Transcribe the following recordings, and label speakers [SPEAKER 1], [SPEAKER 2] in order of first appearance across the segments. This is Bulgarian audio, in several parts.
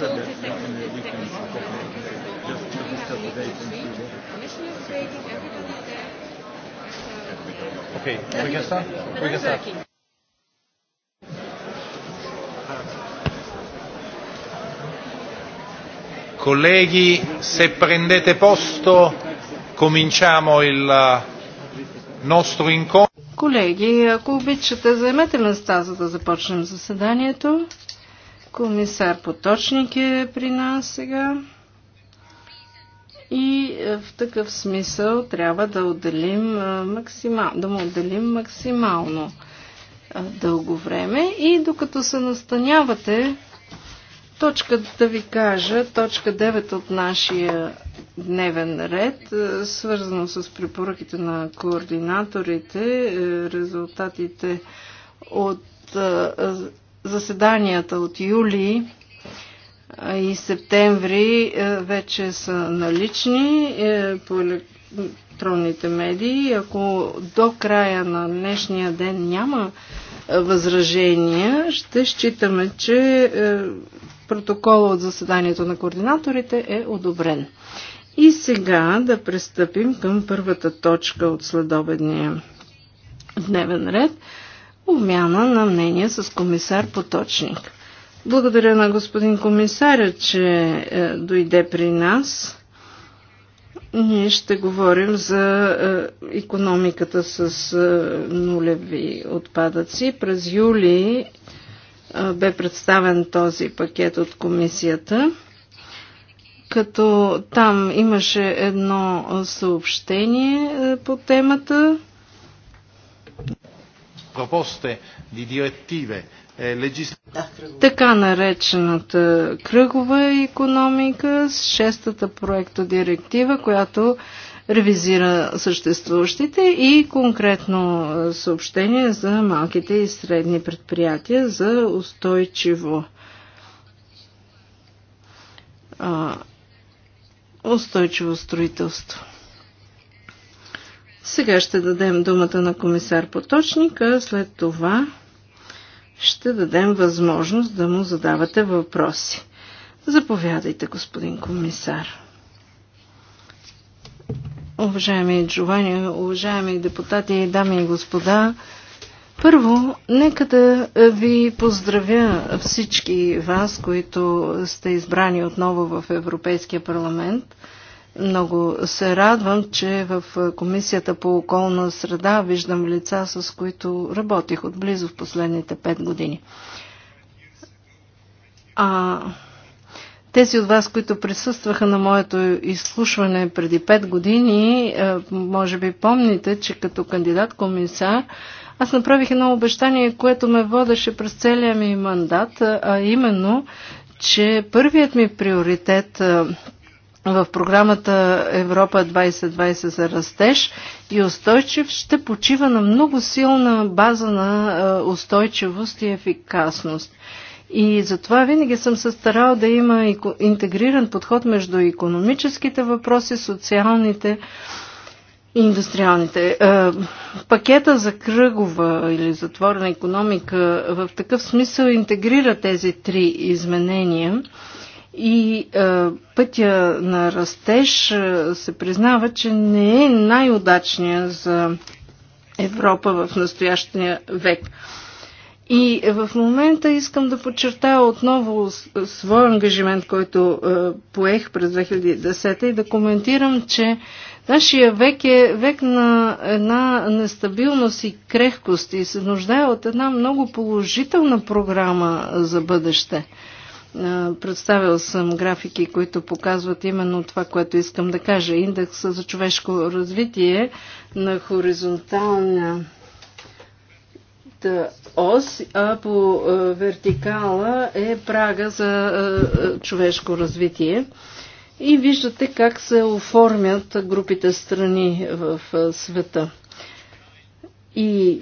[SPEAKER 1] said that we can just the date and see what. Commissioner is waiting, everybody
[SPEAKER 2] is there. Okay, we can start. We can start. Colleghi, se prendete posto, cominciamo il nostro incontro.
[SPEAKER 3] Колеги, ако обичате, заемете места, за да започнем заседанието. Комисар Поточник е при нас сега. И е, в такъв смисъл трябва да, отделим е, максимал, да му отделим максимално е, дълго време. И докато се настанявате, точка да ви кажа, точка 9 от нашия дневен ред, свързано с препоръките на координаторите, резултатите от заседанията от юли и септември е, вече са налични е, по електронните медии. Ако до края на днешния ден няма е, възражения, ще считаме, че протокола от заседанието на координаторите е одобрен. И сега да пристъпим към първата точка от следобедния дневен ред – умяна на мнение с комисар Поточник. Благодаря на господин комисаря, че е, дойде при нас. Ние ще говорим за економиката с е, нулеви отпадъци. През юли е, бе представен този пакет от комисията, като там имаше едно съобщение по темата
[SPEAKER 2] proposte di direttive eh,
[SPEAKER 3] така наречената кръгова економика с шестата проекта директива, която ревизира съществуващите и конкретно е, съобщение за малките и средни предприятия за устойчиво устойчиво строителство. Сега ще дадем думата на комисар Поточник, а след това ще дадем възможност да му задавате въпроси. Заповядайте, господин комисар. Уважаеми Джовани, уважаеми депутати, дами и господа, първо, нека да ви поздравя всички вас, които сте избрани отново в Европейския парламент – много се радвам, че в Комисията по околна среда виждам лица, с които работих отблизо в последните пет години. А тези от вас, които присъстваха на моето изслушване преди пет години, е, може би помните, че като кандидат комисар аз направих едно обещание, което ме водеше през целия ми мандат, а именно, че първият ми приоритет е, в програмата Европа 2020 за растеж и устойчив ще почива на много силна база на е, устойчивост и ефикасност. И затова винаги съм се старал да има интегриран подход между економическите въпроси, социалните и индустриалните. Е, пакета за кръгова или затворена економика в такъв смисъл интегрира тези три изменения – и е, пътя на растеж е, се признава, че не е най-удачния за Европа в настоящия век. И е, в момента искам да подчертая отново е, своя ангажимент, който е, поех през 2010 и да коментирам, че нашия век е век на една нестабилност и крехкост и се нуждае от една много положителна програма за бъдеще. Представил съм графики, които показват именно това, което искам да кажа. Индекса за човешко развитие на хоризонтална ос, а по вертикала е прага за човешко развитие. И виждате как се оформят групите страни в света. И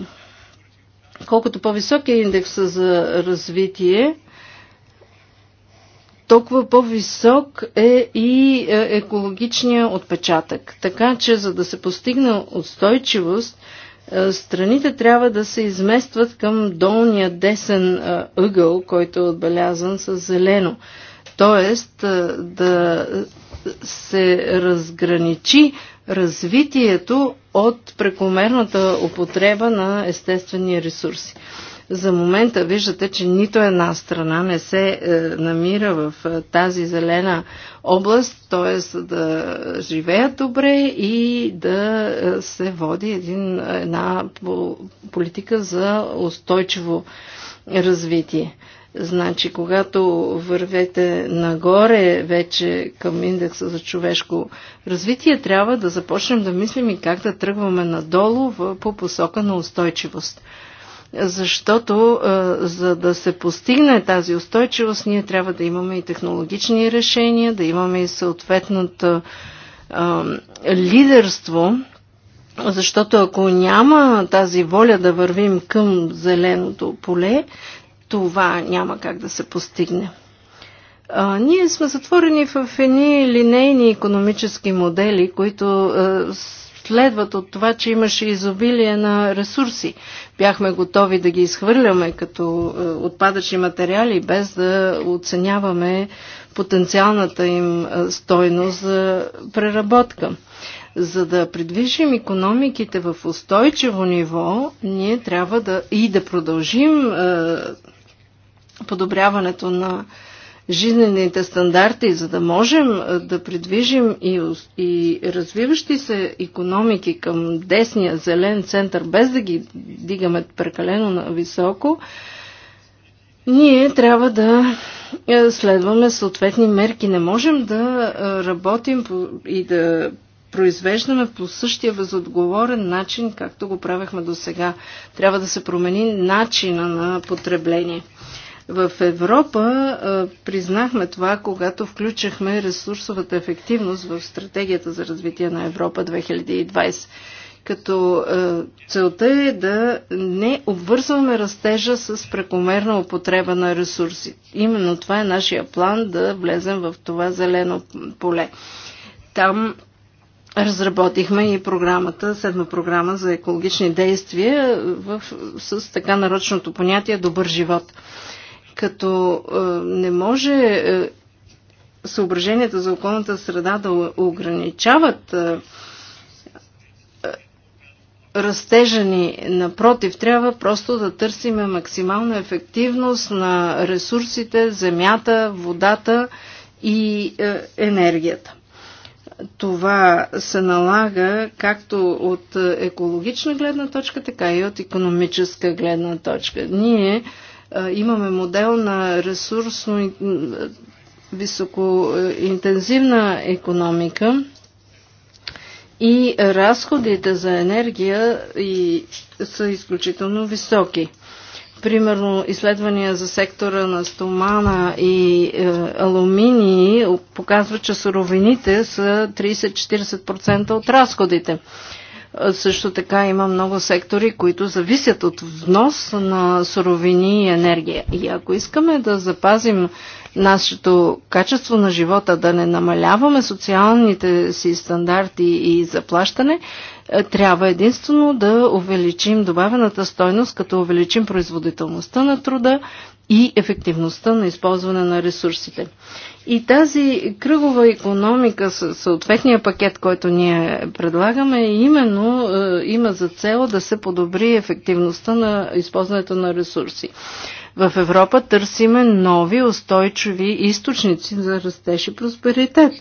[SPEAKER 3] колкото по-висок е индекса за развитие, толкова по-висок е и е, екологичния отпечатък. Така че, за да се постигне устойчивост, е, страните трябва да се изместват към долния десен е, ъгъл, който е отбелязан с зелено. Тоест да се разграничи развитието от прекомерната употреба на естествени ресурси. За момента виждате, че нито една страна не се е, намира в е, тази зелена област, т.е. да живеят добре и да е, се води един, една политика за устойчиво развитие. Значи, когато вървете нагоре вече към индекса за човешко развитие, трябва да започнем да мислим и как да тръгваме надолу по посока на устойчивост защото е, за да се постигне тази устойчивост, ние трябва да имаме и технологични решения, да имаме и съответното е, лидерство, защото ако няма тази воля да вървим към зеленото поле, това няма как да се постигне. А, ние сме затворени в едни линейни економически модели, които а, е, следват от това, че имаше изобилие на ресурси. Бяхме готови да ги изхвърляме като е, отпадъчни материали, без да оценяваме потенциалната им е, стойност за преработка. За да придвижим економиките в устойчиво ниво, ние трябва да и да продължим е, подобряването на жизнените стандарти, за да можем да придвижим и, и развиващи се економики към десния зелен център, без да ги дигаме прекалено на високо, ние трябва да следваме съответни мерки. Не можем да работим и да произвеждаме по същия безотговорен начин, както го правехме до сега. Трябва да се промени начина на потребление. В Европа признахме това, когато включихме ресурсовата ефективност в стратегията за развитие на Европа 2020 като е, целта е да не обвързваме растежа с прекомерна употреба на ресурси. Именно това е нашия план да влезем в това зелено поле. Там разработихме и програмата, седма програма за екологични действия в, с така нарочното понятие добър живот. Е, като е, не може е, съображенията за околната среда да ограничават е, е ни. Напротив, трябва просто да търсиме максимална ефективност на ресурсите, земята, водата и енергията. Това се налага както от екологична гледна точка, така и от економическа гледна точка. Ние имаме модел на ресурсно високоинтензивна економика и разходите за енергия и, са изключително високи. Примерно изследвания за сектора на стомана и е, алуминии показват, че суровините са 30-40% от разходите. Също така има много сектори, които зависят от внос на суровини и енергия. И ако искаме да запазим нашето качество на живота, да не намаляваме социалните си стандарти и заплащане, е, трябва единствено да увеличим добавената стойност, като увеличим производителността на труда и ефективността на използване на ресурсите. И тази кръгова економика, съответния пакет, който ние предлагаме, именно е, има за цел да се подобри ефективността на използването на ресурси. В Европа търсиме нови устойчиви източници за растеж и просперитет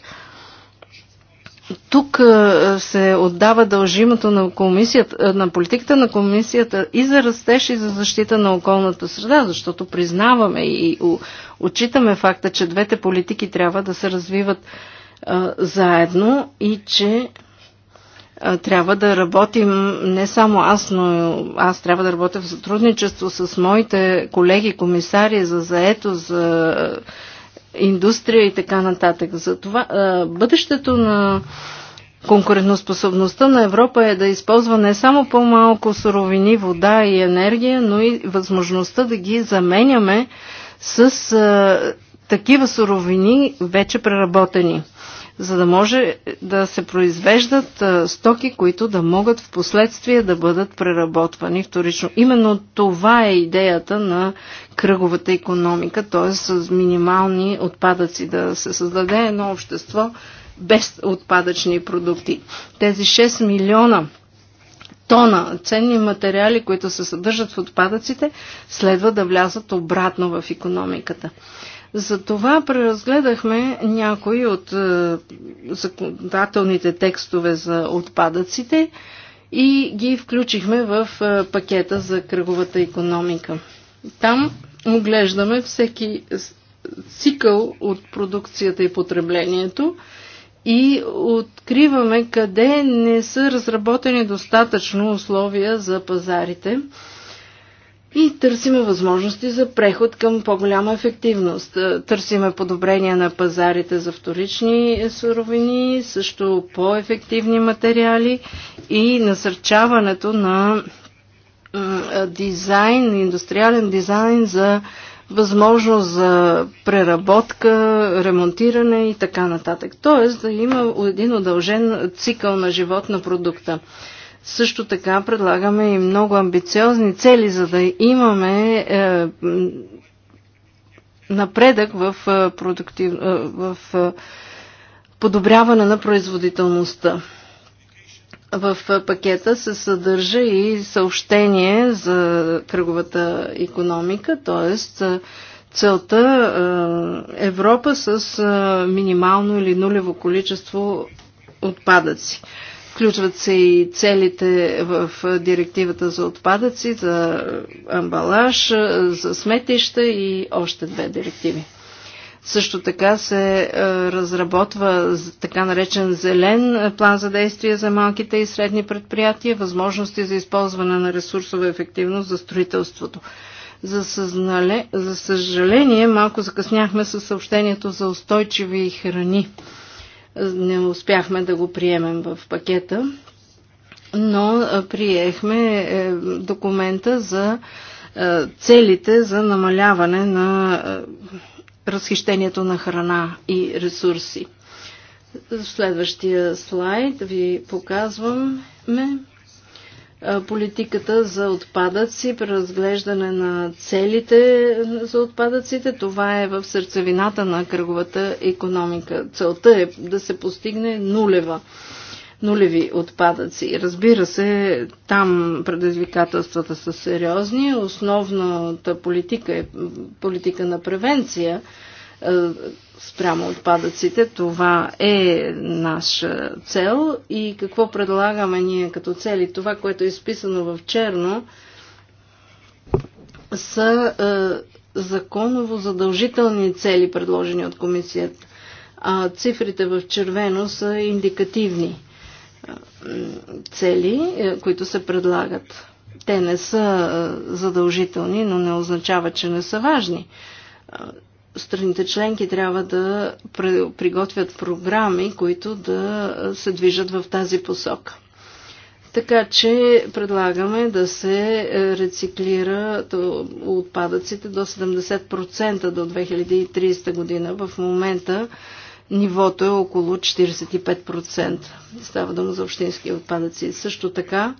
[SPEAKER 3] тук е, се отдава дължимото на, комисията, е, на политиката на комисията и за растеж, и за защита на околната среда, защото признаваме и отчитаме факта, че двете политики трябва да се развиват а, е, заедно и че а, трябва да работим не само аз, но аз трябва да работя в сътрудничество с моите колеги, комисари за заето, за индустрия и така нататък. Затова бъдещето на Конкурентоспособността на Европа е да използва не само по-малко суровини, вода и енергия, но и възможността да ги заменяме с а, такива суровини, вече преработени за да може да се произвеждат стоки, които да могат в последствие да бъдат преработвани вторично. Именно това е идеята на кръговата економика, т.е. с минимални отпадъци да се създаде едно общество без отпадъчни продукти. Тези 6 милиона тона ценни материали, които се съдържат в отпадъците, следва да влязат обратно в економиката. Затова преразгледахме някои от е, законодателните текстове за отпадъците и ги включихме в е, пакета за кръговата економика. Там оглеждаме всеки цикъл от продукцията и потреблението и откриваме къде не са разработени достатъчно условия за пазарите и търсиме възможности за преход към по-голяма ефективност. Е, търсиме подобрение на пазарите за вторични суровини, също по-ефективни материали и насърчаването на е, дизайн, индустриален дизайн за възможност за преработка, ремонтиране и така нататък. Тоест да има един удължен цикъл на живот на продукта. Също така предлагаме и много амбициозни цели, за да имаме е, напредък в, е, продуктив, е, в е, подобряване на производителността. В пакета се съдържа и съобщение за кръговата економика, т.е. целта Европа с минимално или нулево количество отпадъци. Включват се и целите в директивата за отпадъци, за амбалаж, за сметища и още две директиви. Също така се е, разработва така наречен зелен план за действие за малките и средни предприятия, възможности за използване на ресурсова ефективност за строителството. За, съзнале, за съжаление, малко закъсняхме със съобщението за устойчиви храни не успяхме да го приемем в пакета, но приехме е, документа за е, целите за намаляване на е, разхищението на храна и ресурси. В следващия слайд ви показваме политиката за отпадъци, преразглеждане на целите за отпадъците. Това е в сърцевината на кръговата економика. Целта е да се постигне нулева, нулеви отпадъци. Разбира се, там предизвикателствата са сериозни. Основната политика е политика на превенция спрямо отпадъците. Това е наша цел и какво предлагаме ние като цели. Това, което е изписано в черно, са е, законово задължителни цели, предложени от комисията. А цифрите в червено са индикативни е, цели, е, които се предлагат. Те не са е, задължителни, но не означава, че не са важни страните членки трябва да приготвят програми, които да се движат в тази посока. Така че предлагаме да се е, рециклират отпадъците до 70% до 2030 година. В момента нивото е около 45%. Става дума за общински отпадъци. Също така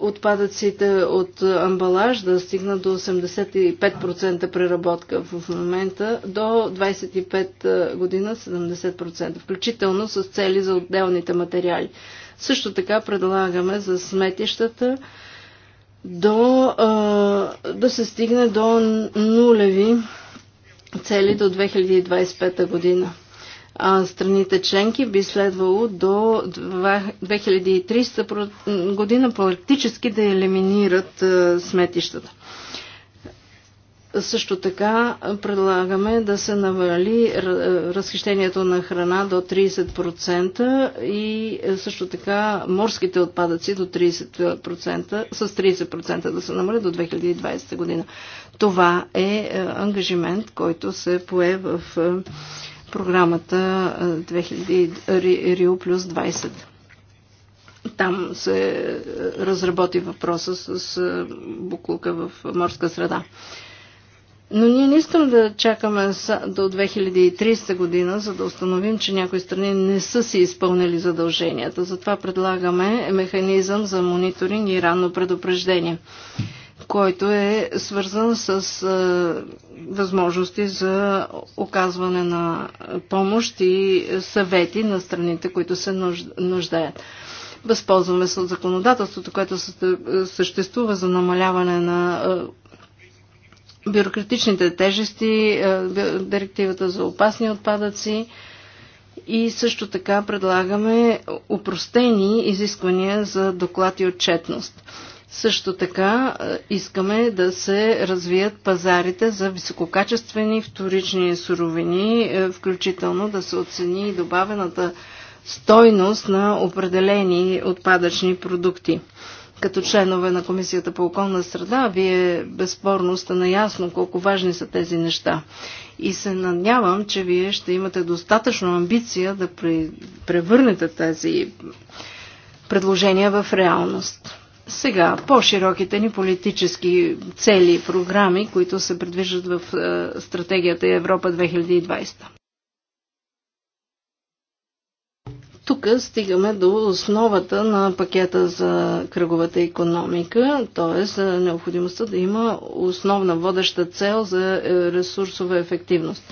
[SPEAKER 3] отпадъците от амбалаж да стигнат до 85% преработка в момента, до 25 година 70%, включително с цели за отделните материали. Също така предлагаме за сметищата до, да се стигне до нулеви цели до 2025 година страните членки би следвало до 2300 година практически да елиминират сметищата. Също така предлагаме да се навали разхищението на храна до 30% и също така морските отпадъци до 30%, с 30% да се намалят до 2020 година. Това е ангажимент, който се пое в програмата 2000 Рио плюс 20. Там се разработи въпроса с буклука в морска среда. Но ние не искам да чакаме до 2030 година, за да установим, че някои страни не са си изпълнили задълженията. Затова предлагаме механизъм за мониторинг и ранно предупреждение който е свързан с възможности за оказване на помощ и съвети на страните, които се нуждаят. Възползваме се от законодателството, което съществува за намаляване на бюрократичните тежести, директивата за опасни отпадъци и също така предлагаме упростени изисквания за доклад и отчетност. Също така е, искаме да се развият пазарите за висококачествени вторични суровини, е, включително да се оцени и добавената стойност на определени отпадъчни продукти. Като членове на Комисията по околна среда, вие безспорно сте наясно колко важни са тези неща. И се надявам, че вие ще имате достатъчно амбиция да превърнете тези предложения в реалност. Сега, по-широките ни политически цели и програми, които се предвиждат в е, стратегията Европа 2020. Тук стигаме до основата на пакета за кръговата економика, т.е. за необходимостта да има основна водеща цел за е, ресурсова ефективност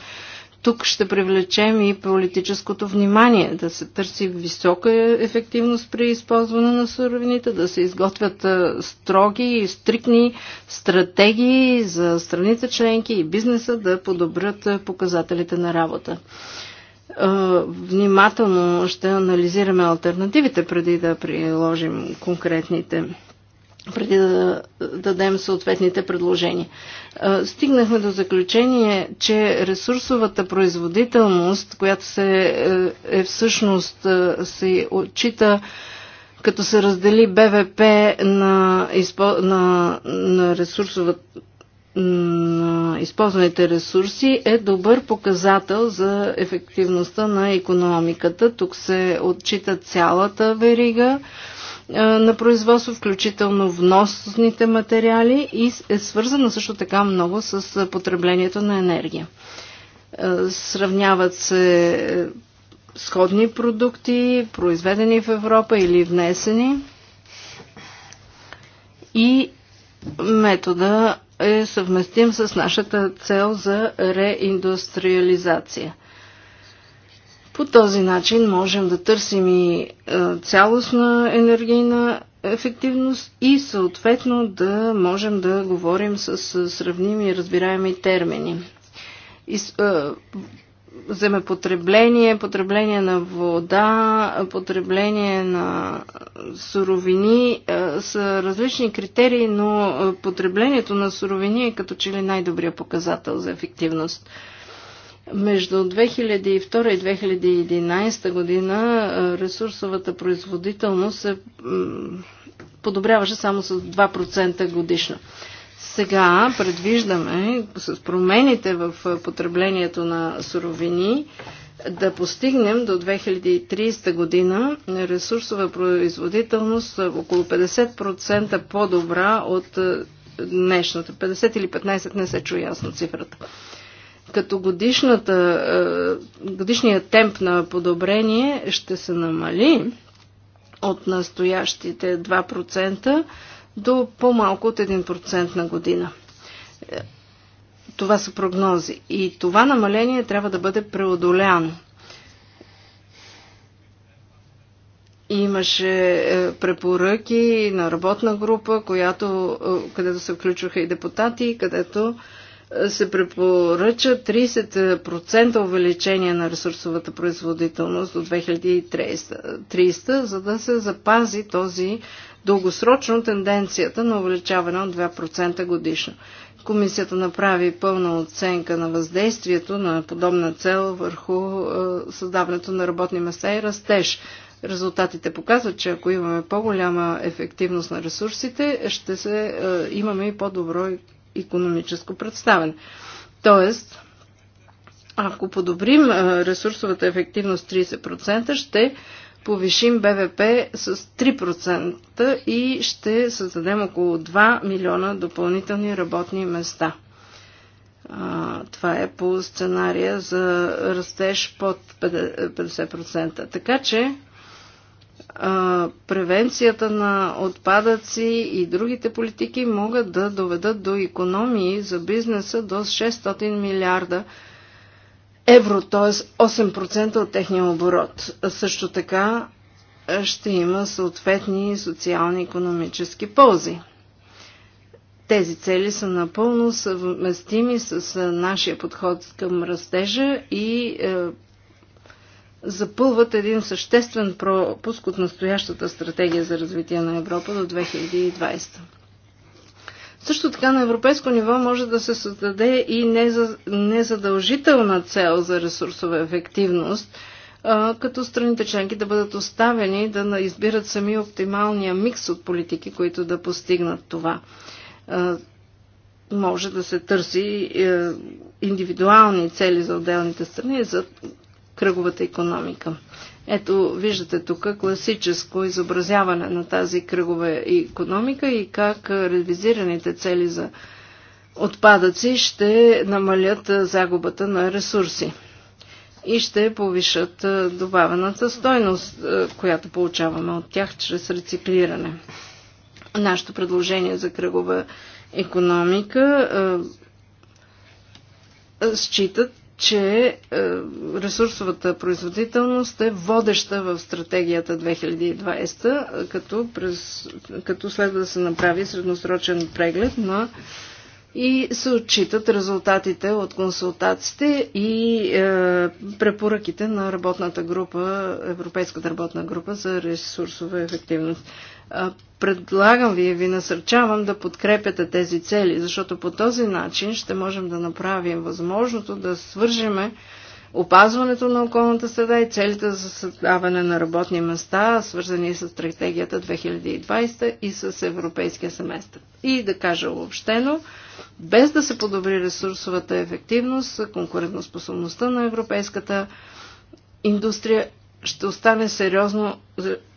[SPEAKER 3] тук ще привлечем и политическото внимание, да се търси висока ефективност при използване на суровините, да се изготвят строги и стрикни стратегии за страните членки и бизнеса да подобрят показателите на работа. Внимателно ще анализираме альтернативите преди да приложим конкретните преди да дадем съответните предложения. Стигнахме до заключение, че ресурсовата производителност, която се е, е всъщност се отчита като се раздели БВП на, на, на на използваните ресурси е добър показател за ефективността на економиката. Тук се отчита цялата верига на производство, включително вносните материали и е свързана също така много с потреблението на енергия. Сравняват се е, сходни продукти, произведени в Европа или внесени. И метода е съвместим с нашата цел за реиндустриализация – по този начин можем да търсим и е, цялостна енергийна ефективност и съответно да можем да говорим с сравними и разбираеми термини. Е, земепотребление, потребление на вода, потребление на суровини е, са различни критерии, но потреблението на суровини е като че ли най добрия показател за ефективност. Между 2002 и 2011 година ресурсовата производителност се подобряваше само с 2% годишно. Сега предвиждаме с промените в потреблението на суровини да постигнем до 2030 година ресурсова производителност около 50% по-добра от днешната. 50 или 15 не се чу ясно цифрата като годишната, е, годишният темп на подобрение ще се намали от настоящите 2% до по-малко от 1% на година. Е, това са прогнози. И това намаление трябва да бъде преодоляно. Имаше е, препоръки на работна група, която, където се включваха и депутати, където се препоръча 30% увеличение на ресурсовата производителност до 2030, за да се запази този дългосрочно тенденцията на увеличаване от 2% годишно. Комисията направи пълна оценка на въздействието на подобна цел върху е, създаването на работни места и растеж. Резултатите показват, че ако имаме по-голяма ефективност на ресурсите, ще се, е, имаме и по-добро економическо представен. Тоест, ако подобрим ресурсовата ефективност 30%, ще повишим БВП с 3% и ще създадем около 2 милиона допълнителни работни места. Това е по сценария за растеж под 50%. Така че превенцията на отпадъци и другите политики могат да доведат до економии за бизнеса до 600 милиарда евро, т.е. 8% от техния оборот. Също така ще има съответни социални и економически ползи. Тези цели са напълно съвместими с нашия подход към растежа и е, запълват един съществен пропуск от настоящата стратегия за развитие на Европа до 2020. Също така на европейско ниво може да се създаде и незадължителна цел за ресурсова ефективност, като страните членки да бъдат оставени да избират сами оптималния микс от политики, които да постигнат това. Може да се търси е, индивидуални цели за отделните страни за кръговата економика. Ето, виждате тук класическо изобразяване на тази кръгова економика и как ревизираните цели за отпадъци ще намалят загубата на ресурси и ще повишат добавената стойност, която получаваме от тях чрез рециклиране. Нашето предложение за кръгова економика считат, че е, ресурсовата производителност е водеща в стратегията 2020, е, като, през, като следва да се направи средносрочен преглед на и се отчитат резултатите от консултациите и е, препоръките на работната група, Европейската работна група за ресурсова ефективност. Предлагам ви и ви насърчавам да подкрепяте тези цели, защото по този начин ще можем да направим възможното да свържеме опазването на околната среда и целите за създаване на работни места, свързани с стратегията 2020 и с европейския семестър. И да кажа обобщено, без да се подобри ресурсовата ефективност, конкурентоспособността на европейската индустрия ще остане сериозно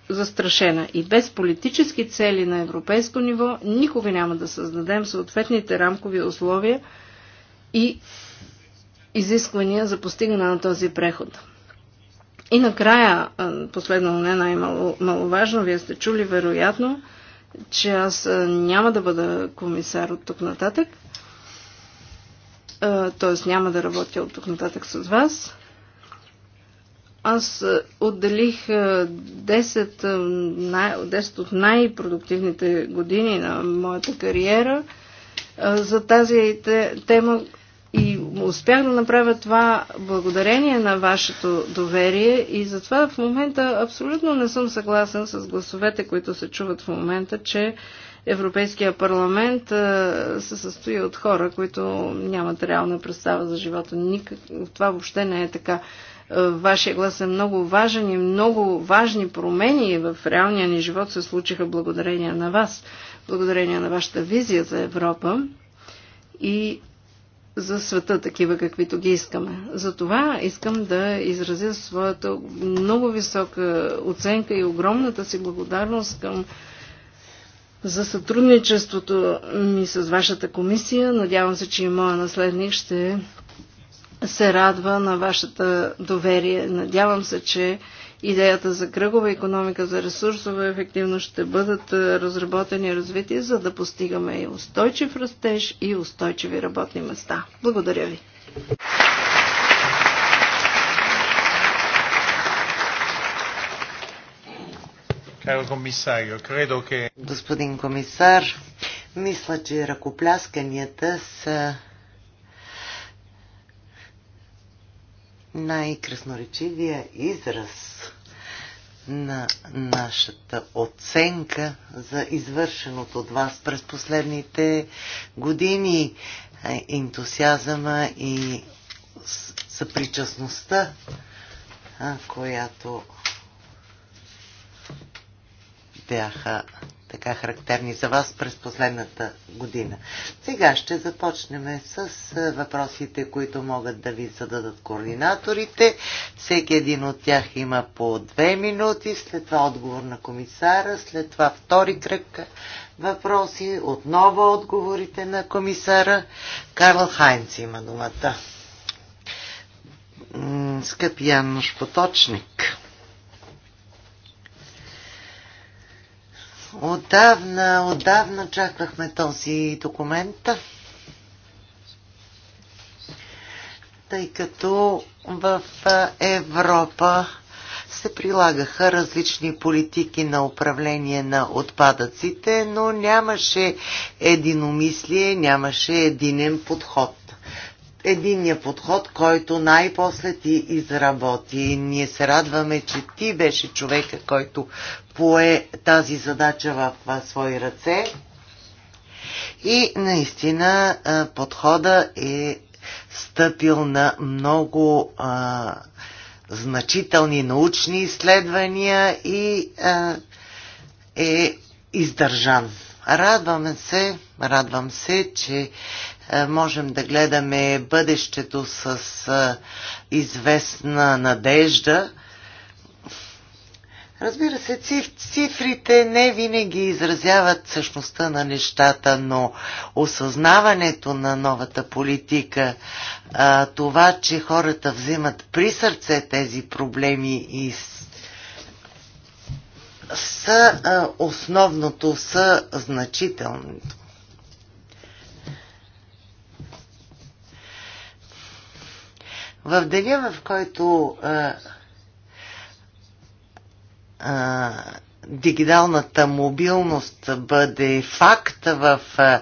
[SPEAKER 3] застрашена. И без политически цели на европейско ниво никога няма да създадем съответните рамкови условия и изисквания за постигане на този преход. И накрая, последно, не най-маловажно, вие сте чули вероятно, че аз няма да бъда комисар от тук нататък, т.е. няма да работя от тук нататък с вас. Аз е, отделих 10, е, 10 е, от най-продуктивните години на моята кариера за тази тема и успях да направя това благодарение на вашето доверие и затова в момента абсолютно не съм съгласен с гласовете, които се чуват в момента, че Европейския парламент се състои от хора, които нямат реална представа за живота. Никак... Това въобще не е така. Е, вашия глас е много важен и много важни промени в реалния ни живот се случиха благодарение на вас, благодарение на вашата визия за Европа и за света, такива каквито ги искаме. Затова искам да изразя своята много висока оценка и огромната си благодарност към за сътрудничеството ми с вашата комисия. Надявам се, че и моя наследник ще се радва на вашата доверие. Надявам се, че идеята за кръгова економика, за ресурсова ефективност ще бъдат е, разработени и развити, за да постигаме и устойчив растеж и устойчиви работни места. Благодаря ви.
[SPEAKER 4] Господин комисар, мисля, че ръкоплясканията са най-красноречивия израз на нашата оценка за извършеното от вас през последните години. Е, ентусиазма и съпричастността, която бяха така характерни за вас през последната година. Сега ще започнем с въпросите, които могат да ви зададат координаторите. Всеки един от тях има по две минути, след това отговор на комисара, след това втори кръг въпроси, отново отговорите на комисара. Карл Хайнц има думата. Скъпи Янош Поточник. Отдавна, отдавна чаквахме този документ, тъй като в Европа се прилагаха различни политики на управление на отпадъците, но нямаше единомислие, нямаше единен подход единния подход, който най-после ти изработи. Ние се радваме, че ти беше човека, който пое тази задача в, свои ръце. И наистина подхода е стъпил на много а, значителни научни изследвания и а, е издържан. Радваме се, радвам се, че е, можем да гледаме бъдещето с е, известна надежда. Разбира се, цифрите не винаги изразяват същността на нещата, но осъзнаването на новата политика, е, това, че хората взимат при сърце тези проблеми и са основното, са значителното. В деня, в който а, е, а, е, дигиталната мобилност бъде факт в а, е,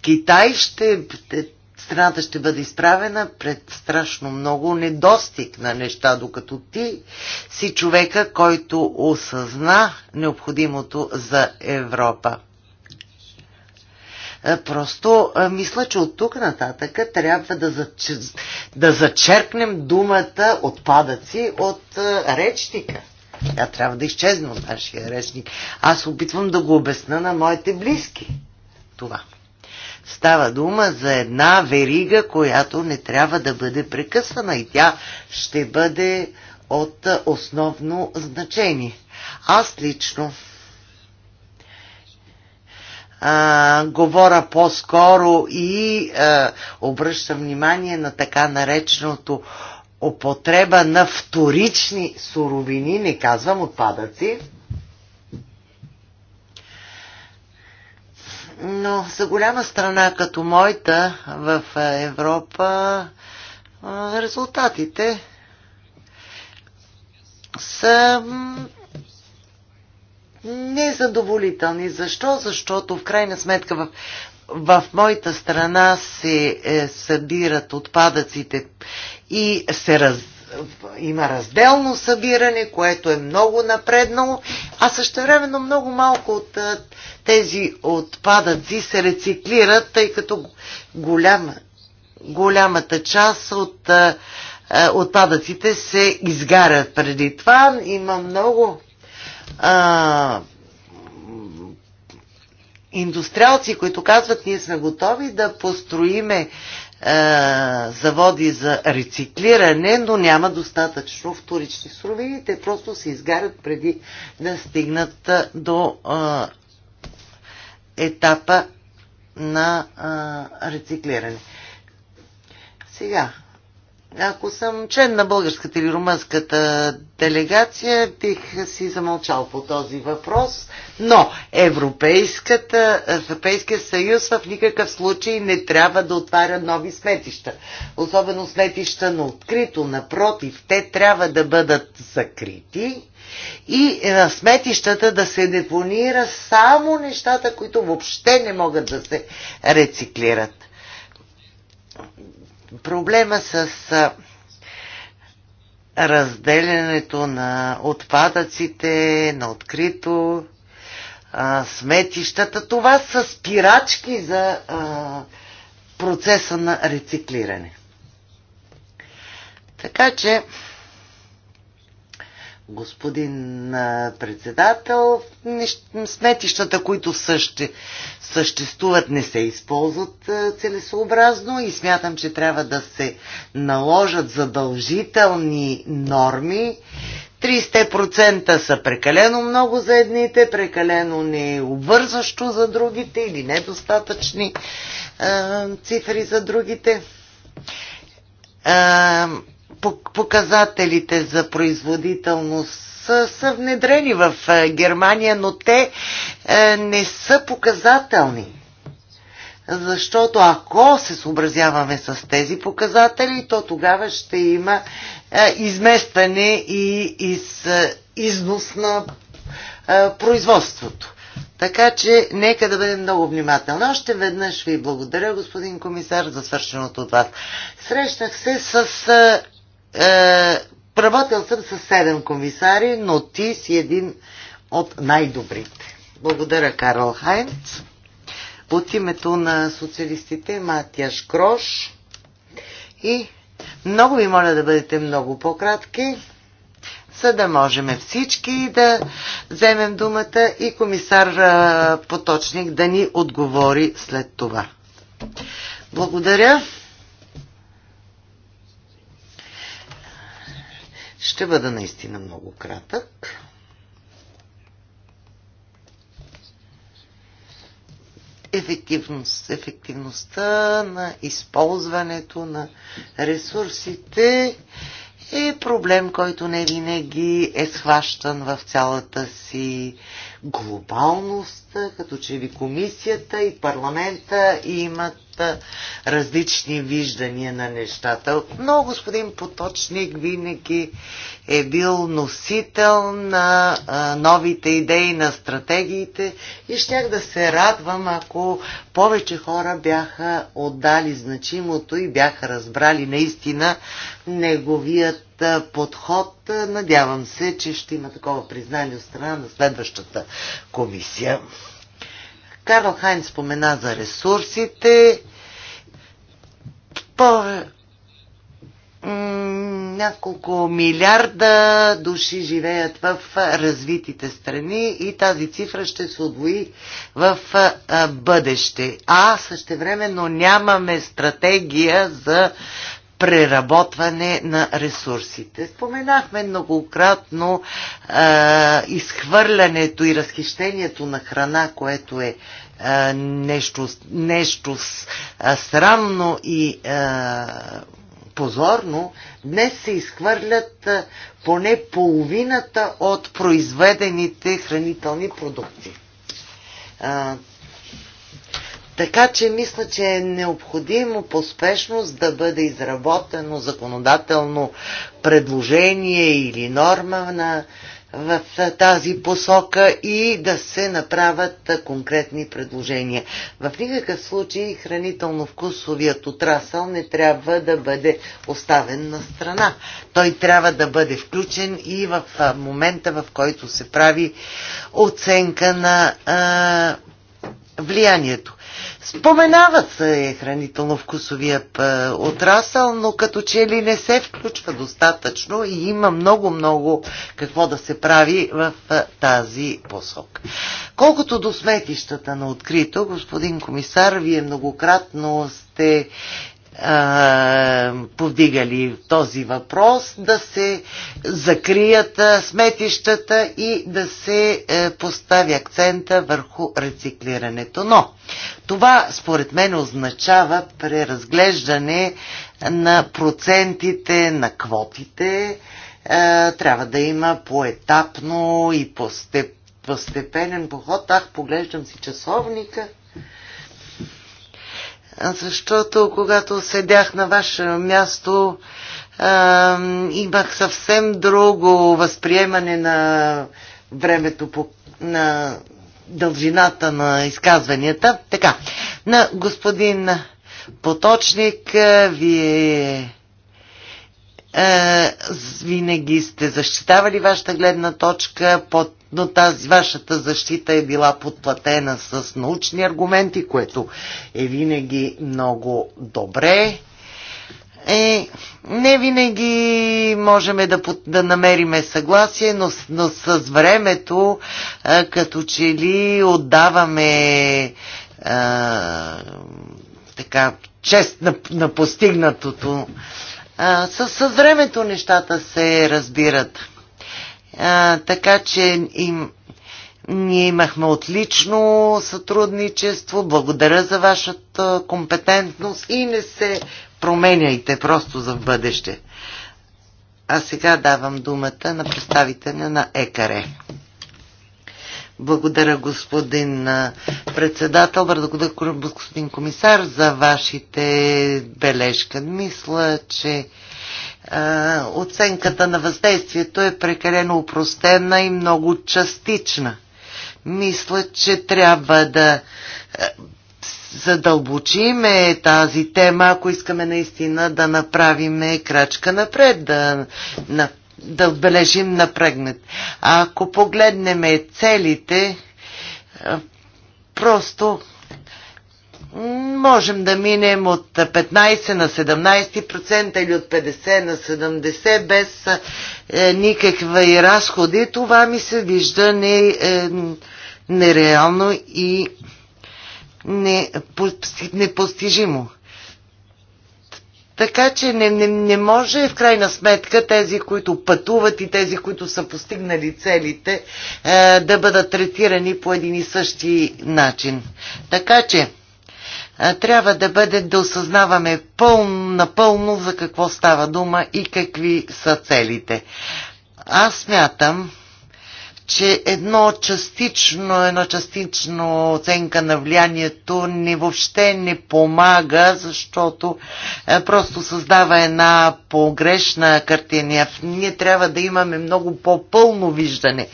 [SPEAKER 4] Китай, ще, страната ще бъде изправена пред страшно много недостиг на неща, докато ти си човека, който осъзна необходимото за Европа. Е, просто е, мисля, че от тук нататък трябва да, зач... да зачеркнем думата отпадъци от е, речника. Тя трябва да изчезне от нашия речник. Аз опитвам да го обясна на моите близки. Това. Става дума за една верига, която не трябва да бъде прекъсвана и тя ще бъде от основно значение. Аз лично а, говоря по-скоро и а, обръщам внимание на така нареченото употреба на вторични суровини, не казвам отпадъци. Но за голяма страна като моята в Европа резултатите са незадоволителни. Защо? Защото в крайна сметка в, в моята страна се е, събират отпадъците и се раз, има разделно събиране, което е много напреднало, а същевременно много малко от е, тези отпадъци се рециклират, тъй като голяма, голямата част от е, е, отпадъците се изгарят преди това. Има много а, индустриалци, които казват, ние сме готови да построиме а, заводи за рециклиране, но няма достатъчно вторични суровини. Те просто се изгарят преди да стигнат до а, етапа на а, рециклиране. Сега, ако съм член на българската или румънската делегация, бих си замълчал по този въпрос, но Европейската, Европейския съюз в никакъв случай не трябва да отваря нови сметища. Особено сметища на открито, напротив, те трябва да бъдат закрити и е, на сметищата да се депонира само нещата, които въобще не могат да се рециклират проблема с разделянето на отпадъците, на открито, сметищата. Това са спирачки за процеса на рециклиране. Така че господин председател. Сметищата, които съще, съществуват, не се използват целесообразно и смятам, че трябва да се наложат задължителни норми. 30% са прекалено много за едните, прекалено не обвързващо за другите или недостатъчни е, цифри за другите. Е, показателите за производителност са, са внедрени в е, Германия, но те е, не са показателни. Защото ако се съобразяваме с тези показатели, то тогава ще има е, изместване и из, износ на производството. Така че нека да бъдем много внимателни. Още веднъж ви благодаря, господин комисар, за свършеното от вас. Срещнах се с е, работил съм с седем комисари, но ти си един от най-добрите. Благодаря, Карл Хайнц. От името на социалистите Матяш Крош и много ви моля да бъдете много по-кратки, за да можем всички да вземем думата и комисар е, Поточник да ни отговори след това. Благодаря. Ще бъда наистина много кратък. Ефективност, ефективността на използването на ресурсите е проблем, който не винаги е схващан в цялата си глобалност като че ли комисията и парламента имат различни виждания на нещата. Но господин Поточник винаги е бил носител на новите идеи, на стратегиите и щях да се радвам, ако повече хора бяха отдали значимото и бяха разбрали наистина неговият подход. Надявам се, че ще има такова признание от страна на следващата комисия. Карл Хайн спомена за ресурсите. По... Няколко милиарда души живеят в развитите страни и тази цифра ще се отвои в бъдеще. А същевременно нямаме стратегия за преработване на ресурсите. Споменахме многократно а, изхвърлянето и разхищението на храна, което е а, нещо, нещо а, срамно и а, позорно. Днес се изхвърлят а, поне половината от произведените хранителни продукти. А, така че мисля, че е необходимо поспешност да бъде изработено законодателно предложение или норма на, в тази посока и да се направят конкретни предложения. В никакъв случай хранително-вкусовият отрасъл не трябва да бъде оставен на страна. Той трябва да бъде включен и в момента, в който се прави оценка на а, влиянието. Споменава се хранително-вкусовият е, отрасъл, но като че ли не се включва достатъчно и има много-много какво да се прави в е, тази посок. Колкото до сметищата на открито, господин комисар, вие многократно сте повдигали този въпрос, да се закрият сметищата и да се е, постави акцента върху рециклирането. Но това според мен означава преразглеждане на процентите, на квотите. Е, трябва да има поетапно и постепенен поход. Ах, поглеждам си часовника защото когато седях на ваше място, а, имах съвсем друго възприемане на времето по, на дължината на изказванията. Така, на господин Поточник, вие винаги сте защитавали вашата гледна точка под но тази вашата защита е била подплатена с научни аргументи, което е винаги много добре. Е, не винаги можем да, да намериме съгласие, но, но с времето, а, като че ли отдаваме а, така, чест на, на постигнатото. А, с, с времето нещата се разбират. А, така че им, ние имахме отлично сътрудничество. Благодаря за вашата компетентност и не се променяйте просто за бъдеще. А сега давам думата на представителя на ЕКАРЕ. Благодаря, господин председател, благодаря, господин комисар, за вашите бележка. Мисля, че е, оценката на въздействието е прекалено упростена и много частична. Мисля, че трябва да е, задълбочиме тази тема, ако искаме наистина да направим крачка напред, да, на, да отбележим напрегнат. А ако погледнем целите, е, просто можем да минем от 15 на 17% или от 50 на 70% без е, никакви разходи, това ми се вижда не, е, нереално и непостижимо. Така че не, не, не може в крайна сметка тези, които пътуват и тези, които са постигнали целите, е, да бъдат третирани по един и същи начин. Така че трябва да бъде да осъзнаваме пълно, напълно за какво става дума и какви са целите. Аз смятам, че едно частично, едно частично оценка на влиянието ни въобще не помага, защото просто създава една погрешна картина. Ние трябва да имаме много по-пълно виждане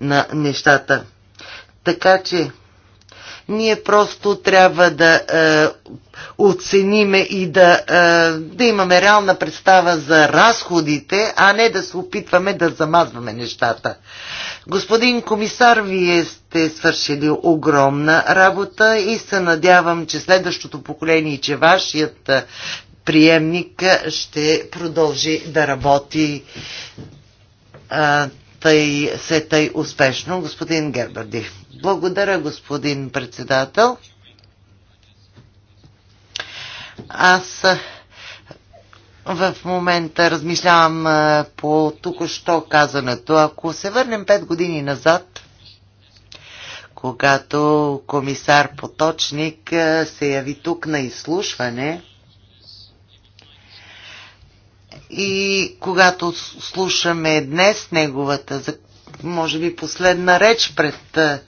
[SPEAKER 4] на нещата. Така че ние просто трябва да е, оцениме и да, е, да имаме реална представа за разходите, а не да се опитваме да замазваме нещата. Господин комисар, вие сте свършили огромна работа и се надявам, че следващото поколение и че вашият е, приемник е, ще продължи да работи а, е, тъй, се тъй успешно. Господин Гербърди. Благодаря, господин председател. Аз в момента размишлявам по току-що казаното. Ако се върнем пет години назад, когато комисар Поточник се яви тук на изслушване и когато слушаме днес неговата, може би последна реч пред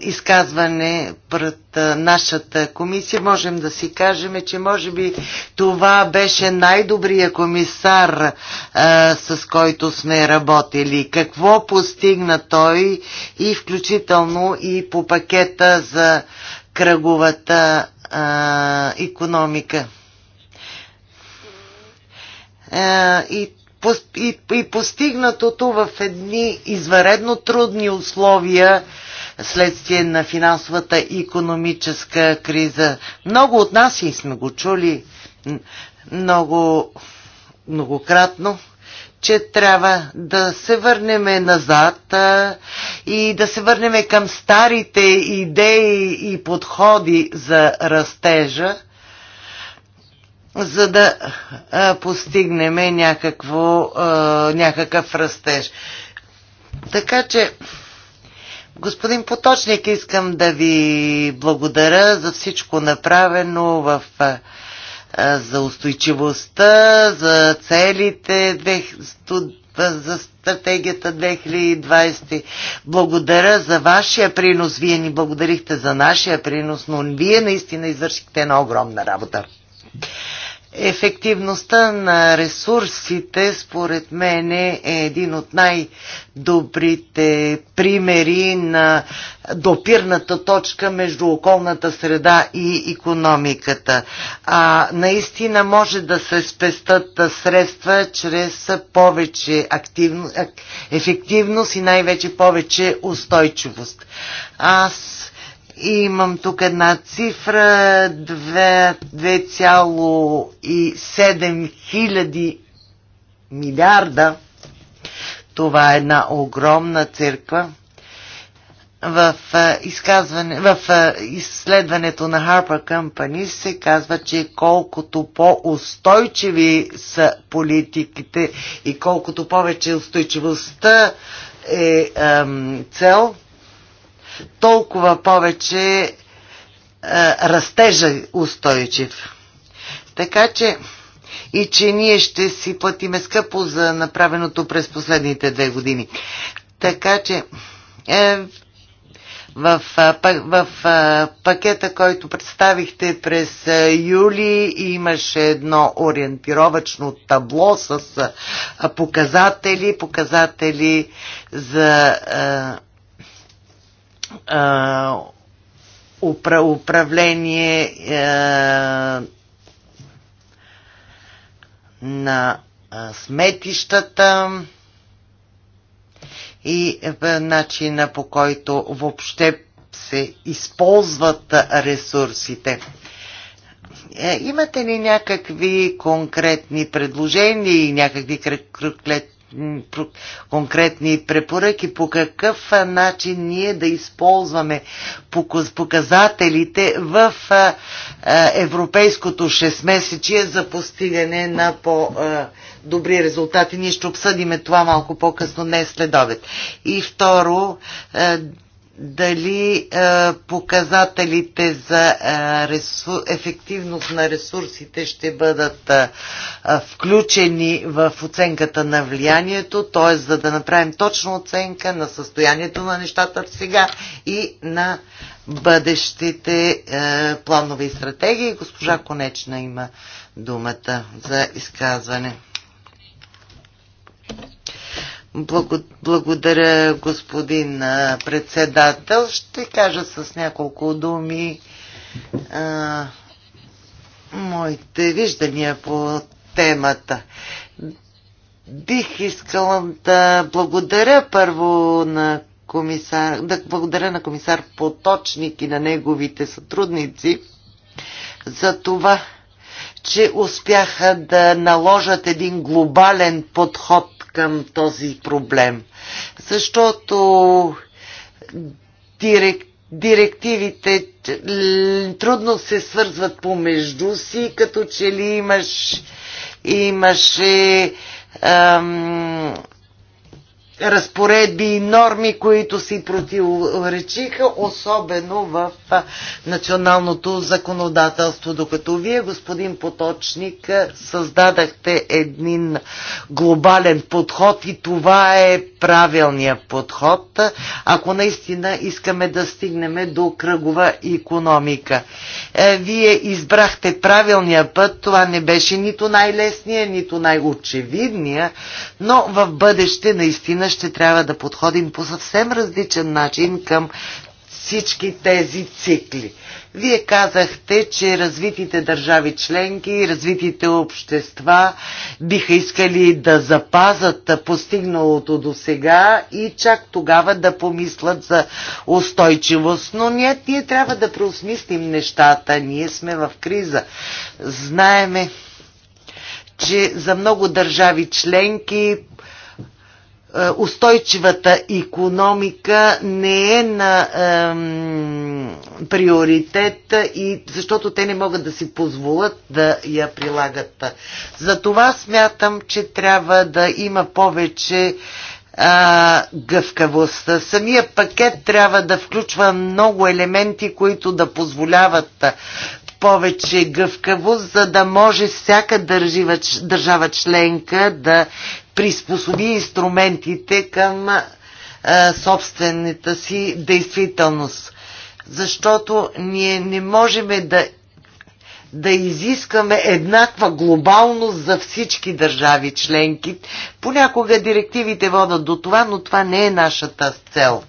[SPEAKER 4] изказване пред нашата комисия, можем да си кажем, че може би това беше най-добрият комисар, а, с който сме работили. Какво постигна той и включително и по пакета за кръговата а, економика. А, и и, и постигнатото в едни изваредно трудни условия следствие на финансовата и економическа криза. Много от нас и сме го чули много многократно, че трябва да се върнем назад а, и да се върнем към старите идеи и подходи за растежа, за да а, постигнем някакво, а, някакъв растеж. Така че Господин Поточник, искам да ви благодаря за всичко направено в, за устойчивостта, за целите, за стратегията 2020. Благодаря за вашия принос. Вие ни благодарихте за нашия принос, но вие наистина извършихте една огромна работа. Ефективността на ресурсите, според мен, е един от най-добрите примери на допирната точка между околната среда и економиката. А, наистина може да се спестат средства чрез повече активно, ефективност и най-вече повече устойчивост. Аз Имам тук една цифра 2,7 хиляди милиарда. Това е една огромна църква. В, изказване, в изследването на Harper Company се казва, че колкото по-устойчиви са политиките и колкото повече устойчивостта е ем, цел, толкова повече е, растежа устойчив. Така че и че ние ще си платиме скъпо за направеното през последните две години. Така че е, в, е, в, в е, пакета, който представихте през юли, имаше едно ориентировачно табло с показатели, показатели за е, Упра, управление е, на е, сметищата и е, начина по който въобще се използват ресурсите. Е, имате ли някакви конкретни предложения и някакви конкретни препоръки по какъв начин ние да използваме показателите в европейското 6-месечие за постигане на по-добри резултати. Ние ще обсъдиме това малко по-късно не след обед. И второ, дали е, показателите за е, ресур, ефективност на ресурсите ще бъдат е, е, включени в оценката на влиянието, т.е. за да направим точна оценка на състоянието на нещата сега и на бъдещите е, планове и стратегии. Госпожа Конечна има думата за изказване. Благодаря, господин председател. Ще кажа с няколко думи а, моите виждания по темата. Бих искала да благодаря първо на комисар, да благодаря на комисар Поточник и на неговите сътрудници за това, че успяха да наложат един глобален подход към този проблем. Защото директ, директивите трудно се свързват помежду си, като че ли имаш, имаше ам, разпоредби и норми, които си противоречиха, особено в националното законодателство. Докато вие, господин Поточник, създадахте един глобален подход и това е правилният подход, ако наистина искаме да стигнем до кръгова економика. Е, вие избрахте правилния път, това не беше нито най-лесния, нито най-очевидния, но в бъдеще наистина година ще трябва да подходим по съвсем различен начин към всички тези цикли. Вие казахте, че развитите държави членки, и развитите общества биха искали да запазат постигналото до сега и чак тогава да помислят за устойчивост. Но ние, ние трябва да преосмислим нещата. Ние сме в криза. Знаеме, че за много държави членки е, устойчивата економика не е на ем, приоритет и защото те не могат да си позволят да я прилагат. Затова смятам, че трябва да има повече а, гъвкавост. Самия пакет трябва да включва много елементи, които да позволяват повече гъвкавост, за да може всяка държава членка да приспособи инструментите към а, собствената си действителност. Защото ние не можем да, да изискаме еднаква глобалност за всички държави членки. Понякога директивите водат до това, но това не е нашата цел.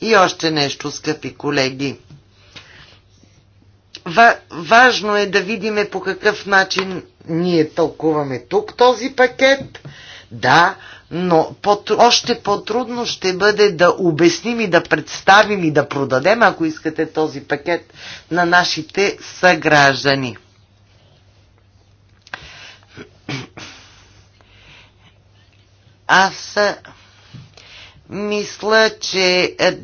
[SPEAKER 4] И още нещо, скъпи колеги. Важно е да видиме по какъв начин ние тълкуваме тук този пакет да, но по още по-трудно ще бъде да обясним и да представим и да продадем, ако искате този пакет на нашите съграждани. Аз мисля, че е,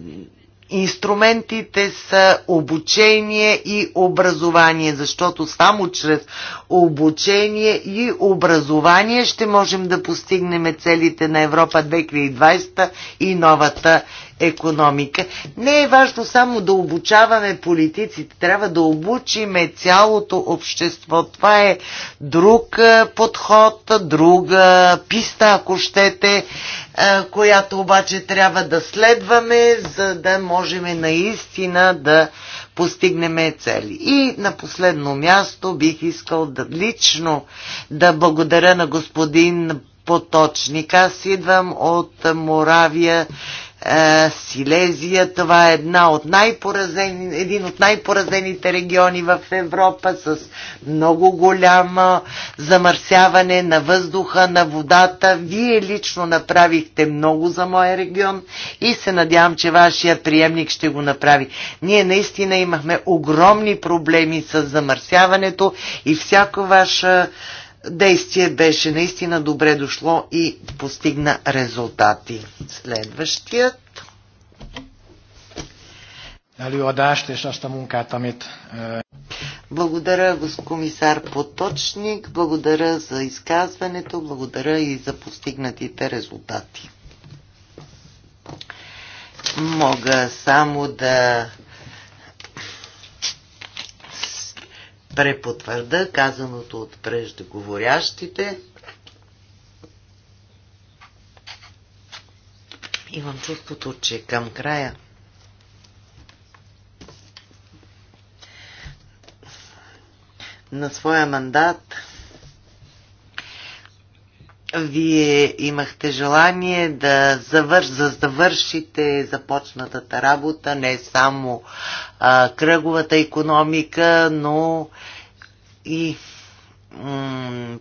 [SPEAKER 4] Инструментите са обучение и образование, защото само чрез обучение и образование ще можем да постигнем целите на Европа 2020 и новата економика. Не е важно само да обучаваме политиците, трябва да обучиме цялото общество. Това е друг подход, друга писта, ако щете, която обаче трябва да следваме, за да можем наистина да постигнем цели. И на последно място бих искал да лично да благодаря на господин Поточник. Аз идвам от Моравия е, Силезия, това е една от един от най-поразените региони в Европа с много голямо замърсяване на въздуха, на водата. Вие лично направихте много за моя регион и се надявам, че вашия приемник ще го направи. Ние наистина имахме огромни проблеми с замърсяването и всяко ваше действие беше наистина добре дошло и постигна резултати. Следващият. Е, благодаря, комисар Поточник, благодаря за изказването, благодаря и за постигнатите резултати. Мога само да препотвърда казаното от преждеговорящите. Имам чувството, че към края на своя мандат вие имахте желание да завърш, за завършите започнатата работа, не само а, кръговата економика, но и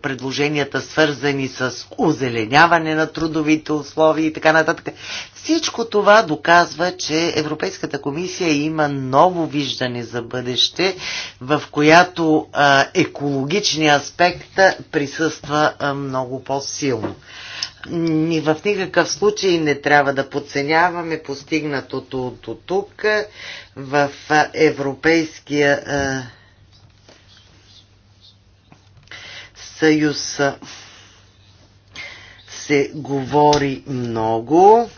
[SPEAKER 4] предложенията свързани с озеленяване на трудовите условия и така нататък. Всичко това доказва, че Европейската комисия има ново виждане за бъдеще, в която а, екологичният аспект присъства а, много по-силно. Ни в никакъв случай не трябва да подценяваме постигнатото до тук в Европейския а, съюз се говори много.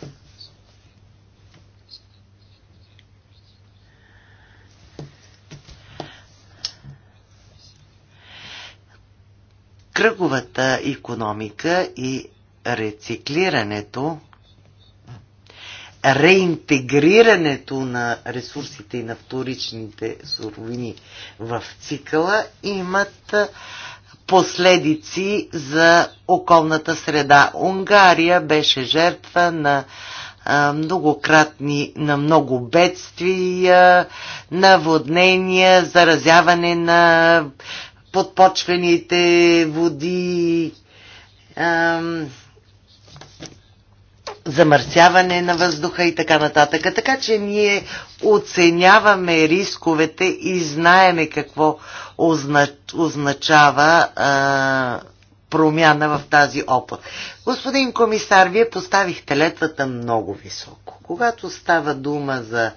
[SPEAKER 4] Кръговата економика и рециклирането, реинтегрирането на ресурсите и на вторичните суровини в цикъла имат последици за околната среда. Унгария беше жертва на многократни, на много бедствия, наводнения, заразяване на подпочвените води, ам, замърсяване на въздуха и така нататък. Така че ние оценяваме рисковете и знаеме какво означава а, промяна в тази опът. Господин комисар, вие поставихте летвата много високо. Когато става дума за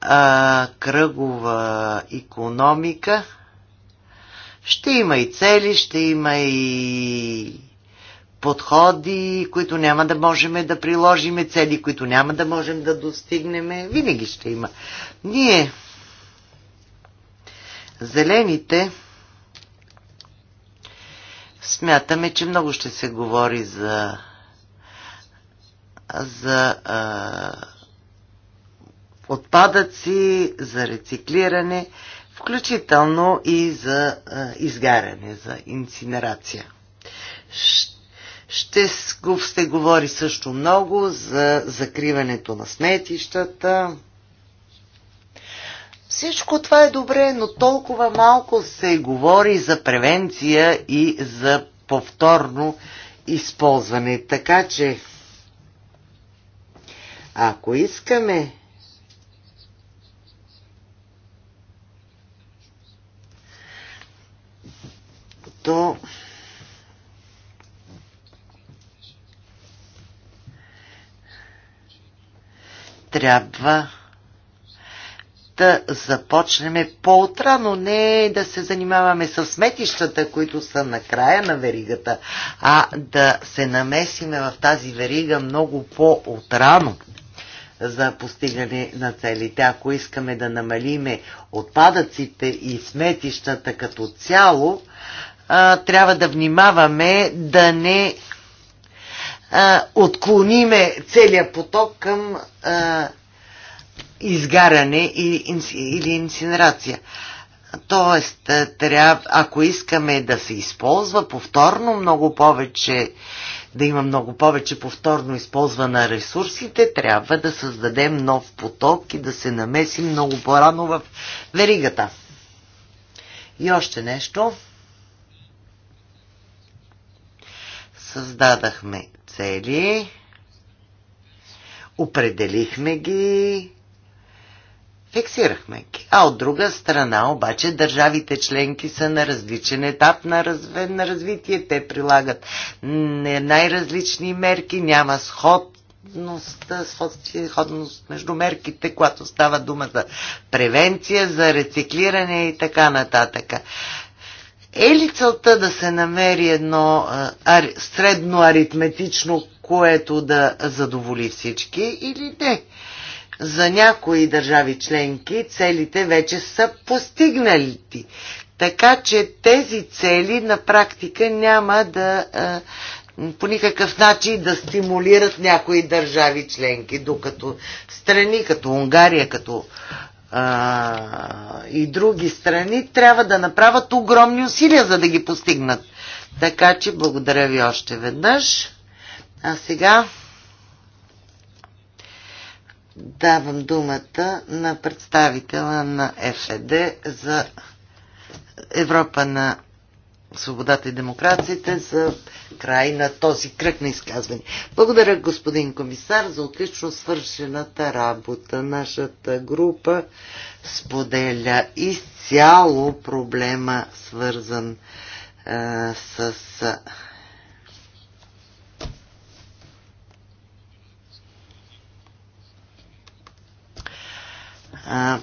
[SPEAKER 4] а, кръгова економика, ще има и цели, ще има и подходи, които няма да можем да приложиме, цели, които няма да можем да достигнем. Винаги ще има. Ние, зелените, смятаме, че много ще се говори за за а, отпадъци, за рециклиране, включително и за а, изгаряне, за инцинерация. Ще ще се говори също много за закриването на сметищата. Всичко това е добре, но толкова малко се говори за превенция и за повторно използване. Така че, ако искаме то трябва да започнем по-утрано, не да се занимаваме с сметищата, които са на края на веригата, а да се намесиме в тази верига много по-утрано за постигане на целите. Ако искаме да намалиме отпадъците и сметищата като цяло, трябва да внимаваме да не а, отклониме целият поток към а, изгаряне или, или инсинерация. Тоест, трябва, ако искаме да се използва повторно много повече, да има много повече повторно използване на ресурсите, трябва да създадем нов поток и да се намесим много по-рано в веригата. И още нещо. Създадахме цели. Определихме ги, фиксирахме ги. А от друга страна обаче държавите членки са на различен етап на, разв... на развитие. Те прилагат най-различни мерки, няма сход сходност между мерките, когато става дума за превенция, за рециклиране и така нататък. Е ли целта да се намери едно ар, средно аритметично, което да задоволи всички или не? За някои държави членки целите вече са постигнали. Така че тези цели на практика няма да а, по никакъв начин да стимулират някои държави членки, докато страни като Унгария, като а, и други страни трябва да направят огромни усилия, за да ги постигнат. Така че благодаря ви още веднъж. А сега давам думата на представителя на ФД е за Европа на свободата и демокрацията за край на този кръг на изказване. Благодаря, господин комисар, за отлично свършената работа. Нашата група споделя изцяло проблема, свързан е, с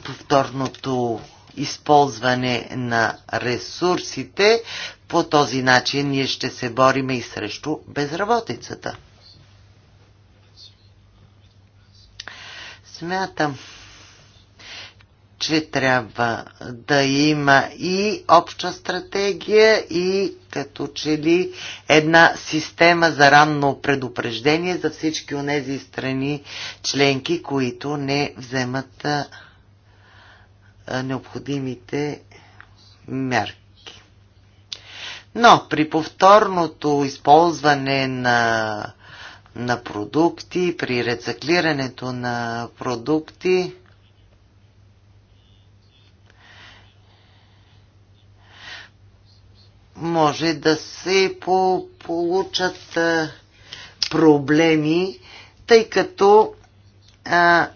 [SPEAKER 4] повторното използване на ресурсите, по този начин ние ще се бориме и срещу безработицата. Смятам, че трябва да има и обща стратегия, и като че ли една система за ранно предупреждение за всички тези страни членки, които не вземат необходимите мерки. Но при повторното използване на, на продукти, при рециклирането на продукти, може да се по получат а, проблеми, тъй като а,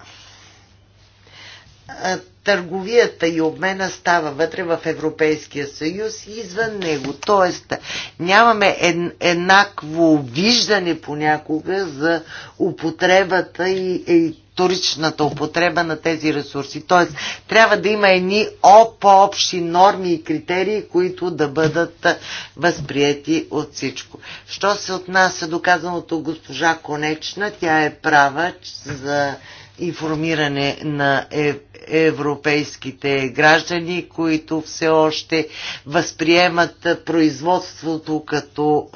[SPEAKER 4] а, търговията и обмена става вътре в Европейския съюз и извън него. Тоест, нямаме еднакво виждане понякога за употребата и, и вторичната употреба на тези ресурси. Т.е. трябва да има едни по-общи норми и критерии, които да бъдат възприяти от всичко. Що се отнася до казаното госпожа Конечна, тя е права за информиране на е, европейските граждани, които все още възприемат производството като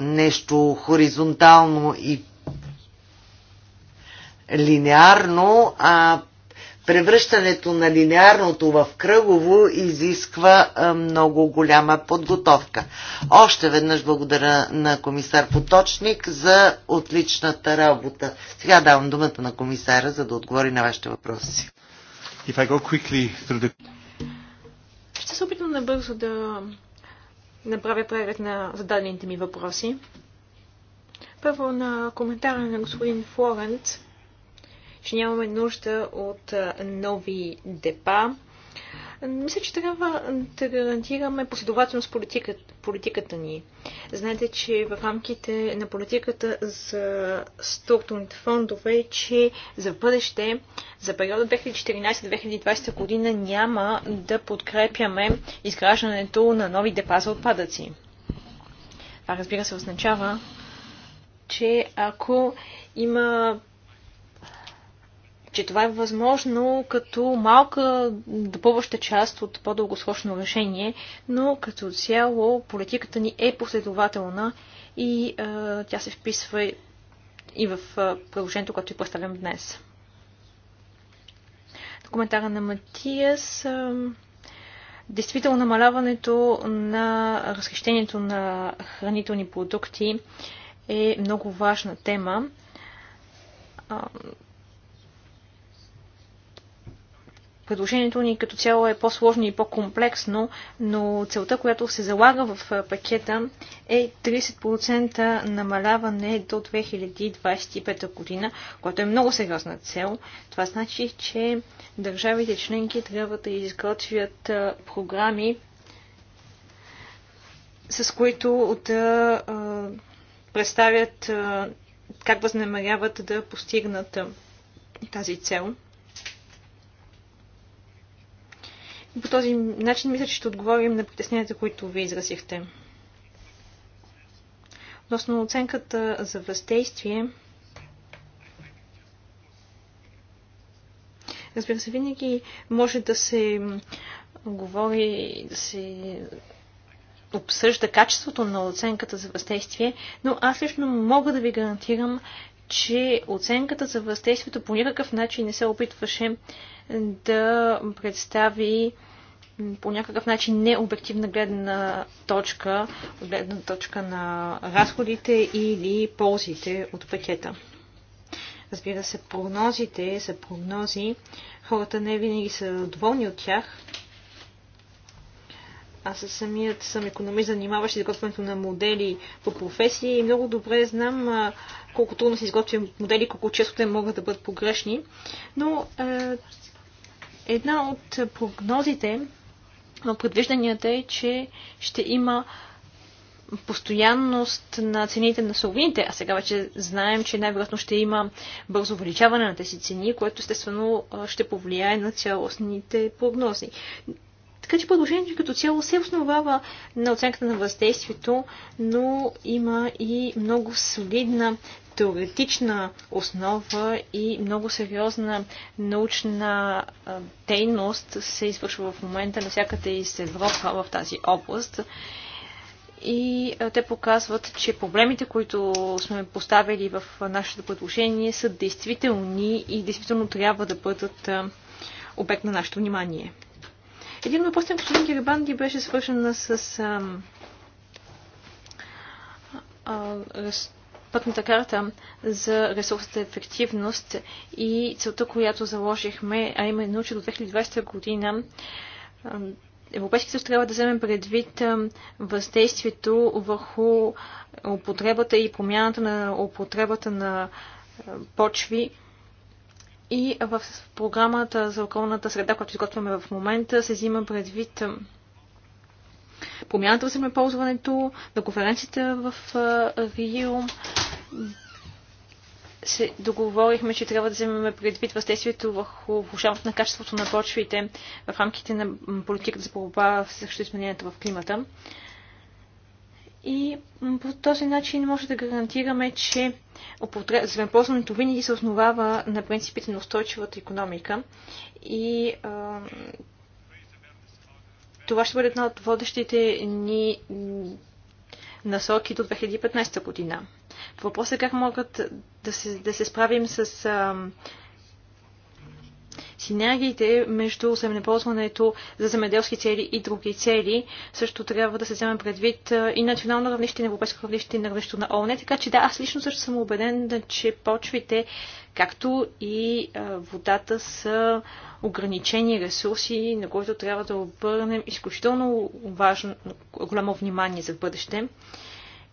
[SPEAKER 4] нещо хоризонтално и линеарно, а превръщането на линеарното в кръгово изисква много голяма подготовка. Още веднъж благодаря на комисар Поточник за отличната работа. Сега давам думата на комисара, за да отговори на вашите въпроси. The...
[SPEAKER 1] Ще се опитам набързо да направя преглед на зададените ми въпроси. Първо на коментара на господин Флорент – че нямаме нужда от нови депа. Мисля, че трябва да гарантираме последователност политиката, политиката ни. Знаете, че в рамките на политиката за структурните фондове, че за бъдеще, за периода 2014-2020 година няма да подкрепяме изграждането на нови депа за отпадъци. Това разбира се означава, че ако има че това е възможно като малка допълваща част от по-дългосрочно решение, но като цяло политиката ни е последователна и а, тя се вписва и в приложението, което и представям днес. Коментара на Матиас. Действително намаляването на разхищението на хранителни продукти е много важна тема. Предложението ни като цяло е по-сложно и по-комплексно, но целта, която се залага в пакета е 30% намаляване до 2025 година, което е много сериозна цел. Това значи, че държавите членки трябва да изготвят програми, с които да представят как възнамеряват да постигнат тази цел. По този начин мисля, че ще отговорим на притесненията, които ви изразихте. Относно оценката за въздействие, разбира се, винаги може да се говори, да се обсъжда качеството на оценката за въздействие, но аз лично мога да ви гарантирам, че оценката за въздействието по никакъв начин не се опитваше да представи по някакъв начин необективна гледна точка, гледна точка на разходите или ползите от пакета. Разбира се, прогнозите са прогнози. Хората не винаги са доволни от тях, аз самият съм економист, занимаващ изготвянето на модели по професии и много добре знам колко трудно се изготвя модели, колко често те могат да бъдат погрешни. Но една от прогнозите на предвижданията е, че ще има постоянност на цените на суровините, а сега вече знаем, че най-вероятно ще има бързо увеличаване на тези цени, което естествено ще повлияе на цялостните прогнози. Така че предложението като цяло се основава на оценката на въздействието, но има и много солидна теоретична основа и много сериозна научна дейност се извършва в момента навсякъде из Европа в тази област. И те показват, че проблемите, които сме поставили в нашето предложение, са действителни и действително трябва да бъдат обект на нашето внимание. Един от въпросите на господин Гербанди беше свършена с а, а, раз, пътната карта за ресурсната ефективност и целта, която заложихме, а именно, че до 2020 година Европейския съюз трябва да вземе предвид въздействието върху употребата и промяната на употребата на почви и в програмата за околната среда, която изготвяме в момента, се взима предвид промяната в земеползването, на конференцията в Рио, се договорихме, че трябва да вземем предвид въздействието върху влушаването на качеството на почвите в рамките на политиката за борба срещу измененията в климата и по този начин може да гарантираме, че земеползването винаги се основава на принципите на устойчивата економика и а, това ще бъде една от водещите ни насоки до 2015 година. Въпросът е как могат да се, да се справим с а, Синергиите между земеползването за земеделски цели и други цели също трябва да се вземе предвид и национално равнище, и на европейско равнище, и на равнището на ООН. Така че да, аз лично също съм убеден, че почвите, както и водата са ограничени ресурси, на които трябва да обърнем изключително важно, голямо внимание за бъдеще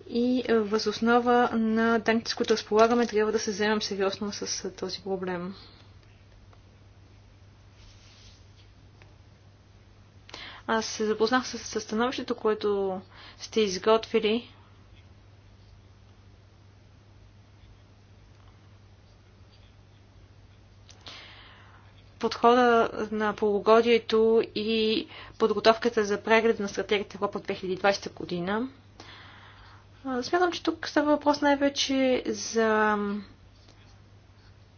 [SPEAKER 1] и възоснова на данните, с които разполагаме, трябва да се вземем сериозно с този проблем. Аз се запознах с, с становището, което сте изготвили. подхода на полугодието и подготовката за преглед на стратегията Европа 2020 година. Смятам, че тук става въпрос най-вече за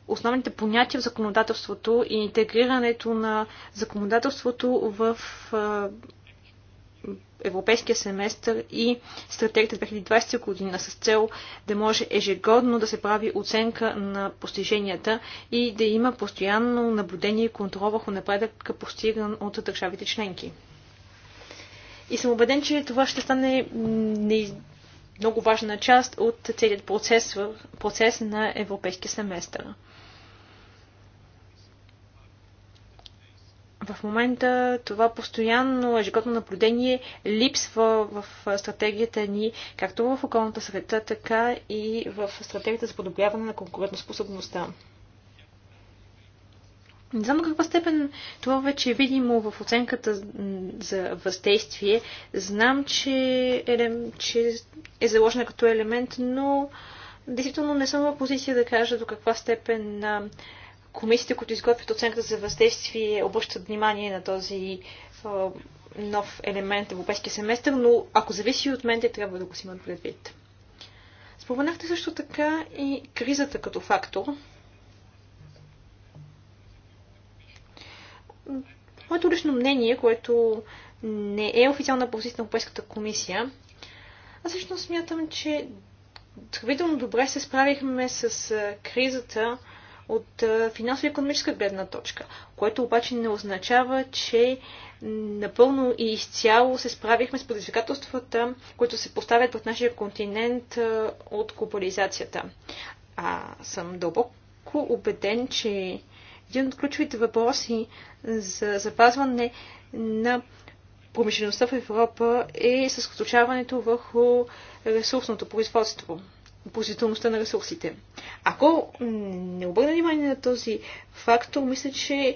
[SPEAKER 1] основните понятия в законодателството и интегрирането на законодателството в Европейския семестър и стратегията 2020 година с цел да може ежегодно да се прави оценка на постиженията и да има постоянно наблюдение и контрол върху напредъка постиган от държавите членки. И съм убеден, че това ще стане много важна част от целият процес, процес на европейския семестър. В момента това постоянно ежегодно наблюдение липсва в стратегията ни, както в околната среда, така и в стратегията за подобряване на конкурентоспособността. Не знам до каква степен това вече е видимо в оценката за въздействие. Знам, че е, че е заложена като елемент, но действително не съм в позиция да кажа до каква степен комисиите, които изготвят оценката за въздействие, обръщат внимание на този нов елемент европейския семестър, но ако зависи от мен, те трябва да го си имат предвид. Споменахте също така и кризата като фактор. моето лично мнение, което не е официална позиция на Европейската комисия, аз всъщност смятам, че сравнително добре се справихме с кризата от финансово-економическа гледна точка, което обаче не означава, че напълно и изцяло се справихме с предизвикателствата, които се поставят пред нашия континент от глобализацията. А съм дълбоко убеден, че един от ключовите въпроси за запазване на промишлеността в Европа е съсредоточаването върху ресурсното производство, позитивността на ресурсите. Ако не обърна внимание на този фактор, мисля, че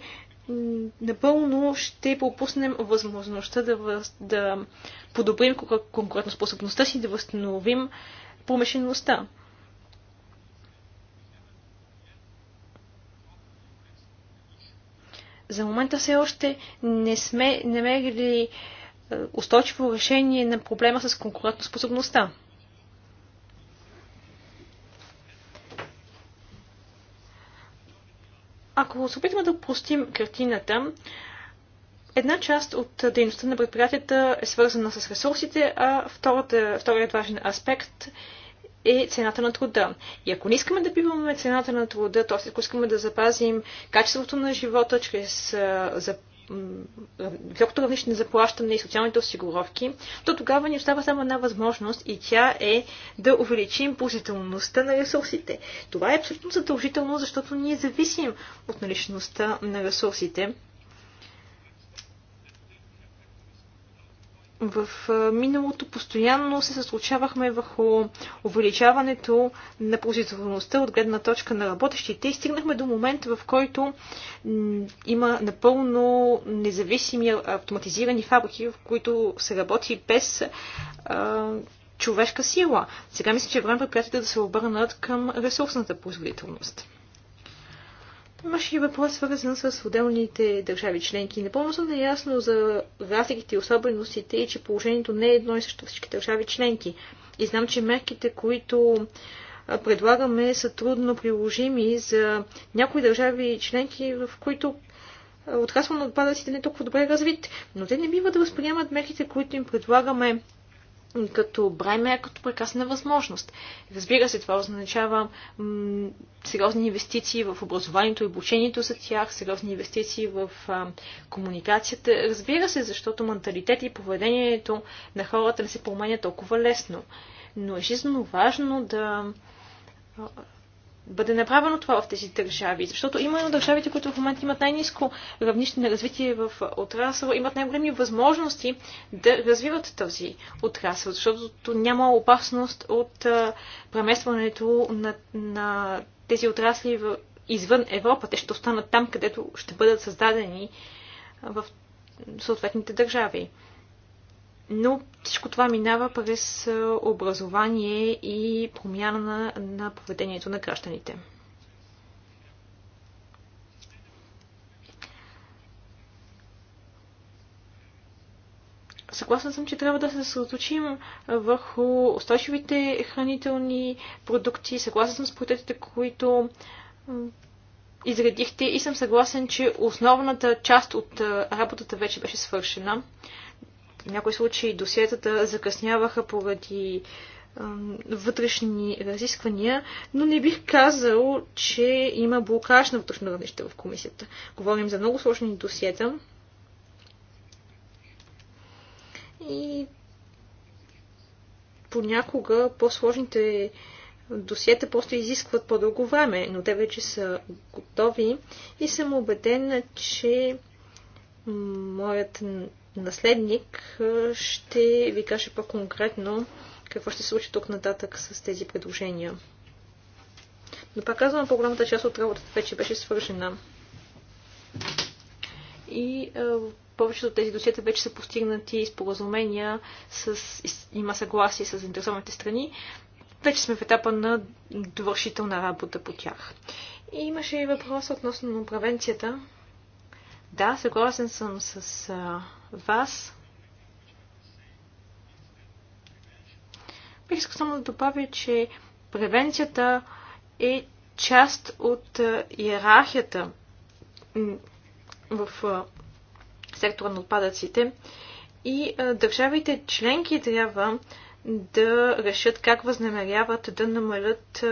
[SPEAKER 1] напълно ще пропуснем възможността да, въз, да подобрим конкурентоспособността си, да възстановим промишлеността. За момента все още не сме намерили е, устойчиво решение на проблема с конкурентоспособността. Ако се опитаме да простим картината, една част от дейността на предприятията е свързана с ресурсите, а втората, вторият важен аспект е цената на труда. И ако не искаме да биваме цената на труда, т.е. ако искаме да запазим качеството на живота чрез за високото равнище на заплащане и социалните осигуровки, то тогава ни остава само една възможност и тя е да увеличим положителността на ресурсите. Това е абсолютно задължително, защото ние зависим от наличността на ресурсите в миналото постоянно се съслучавахме върху увеличаването на позитивността от гледна точка на работещите и стигнахме до момента, в който има напълно независими автоматизирани фабрики, в които се работи без а, човешка сила. Сега мисля, че е време предприятията да се обърнат към ресурсната производителност и въпрос свързан с отделните държави членки. Напълно съм наясно за разликите и особеностите и че положението не е едно и също всички държави членки. И знам, че мерките, които предлагаме, са трудно приложими за някои държави членки, в които отрасъл на отпадъците не е толкова добре развит. Но те не бива да възприемат мерките, които им предлагаме като бреме, като прекрасна възможност. Разбира се, това означава сериозни инвестиции в образованието и обучението за тях, сериозни инвестиции в а, комуникацията. Разбира се, защото менталитет и поведението на хората не се променя толкова лесно. Но е жизненно важно да бъде направено това в тези държави. Защото именно държавите, които в момента имат най-низко равнище на развитие в отрасъл, имат най-големи възможности да развиват този отрасъл, защото няма опасност от преместването на, на тези отрасли в, извън Европа. Те ще останат там, където ще бъдат създадени в съответните държави но всичко това минава през образование и промяна на, на поведението на гражданите. Съгласна съм, че трябва да се съсредоточим върху устойчивите хранителни продукти. Съгласна съм с протетите, които изредихте и съм съгласен, че основната част от работата вече беше свършена. В някои случаи досиетата закъсняваха поради вътрешни разисквания, но не бих казал, че има блокаж на вътрешно равнище в комисията. Говорим за много сложни досиета. И понякога по-сложните досиета просто изискват по-дълго време, но те вече са готови и съм убедена, че моят наследник, ще ви кажа по-конкретно какво ще се случи тук нататък с тези предложения. Но пак казвам, по-голямата част от работата вече беше свършена. И а, повечето от тези досиета вече са постигнати споразумения, с, има съгласие с заинтересованите страни. Вече сме в етапа на довършителна работа по тях. И имаше и въпрос относно превенцията. Да, съгласен съм с а, вас. Бих искал само да добавя, че превенцията е част от е, иерархията в е, сектора на отпадъците и е, държавите членки трябва да решат как възнамеряват да намалят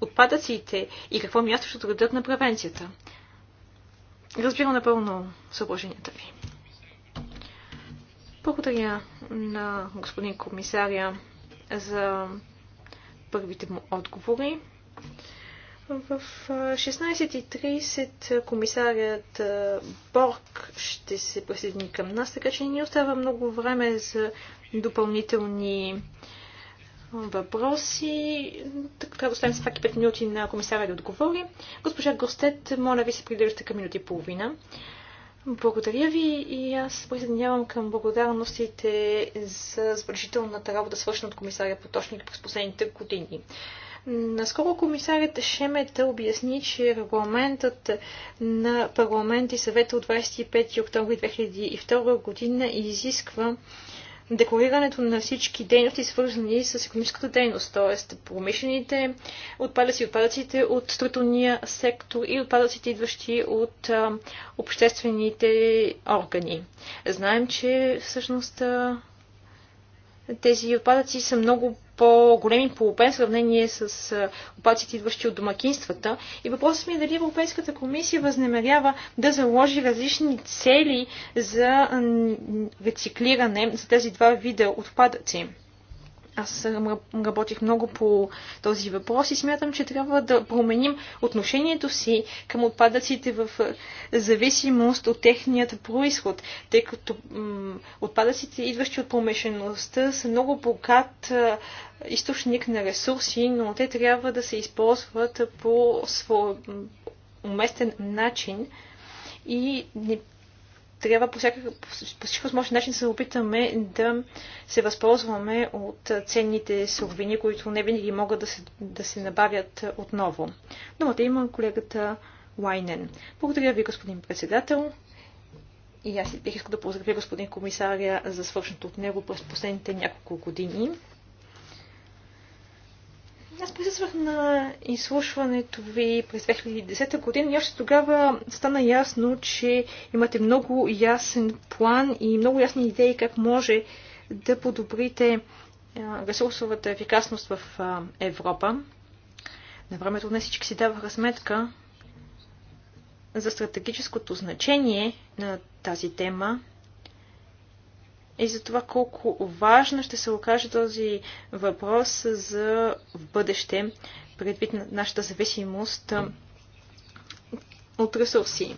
[SPEAKER 1] отпадъците и какво място ще дадат на превенцията. Разбирам напълно съображенията ви. Благодаря на господин комисаря за първите му отговори. В 16.30 комисарят Борг ще се присъедини към нас, така че ни остава много време за допълнителни въпроси. Така да оставим всеки 5 минути на комисаря да отговори. Госпожа Гостет, моля ви се придържате към минути и половина. Благодаря ви и аз присъединявам към благодарностите за забележителната работа, свършена от комисаря Поточник през последните години. Наскоро комисарят Шемета обясни, че регламентът на парламент и съвета от 25 октомври 2002 година изисква декларирането на всички дейности, свързани с економическата дейност, т.е. промишлените отпадъци, отпадъците от строителния сектор и отпадъците, идващи от а, обществените органи. Знаем, че всъщност а, тези отпадъци са много по-големи по обем в сравнение с отпадъците, идващи от домакинствата. И въпросът ми е дали Европейската комисия възнамерява да заложи различни цели за рециклиране за тези два вида отпадъци. Аз работих много по този въпрос и смятам, че трябва да променим отношението си към отпадъците в зависимост от техният происход, тъй като отпадъците, идващи от промишлеността, са много богат източник на ресурси, но те трябва да се използват по своя уместен начин и не трябва по, всякакъв, по всичко възможен начин се опитаме да се възползваме от ценните суровини, които не винаги могат да се, да се набавят отново. Думата има колегата Лайнен. Благодаря ви, господин председател. И аз бих искал да поздравя господин комисаря за свършното от него през последните няколко години. Аз присъствах на изслушването ви през 2010 година и още тогава стана ясно, че имате много ясен план и много ясни идеи как може да подобрите ресурсовата ефикасност в Европа. На времето не всички си даваха сметка за стратегическото значение на тази тема и за това колко важно ще се окаже този въпрос за в бъдеще, предвид на нашата зависимост от ресурси.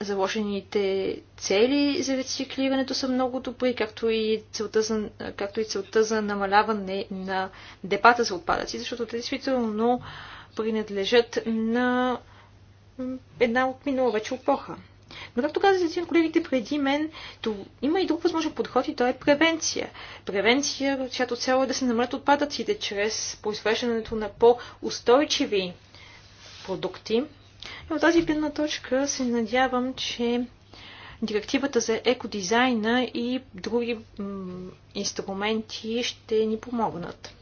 [SPEAKER 1] Заложените цели за рециклирането са много добри, както и целта за, както и целта за намаляване на дебата за отпадъци, защото те действително принадлежат на една от минала вече опоха. Но както каза един от колегите преди мен, то има и друг възможен подход и то е превенция. Превенция, чиято цяло е да се намалят отпадъците чрез произвеждането на по-устойчиви продукти. И от тази гледна точка се надявам, че директивата за екодизайна и други инструменти ще ни помогнат.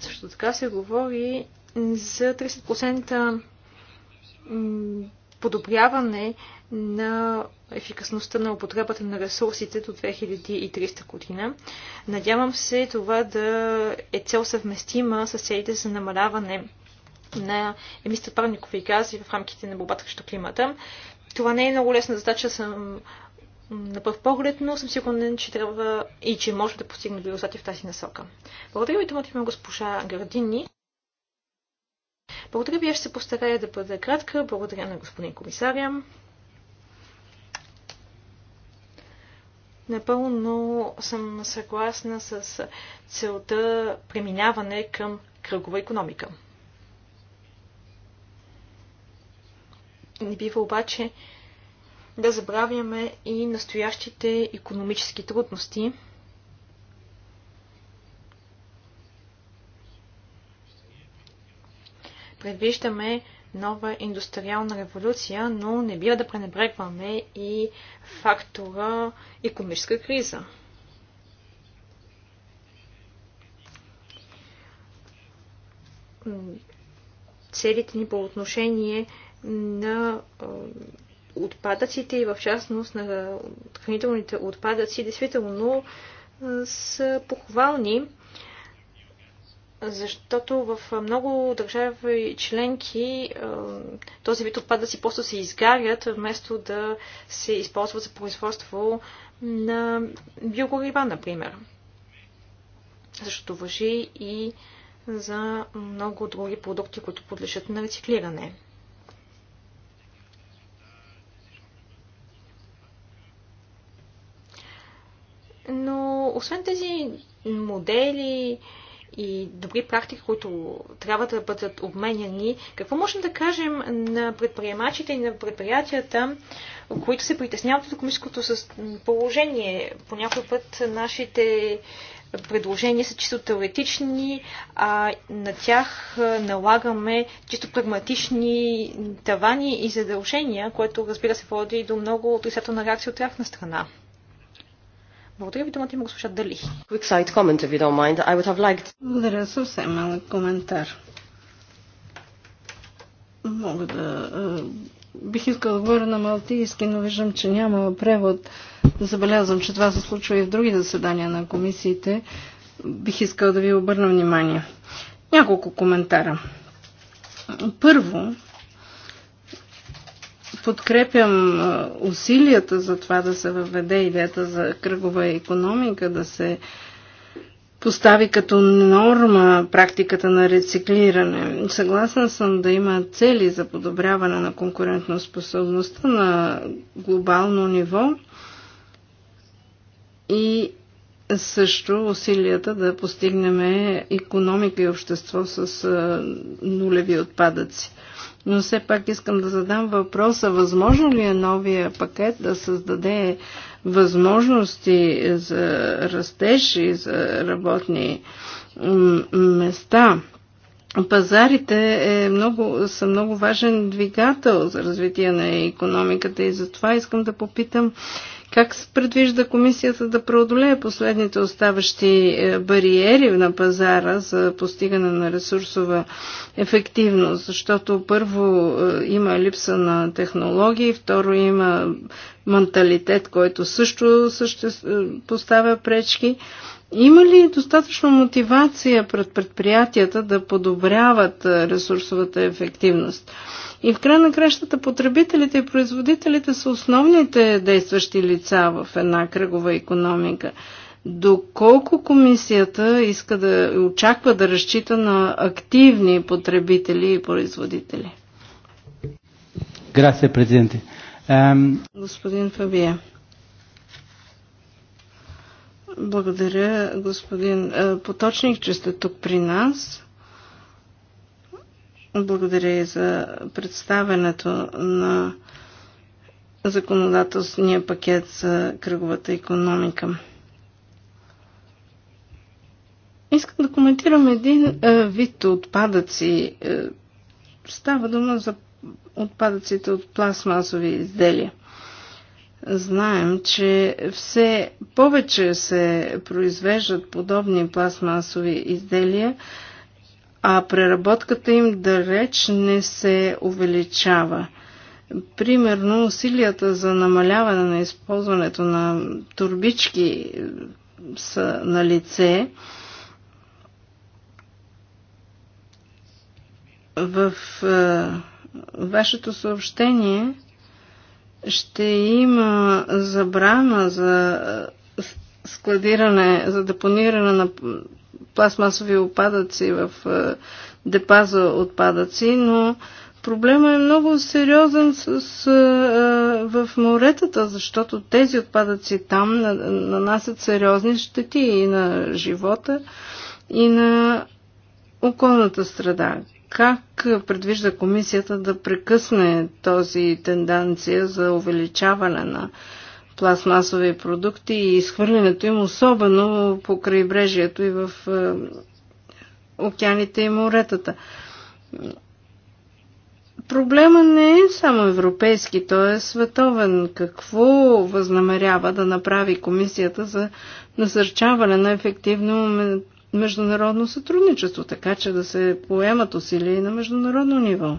[SPEAKER 1] Също така се говори за 30% подобряване на ефикасността на употребата на ресурсите до 2300 година. Надявам се това да е цел съвместима с целите за намаляване на емисията парникови гази в рамките на борбата срещу климата. Това не е много лесна задача, съм на пръв поглед, но съм сигурен, че трябва и че може да постигне резултати в тази насока. Благодаря ви, думата има госпожа Градини. Благодаря ви, аз ще се постарая да бъда кратка. Благодаря на господин комисаря. Напълно съм съгласна с целта преминаване към кръгова економика. Не бива обаче да забравяме и настоящите економически трудности, предвиждаме нова индустриална революция, но не бива да пренебрегваме и фактора економическа криза. Целите ни по отношение на отпадъците и в частност на хранителните отпадъци действително са похвални защото в много държави членки е, този вид отпадъци просто се изгарят, вместо да се използват за производство на биогорива, например. Защото въжи и за много други продукти, които подлежат на рециклиране. Но освен тези модели, и добри практики, които трябва да бъдат обменяни, какво можем да кажем на предприемачите и на предприятията, които се притесняват от економическото положение? По някой път нашите предложения са чисто теоретични, а на тях налагаме чисто прагматични тавани и задължения, което разбира се води до много отрицателна реакция от тяхна страна. Благодаря ви, думата има госпожа Дали.
[SPEAKER 3] Благодаря, съвсем малък коментар. Мога да... Бих искал да говоря на малтийски, но виждам, че няма превод. Забелязвам, че това се случва и в други заседания на комисиите. Бих искал да ви обърна внимание. Няколко коментара. Първо, подкрепям усилията за това да се въведе идеята за кръгова економика, да се постави като норма практиката на рециклиране. Съгласна съм да има цели за подобряване на конкурентоспособността на глобално ниво и също усилията да постигнем економика и общество с нулеви отпадъци но все пак искам да задам въпроса, възможно ли е новия пакет да създаде възможности за растеж и за работни места? пазарите е много, са много важен двигател за развитие на економиката и затова искам да попитам как се предвижда комисията да преодолее последните оставащи е, бариери на пазара за постигане на ресурсова ефективност? Защото първо е, има липса на технологии, второ има менталитет, който също също е, поставя пречки. Има ли достатъчно мотивация пред предприятията да подобряват ресурсовата ефективност? И в край на кращата потребителите и производителите са основните действащи лица в една кръгова економика. Доколко комисията иска да очаква да разчита на активни потребители и производители?
[SPEAKER 2] Грация, президенте.
[SPEAKER 3] Господин Фабия. Благодаря, господин е, Поточник, че сте тук при нас. Благодаря и за представенето на законодателствения пакет за кръговата економика. Искам да коментирам един е, вид отпадъци. Е, става дума за отпадъците от пластмасови изделия. Знаем, че все повече се произвеждат подобни пластмасови изделия, а преработката им далеч не се увеличава. Примерно усилията за намаляване на използването на турбички е, са на лице. В е, вашето съобщение ще има забрана за е, складиране, за депониране на пластмасови отпадъци в е, депа за отпадъци, но проблема е много сериозен с, е, в моретата, защото тези отпадъци там нанасят сериозни щети и на живота, и на околната среда. Как предвижда комисията да прекъсне този тенденция за увеличаване на пластмасови продукти и изхвърлянето им, особено по крайбрежието и в е, океаните и моретата? Проблема не е само европейски, той е световен. Какво възнамерява да направи комисията за насърчаване на ефективно международно сътрудничество, така че да се поемат усилия и на международно ниво.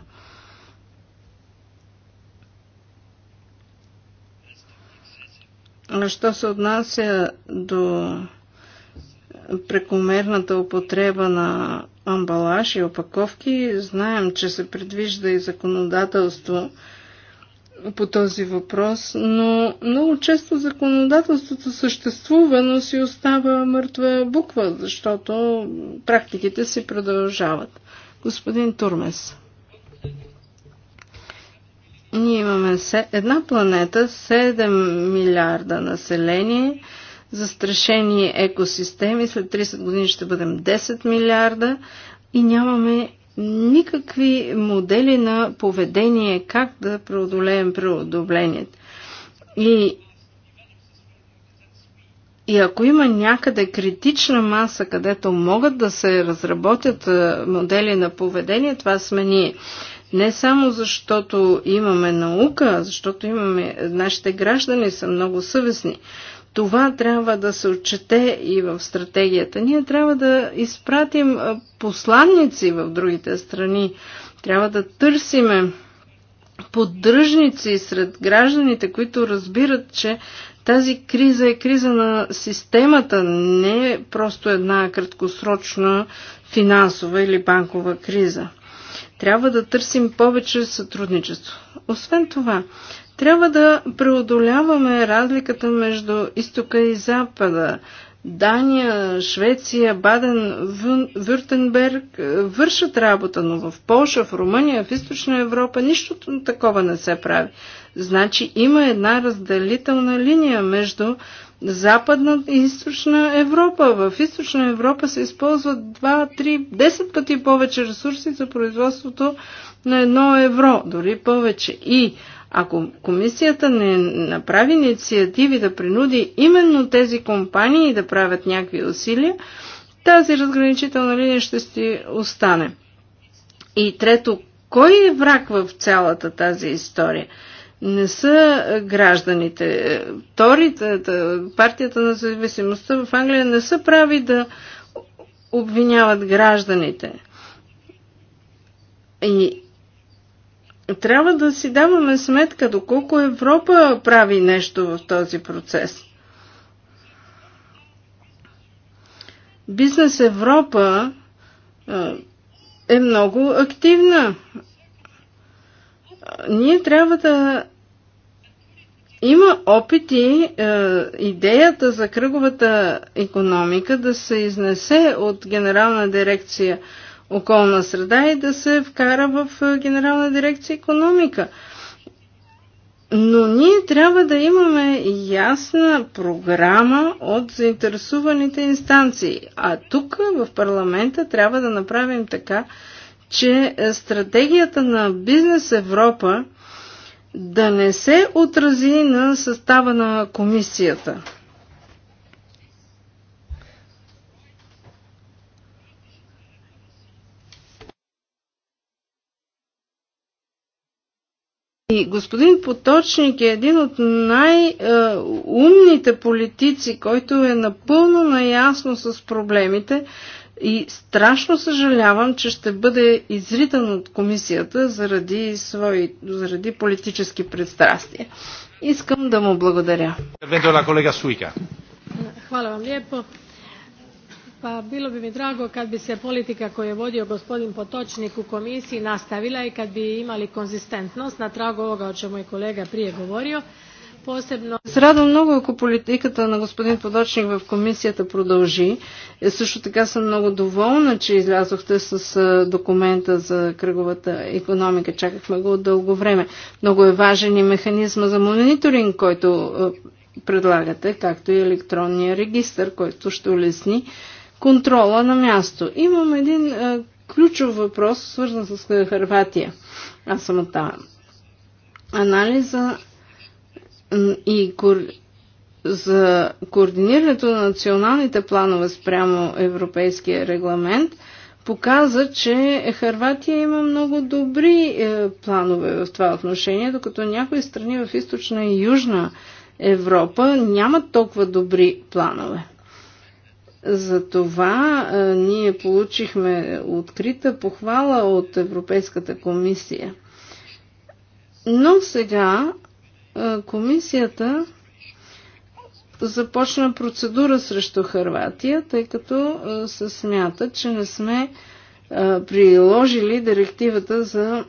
[SPEAKER 3] Що се отнася до прекомерната употреба на амбалаж и опаковки, знаем, че се предвижда и законодателство, по този въпрос, но много често законодателството съществува, но си остава мъртва буква, защото практиките си продължават. Господин Турмес. Ние имаме една планета, 7 милиарда население, застрашени екосистеми, след 30 години ще бъдем 10 милиарда и нямаме никакви модели на поведение как да преодолеем преодолението. И, и ако има някъде критична маса, където могат да се разработят модели на поведение, това сме ние. Не само защото имаме наука, защото имаме, нашите граждани са много съвестни. Това трябва да се отчете и в стратегията. Ние трябва да изпратим посланници в другите страни. Трябва да търсиме поддръжници сред гражданите, които разбират, че тази криза е криза на системата, не е просто една краткосрочна финансова или банкова криза. Трябва да търсим повече сътрудничество. Освен това, трябва да преодоляваме разликата между изтока и запада. Дания, Швеция, Баден, Вюртенберг е, вършат работа, но в Польша, в Румъния, в Източна Европа нищо такова не се прави. Значи има една разделителна линия между Западна и Източна Европа. В Източна Европа се използват 2, 3, 10 пъти повече ресурси за производството на едно евро, дори повече. И ако комисията не направи инициативи да принуди именно тези компании да правят някакви усилия, тази разграничителна линия ще си остане. И трето, кой е враг в цялата тази история? Не са гражданите. Торите, партията на зависимостта в Англия не са прави да обвиняват гражданите. И трябва да си даваме сметка доколко Европа прави нещо в този процес. Бизнес Европа е много активна. Ние трябва да има опити идеята за кръговата економика да се изнесе от генерална дирекция околна среда и да се вкара в е, Генерална дирекция економика. Но ние трябва да имаме ясна програма от заинтересуваните инстанции. А тук в парламента трябва да направим така, че е, стратегията на Бизнес Европа да не се отрази на състава на комисията. И господин Поточник е един от най-умните политици, който е напълно наясно с проблемите и страшно съжалявам, че ще бъде изритан от комисията заради, свои, заради политически пристрастия. Искам да му благодаря. Хвала вам лепо. Pa bilo bi mi drago kad bi se politika koju je vodio gospodin potonik u komisiji nastavila i kad bi imali konzistentnost na tragu ovoga o emu je kolega prije govorio. Се радвам много, ако политиката на господин Подочник в комисията продължи. Е, също така съм много доволна, че излязохте с документа за кръговата економика. Чакахме го от дълго време. Много е важен и механизма за мониторинг, който предлагате, както и електронния регистр, който ще улесни контрола на място. Имам един а, е, ключов въпрос, свързан с Харватия. Аз съм от там. Анализа и кор... за координирането на националните планове спрямо европейския регламент показа, че Харватия има много добри е, планове в това отношение, докато някои страни в източна и южна Европа нямат толкова добри планове. За това ние получихме открита похвала от Европейската комисия. Но сега комисията започна процедура срещу Харватия, тъй като се смята, че не сме приложили директивата за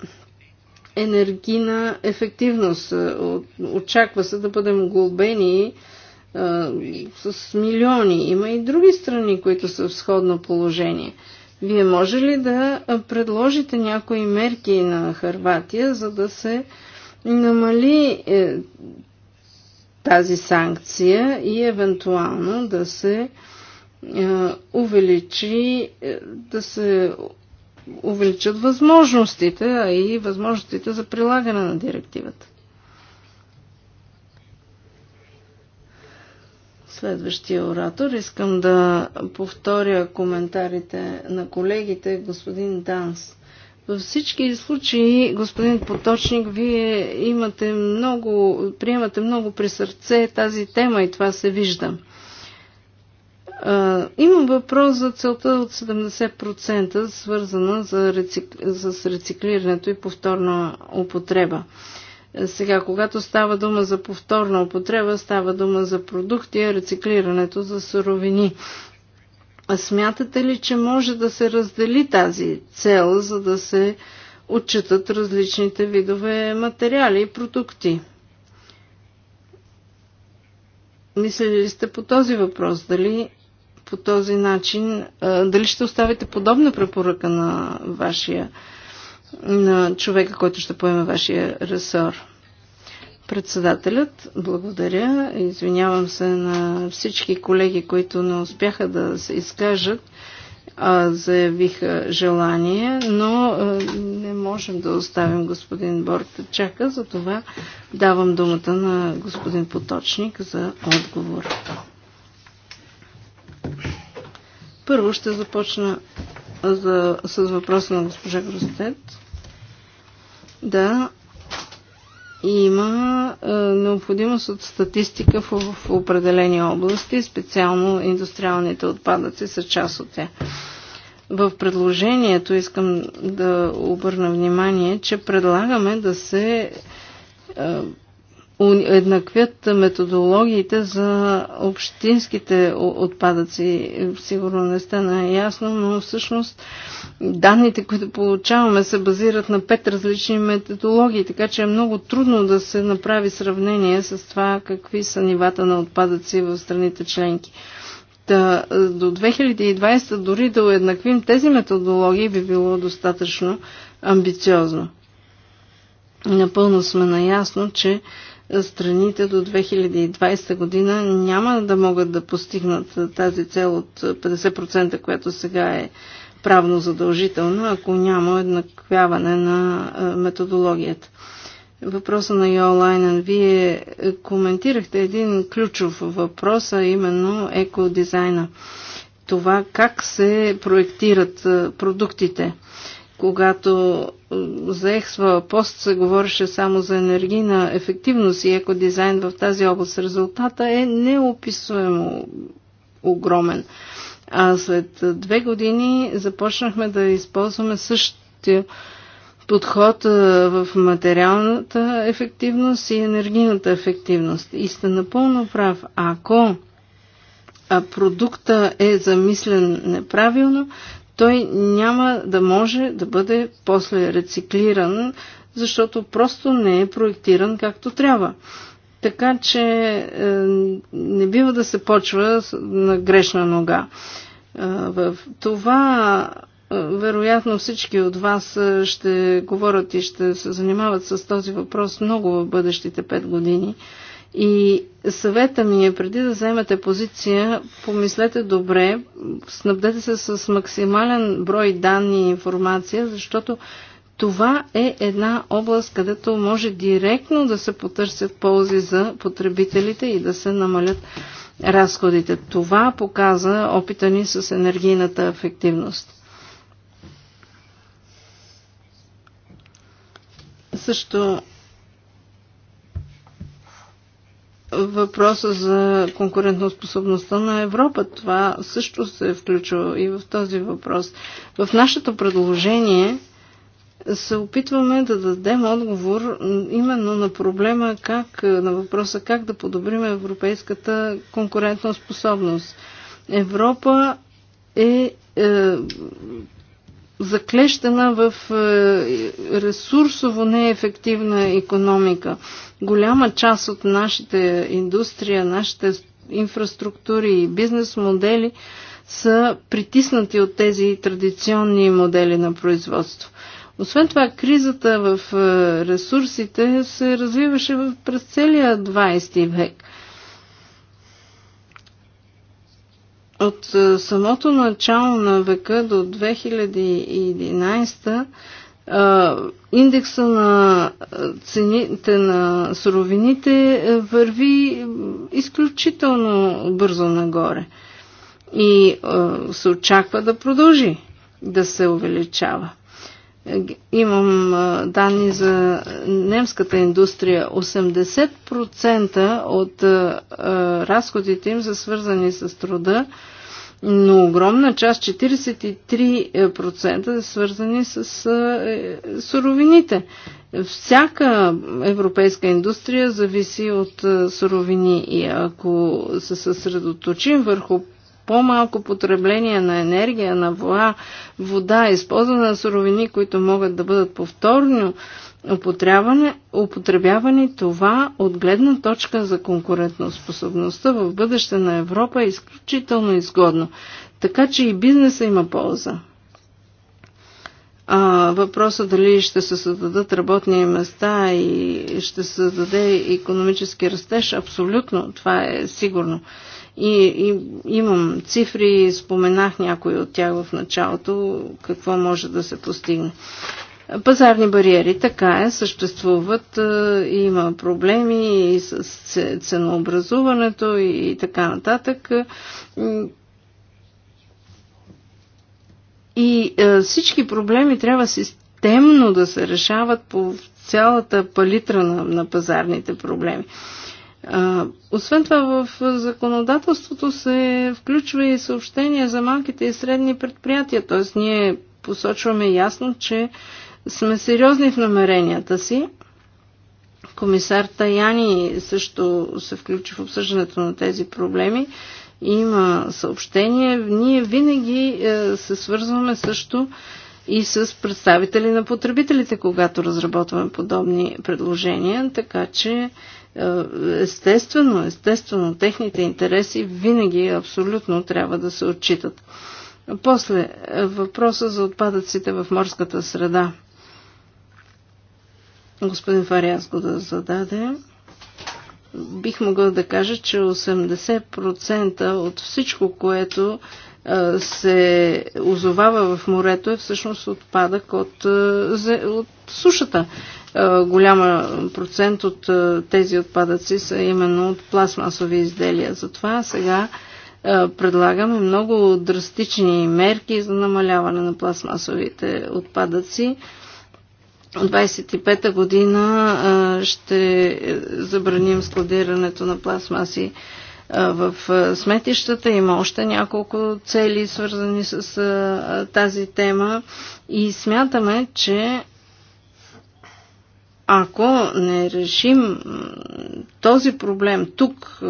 [SPEAKER 3] енергийна ефективност. Очаква се да бъдем глобени с милиони. Има и други страни, които са в сходно положение. Вие може ли да предложите някои мерки на Харватия, за да се намали е, тази санкция и евентуално да се е, увеличи, е, да се увеличат възможностите, а и възможностите за прилагане на директивата? Следващия оратор. Искам да повторя коментарите на колегите, господин Данс. Във всички случаи, господин Поточник, вие имате много, приемате много при сърце тази тема и това се вижда. А, имам въпрос за целта от 70%, свързана за рецик... с рециклирането и повторна употреба. А, сега, когато става дума за повторна употреба, става дума за продукти, рециклирането за суровини. А смятате ли, че може да се раздели тази цел, за да се отчитат различните видове материали и продукти? Мислили ли сте по този въпрос? Дали по този начин, дали ще оставите подобна препоръка на вашия на човека, който ще поеме вашия ресор. Председателят, благодаря. Извинявам се на всички колеги, които не успяха да се изкажат, а заявиха желание, но не можем да оставим господин Борта чака, затова давам думата на господин Поточник за отговор. Първо ще започна за, с въпроса на госпожа Гростет. Да, има е, необходимост от статистика в, в определени области, специално индустриалните отпадъци са част от тях. В предложението искам да обърна внимание, че предлагаме да се е, уеднаквят методологиите за общинските отпадъци. Сигурно не сте наясно, но всъщност данните, които получаваме, се базират на пет различни методологии, така че е много трудно да се направи сравнение с това какви са нивата на отпадъци в страните членки. Та, до 2020 дори да уеднаквим тези методологии би било достатъчно амбициозно. Напълно сме наясно, че страните до 2020 година няма да могат да постигнат тази цел от 50%, която сега е правно задължителна, ако няма еднаквяване на методологията. Въпроса на Йолайнен. Вие е, коментирахте един ключов въпрос, а именно екодизайна. Това как се проектират продуктите когато заех своя пост, се говореше само за енергийна ефективност и екодизайн в тази област. Резултата е неописуемо огромен. А след две години започнахме да използваме същия подход в материалната ефективност и енергийната ефективност. И сте напълно прав. Ако продукта е замислен неправилно, той няма да може да бъде после рециклиран, защото просто не е проектиран както трябва. Така че е, не бива да се почва на грешна нога. Е, в това е, вероятно всички от вас е, ще говорят и ще се занимават с този въпрос много в бъдещите пет години. И съвета ми е, преди да вземете позиция, помислете добре, снабдете се с максимален брой данни и информация, защото това е една област, където може директно да се потърсят ползи за потребителите и да се намалят разходите. Това показа опита ни с енергийната ефективност. Също въпроса за конкурентоспособността на Европа. Това също се е включва и в този въпрос. В нашето предложение се опитваме да дадем отговор именно на проблема как, на въпроса как да подобрим европейската конкурентна способност. Европа е, е заклещена в е, ресурсово неефективна економика. Голяма част от нашите индустрия, нашите инфраструктури и бизнес модели са притиснати от тези традиционни модели на производство. Освен това, кризата в е, ресурсите се развиваше през целия 20 век – От е, самото начало на века до 2011 е, индекса на е, цените на суровините върви изключително бързо нагоре и се очаква да продължи да се увеличава. Имам данни за немската индустрия. 80% от разходите им са свързани с труда, но огромна част, 43% са свързани с е, суровините. Всяка европейска индустрия зависи от суровини и ако се съсредоточим върху по-малко потребление на енергия, на вода, вода, използване на суровини, които могат да бъдат повторно употребявани, това от гледна точка за конкурентоспособността в бъдеще на Европа е изключително изгодно. Така че и бизнеса има полза. А, въпросът дали ще се създадат работни места и ще се създаде економически растеж, абсолютно, това е сигурно. И, и имам цифри, споменах някои от тях в началото, какво може да се постигне. Пазарни бариери, така е, съществуват, е, има проблеми и с ценообразуването и така нататък. И е, всички проблеми трябва системно да се решават по цялата палитра на, на пазарните проблеми. А, освен това, в законодателството се включва и съобщение за малките и средни предприятия, т.е. ние посочваме ясно, че сме сериозни в намеренията си. Комисар Таяни също се включи в обсъждането на тези проблеми. Има съобщение. Ние винаги е, се свързваме също и с представители на потребителите, когато разработваме подобни предложения, така че е, естествено, естествено, техните интереси винаги абсолютно трябва да се отчитат. После е, въпроса за отпадъците в морската среда. Господин Фариас го да зададе. Бих могъл да кажа, че 80% от всичко, което е, се озовава в морето е всъщност отпадък от, от сушата. Е, голяма процент от е, тези отпадъци са именно от пластмасови изделия. Затова сега е, предлагаме много драстични мерки за намаляване на пластмасовите отпадъци. 25-та година ще забраним складирането на пластмаси в сметищата. Има още няколко цели, свързани с тази тема. И смятаме, че ако не решим този проблем тук,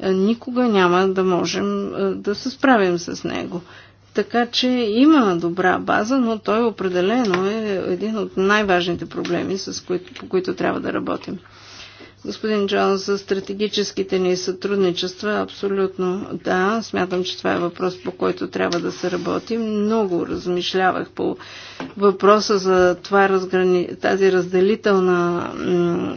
[SPEAKER 3] е, никога няма да можем е, да се справим с него. Така че има добра база, но той определено е един от най-важните проблеми, с които, по които трябва да работим. Господин Джонс, за стратегическите ни сътрудничества, абсолютно да. Смятам, че това е въпрос, по който трябва да се работи. Много размишлявах по въпроса за това разграни... тази разделителна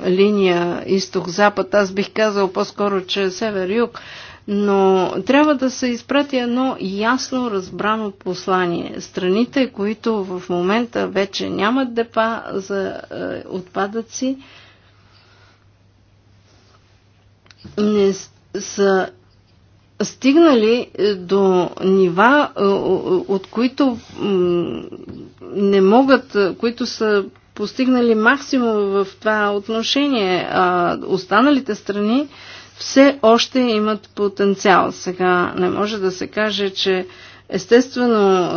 [SPEAKER 3] линия изток-запад. Аз бих казал по-скоро, че е север-юг. Но трябва да се изпрати едно ясно разбрано послание. Страните, които в момента вече нямат депа за е, отпадъци, не са стигнали е, до нива, е, от които не могат, е, които са постигнали максимум в това отношение, а останалите страни все още имат потенциал. Сега не може да се каже, че естествено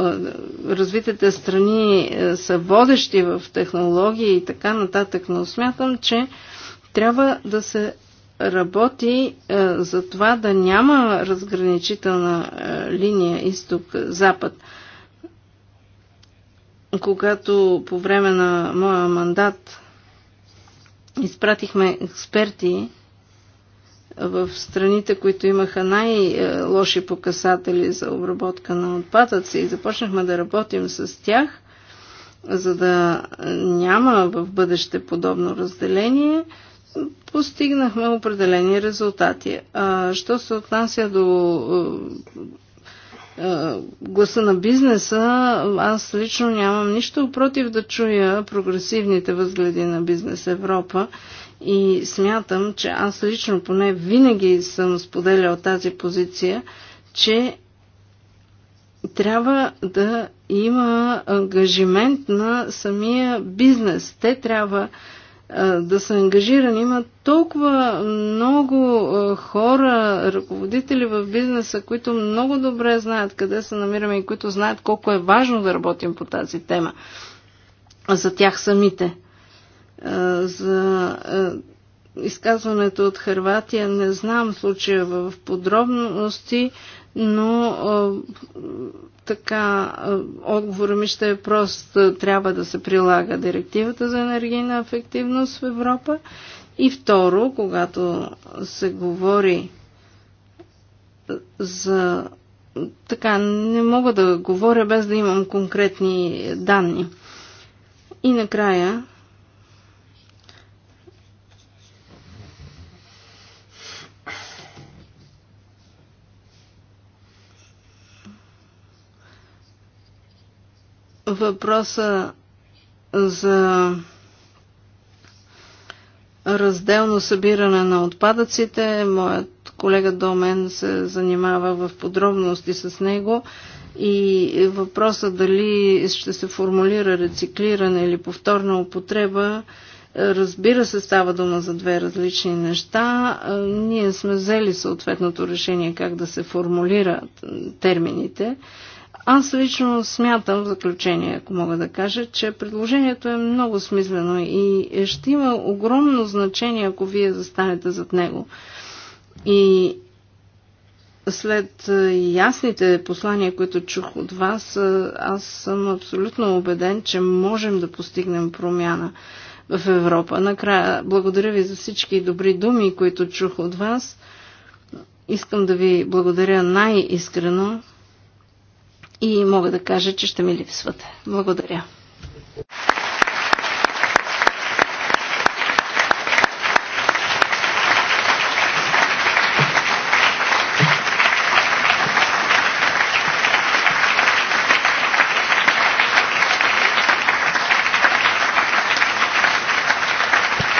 [SPEAKER 3] развитите страни са водещи в технологии и така нататък, но смятам, че трябва да се работи е, за това да няма разграничителна е, линия изток-запад. Когато по време на моя мандат изпратихме експерти в страните, които имаха най-лоши показатели за обработка на отпадъци и започнахме да работим с тях, за да няма в бъдеще подобно разделение – постигнахме определени резултати. А, що се отнася до а, гласа на бизнеса, аз лично нямам нищо против да чуя прогресивните възгледи на бизнес Европа и смятам, че аз лично поне винаги съм споделял тази позиция, че трябва да има ангажимент на самия бизнес. Те трябва да са ангажирани. Има толкова много хора, ръководители в бизнеса, които много добре знаят къде се намираме и които знаят колко е важно да работим по тази тема за тях самите. За изказването от Харватия не знам случая в подробности, но така отговора ми ще е прост. Трябва да се прилага директивата за енергийна ефективност в Европа. И второ, когато се говори за... Така, не мога да говоря без да имам конкретни данни. И накрая, въпроса за разделно събиране на отпадъците. Моят колега до мен се занимава в подробности с него и въпроса дали ще се формулира рециклиране или повторна употреба, разбира се, става дума за две различни неща. Ние сме взели съответното решение как да се формулират термините. Аз лично смятам, в заключение, ако мога да кажа, че предложението е много смислено и ще има огромно значение, ако вие застанете зад него. И след е, ясните послания, които чух от вас, е, аз съм абсолютно убеден, че можем да постигнем промяна в Европа. Накрая, благодаря ви за всички добри думи, които чух от вас. Искам да ви благодаря най-искрено и мога да кажа, че ще ми липсвате. Благодаря.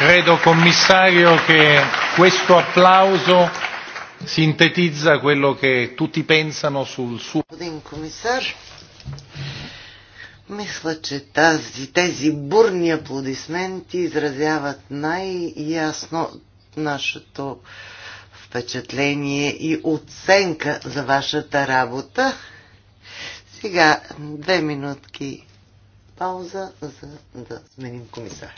[SPEAKER 2] Credo, commissario, che questo applauso sintetizza quello che tutti
[SPEAKER 4] pensano sul suo... Господин комисар, мисля, че тази, тези бурни аплодисменти изразяват най-ясно нашето впечатление и оценка за вашата работа. Сега две минутки пауза, за да сменим комисара.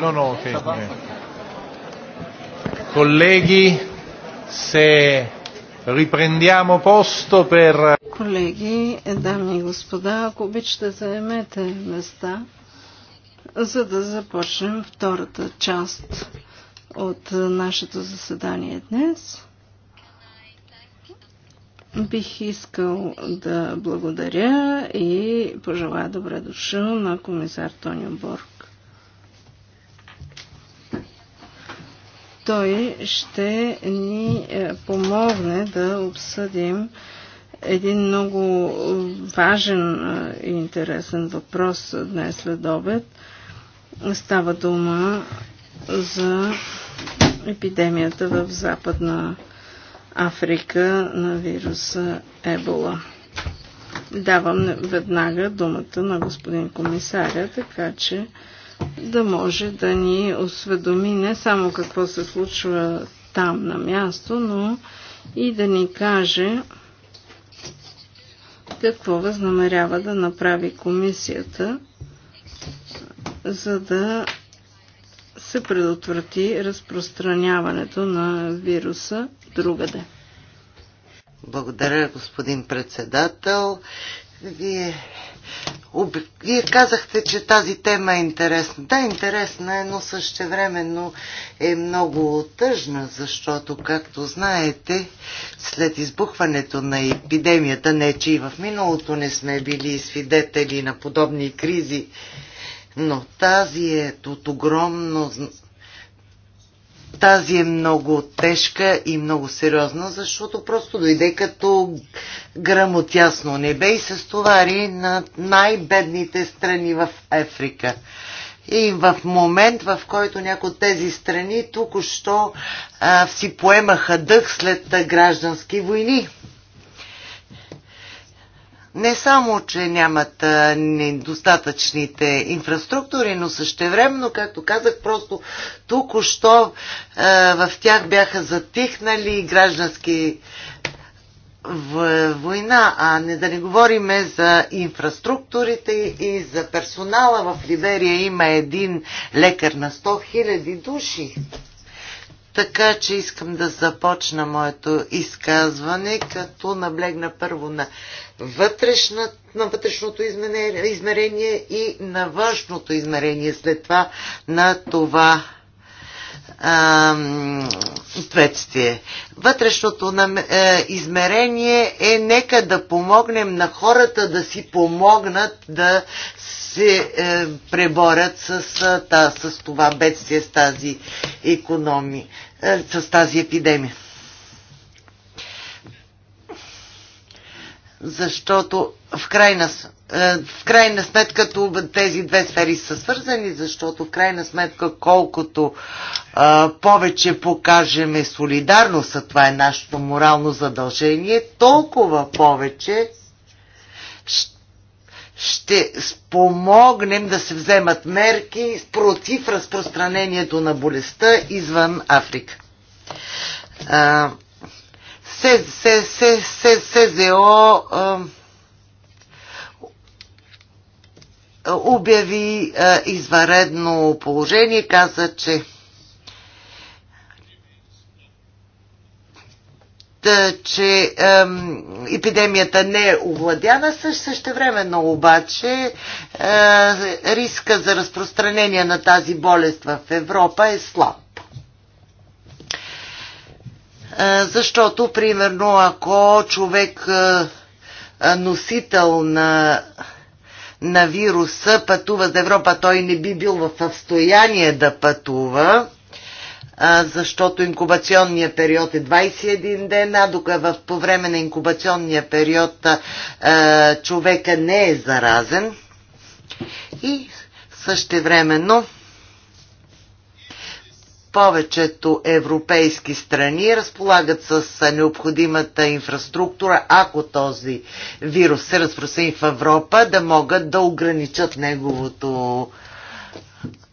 [SPEAKER 2] No, no, ok. okay. Colleghi, se riprendiamo posto per...
[SPEAKER 3] Colleghi, дами и господа, ако обичате, заемете места, за да започнем втората част от нашето заседание днес. Бих искал да благодаря и пожелая добре дошъл на комисар Тонио Борг. Той ще ни е, помогне да обсъдим един много важен е, и интересен въпрос днес след обед. Става дума за епидемията в Западна Африка на вируса Ебола. Давам веднага думата на господин комисаря, така че да може да ни осведоми не само какво се случва там на място, но и да ни каже какво възнамерява да направи комисията, за да се предотврати разпространяването на вируса другаде.
[SPEAKER 4] Благодаря, господин председател. Вие вие казахте, че тази тема е интересна. Да, интересна е, но същевременно е много тъжна, защото, както знаете, след избухването на епидемията, не че и в миналото не сме били свидетели на подобни кризи, но тази е от огромно тази е много тежка и много сериозна, защото просто дойде като грамотясно небе и се стовари на най-бедните страни в Африка. И в момент, в който някои от тези страни тук що си поемаха дъх след граждански войни не само, че нямат недостатъчните инфраструктури, но същевременно, както казах, просто тук-що в тях бяха затихнали граждански в война, а не да не говориме за инфраструктурите и за персонала. В Либерия има един лекар на 100 000 души. Така че искам да започна моето изказване, като наблегна първо на, вътрешна, на вътрешното измерение и на външното измерение, след това на това следствие. Вътрешното нам, е, измерение е нека да помогнем на хората да си помогнат да се е, преборят с, е, та, с това бедствие, с тази економия, е, с тази епидемия. Защото в крайна, е, в крайна сметка тези две сфери са свързани, защото в крайна сметка колкото е, повече покажеме солидарност, а това е нашето морално задължение, толкова повече ще спомогнем да се вземат мерки против разпространението на болестта извън Африка. СЗО обяви изваредно положение, каза, че Е, че ем, епидемията не е овладяна, същевременно обаче е, риска за разпространение на тази болест в Европа е слаб. Е, защото, примерно, ако човек е, носител на на вируса пътува за Европа, той не би бил в състояние да пътува защото инкубационният период е 21 дена, докато в, по време на инкубационния период а, човека не е заразен. И същевременно повечето европейски страни разполагат с необходимата инфраструктура, ако този вирус се разпространи в Европа, да могат да ограничат неговото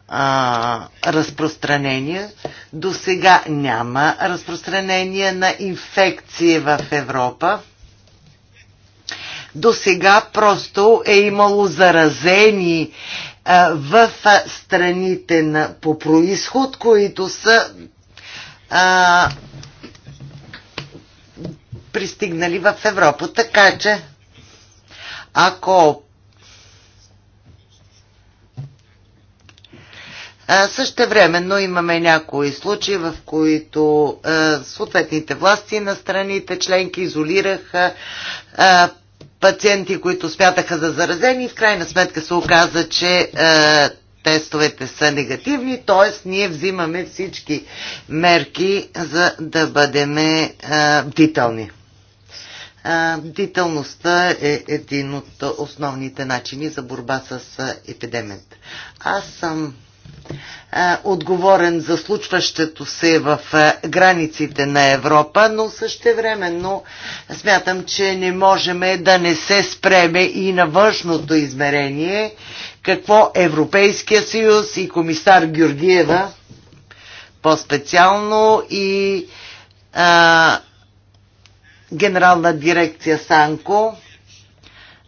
[SPEAKER 4] а, разпространение. До сега няма разпространение на инфекции в Европа. До сега просто е имало заразени в страните на, по происход, които са а, пристигнали в Европа. Така че, ако Същевременно имаме някои случаи, в които съответните власти на страните членки изолираха пациенти, които смятаха за заразени и в крайна сметка се оказа, че тестовете са негативни, т.е. ние взимаме всички мерки, за да бъдем бдителни. Бдителността е един от основните начини за борба с епидемията. Аз съм е, отговорен за случващето се в е, границите на Европа, но същевременно смятам, че не можем да не се спреме и на външното измерение, какво Европейския съюз и комисар Георгиева по-специално и а, е, генерална дирекция Санко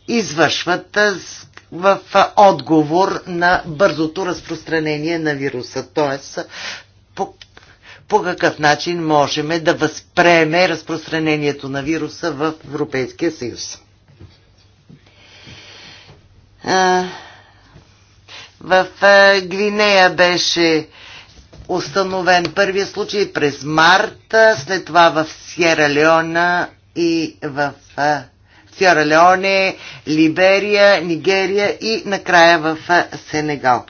[SPEAKER 4] извършват с в отговор на бързото разпространение на вируса. Тоест, по, по какъв начин можем да възпреме разпространението на вируса в Европейския съюз. В Гвинея беше установен първия случай през марта, след това в Сьера Леона и в Сьора Леоне, Либерия, Нигерия и накрая в Сенегал.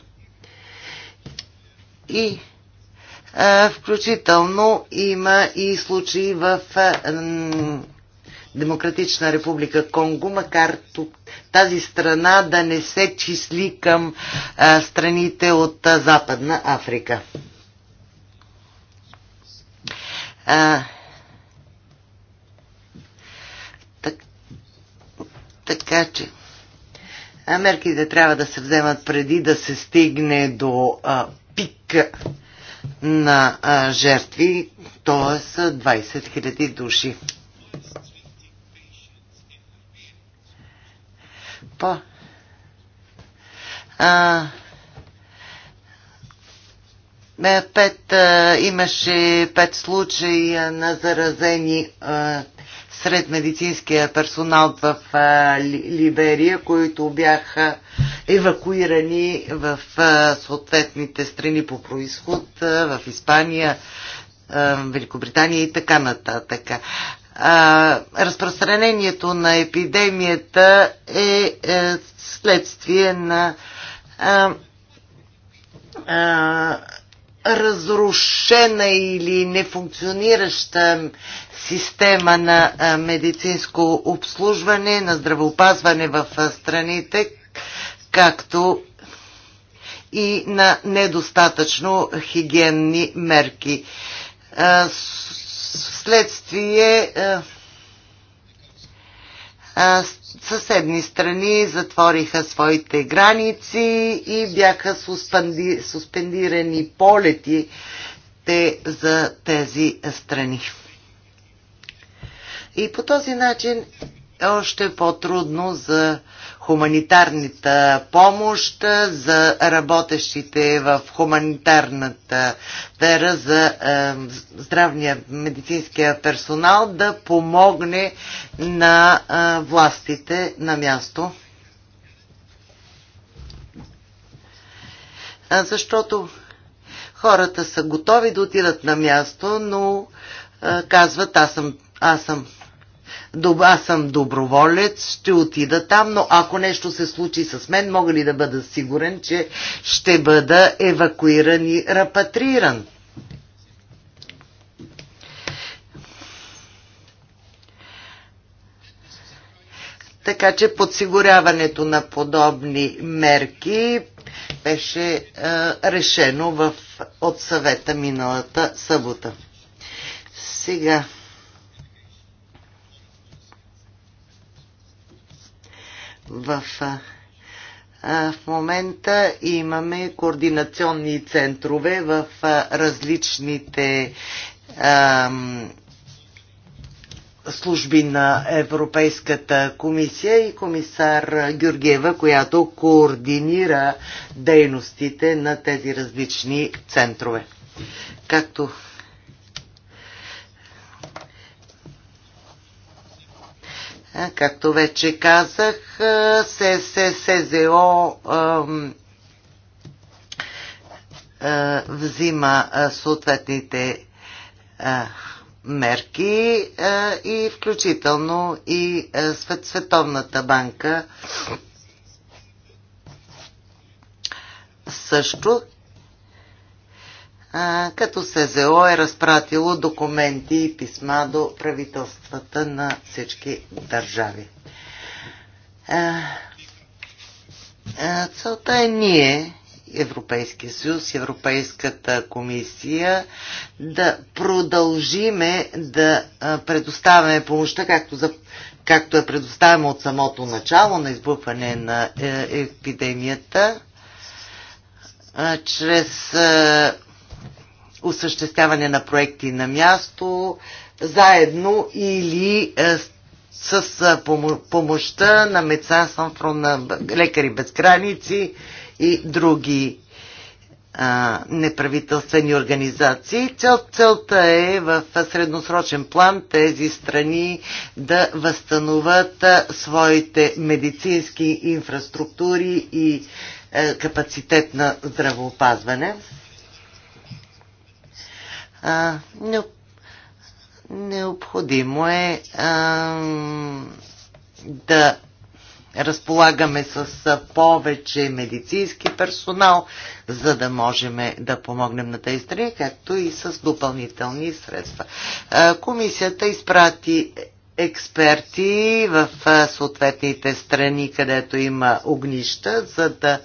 [SPEAKER 4] И включително има и случаи в Демократична република Конго, макар тази страна да не се числи към страните от Западна Африка. Така че мерките трябва да се вземат преди да се стигне до а, пик на а, жертви, т.е. 20 000 души. По. А, е, пет, а, имаше пет случаи на заразени а, сред медицинския персонал в Либерия, които бяха евакуирани в съответните страни по происход, в Испания, Великобритания и така нататък. Разпространението на епидемията е, е следствие на разрушена или нефункционираща система на медицинско обслужване, на здравеопазване в страните, както и на недостатъчно хигиенни мерки. Вследствие съседни страни затвориха своите граници и бяха суспенди, суспендирани полети те за тези страни. И по този начин е още по-трудно за хуманитарната помощ, за работещите в хуманитарната сфера, за е, здравния медицинския персонал да помогне на е, властите на място. Защото хората са готови да отидат на място, но е, казват аз съм, аз съм аз съм доброволец, ще отида там, но ако нещо се случи с мен, мога ли да бъда сигурен, че ще бъда евакуиран и рапатриран? Така че подсигуряването на подобни мерки беше е, решено в, от съвета миналата събота. Сега В, в момента имаме координационни центрове в различните служби на Европейската комисия и комисар Георгиева, която координира дейностите на тези различни центрове. Както Както вече казах, СЗО взима съответните мерки и включително и Световната банка също като СЗО е разпратило документи и писма до правителствата на всички държави. Целта е ние, Европейския съюз, Европейската комисия, да продължиме да предоставяме помощта, както, за, както е предоставяме от самото начало на избухване на е, епидемията, чрез осъществяване на проекти на място, заедно или е, с е, пом помощта на Медсан на Лекари без граници и други а, е, неправителствени организации. Цел, целта е в средносрочен план тези страни да възстановят а, своите медицински инфраструктури и а, капацитет на здравоопазване. А, не, необходимо е а, да разполагаме с повече медицински персонал, за да можем е, да помогнем на тези страни, както и с допълнителни средства. Комисията изпрати експерти в съответните страни, където има огнища, за да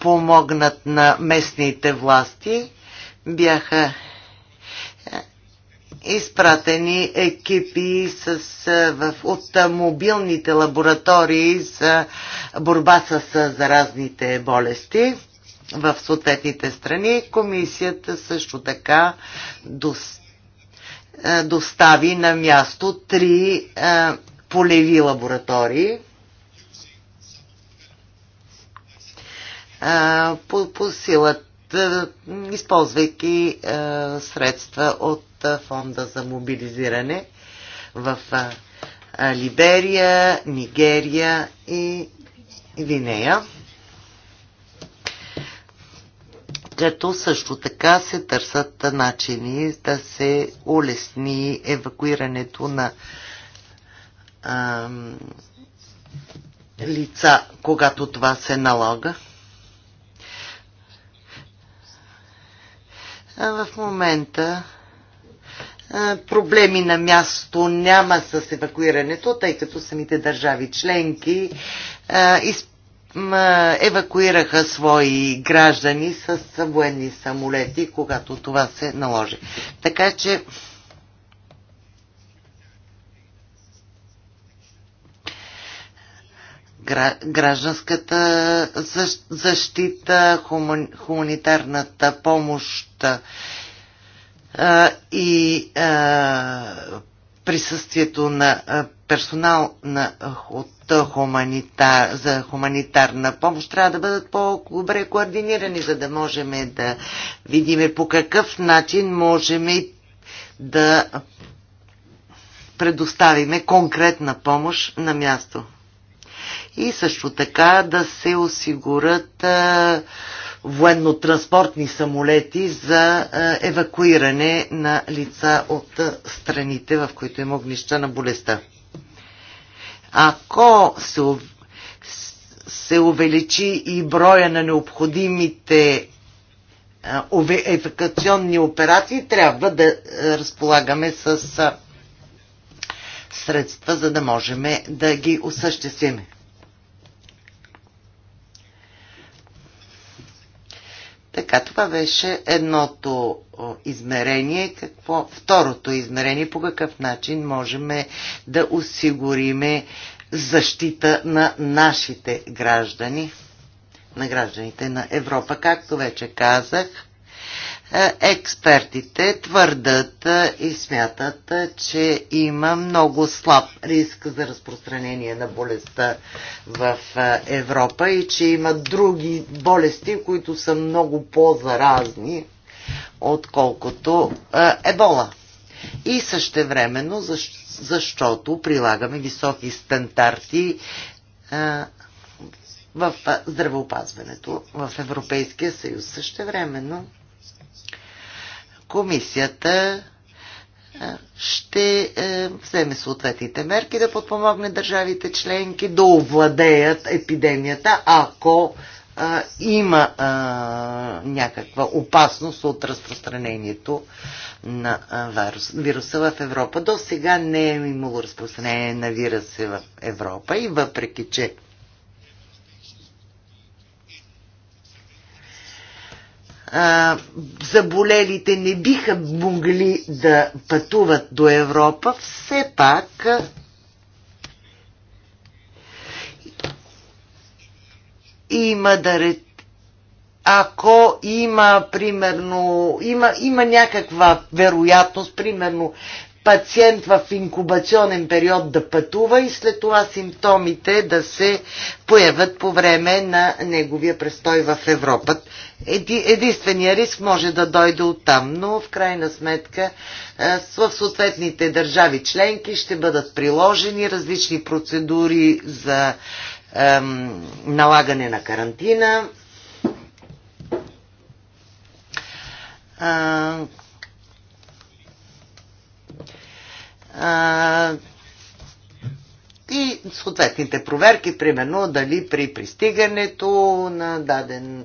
[SPEAKER 4] помогнат на местните власти бяха е, изпратени екипи с, е, в, от е, мобилните лаборатории за борба с заразните болести в съответните страни. Комисията също така достави на място три полеви лаборатории. По, по силата е, използвайки е, средства от е, фонда за мобилизиране в Либерия, Нигерия и Винея. Като също така се търсят начини да се улесни евакуирането на ам, лица, когато това се налага. в момента проблеми на място няма с евакуирането, тъй като самите държави членки евакуираха свои граждани с военни самолети, когато това се наложи. Така че гражданската защита, хуманитарната помощ и присъствието на персонал на, от хуманитар, за хуманитарна помощ трябва да бъдат по-добре координирани, за да можем да видим по какъв начин можем да предоставиме конкретна помощ на място и също така да се осигурят военно-транспортни самолети за евакуиране на лица от страните, в които има огнища на болестта. Ако се, се увеличи и броя на необходимите евакуационни операции, трябва да разполагаме с средства, за да можем да ги осъществим. Така, това беше едното измерение. Какво? Второто измерение, по какъв начин можем да осигуриме защита на нашите граждани, на гражданите на Европа. Както вече казах, е, експертите твърдат е, и смятат, е, че има много слаб риск за разпространение на болестта в Европа и че има други болести, които са много по-заразни, отколкото ебола. И времено, защото прилагаме високи стандарти в здравеопазването в Европейския съюз. времено, комисията ще вземе съответните мерки да подпомогне държавите членки да овладеят епидемията, ако има някаква опасност от разпространението на вируса в Европа. До сега не е имало разпространение на вируса в Европа и въпреки, че заболелите не биха могли да пътуват до Европа, все пак има да ред... Ако има, примерно, има, има някаква вероятност, примерно, пациент в инкубационен период да пътува и след това симптомите да се появят по време на неговия престой в Европа. Еди, единствения риск може да дойде от там, но в крайна сметка в съответните държави членки ще бъдат приложени различни процедури за ем, налагане на карантина. и съответните проверки, примерно дали при пристигането на даден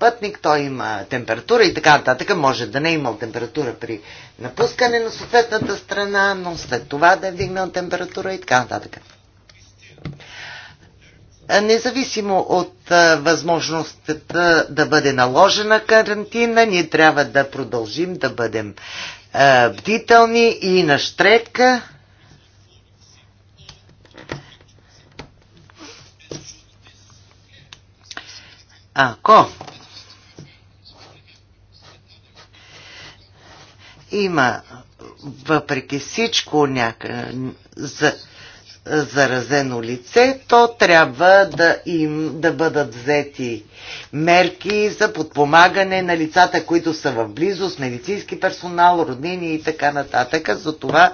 [SPEAKER 4] пътник той има температура и така нататък. Може да не е имал температура при напускане на съответната страна, но след това да е вдигнал температура и така нататък. Независимо от възможността да бъде наложена карантина, ние трябва да продължим да бъдем е, бдителни и на штретка. Ако има въпреки всичко няка, за, заразено лице, то трябва да им да бъдат взети мерки за подпомагане на лицата, които са в близост, медицински персонал, роднини и така нататък. За това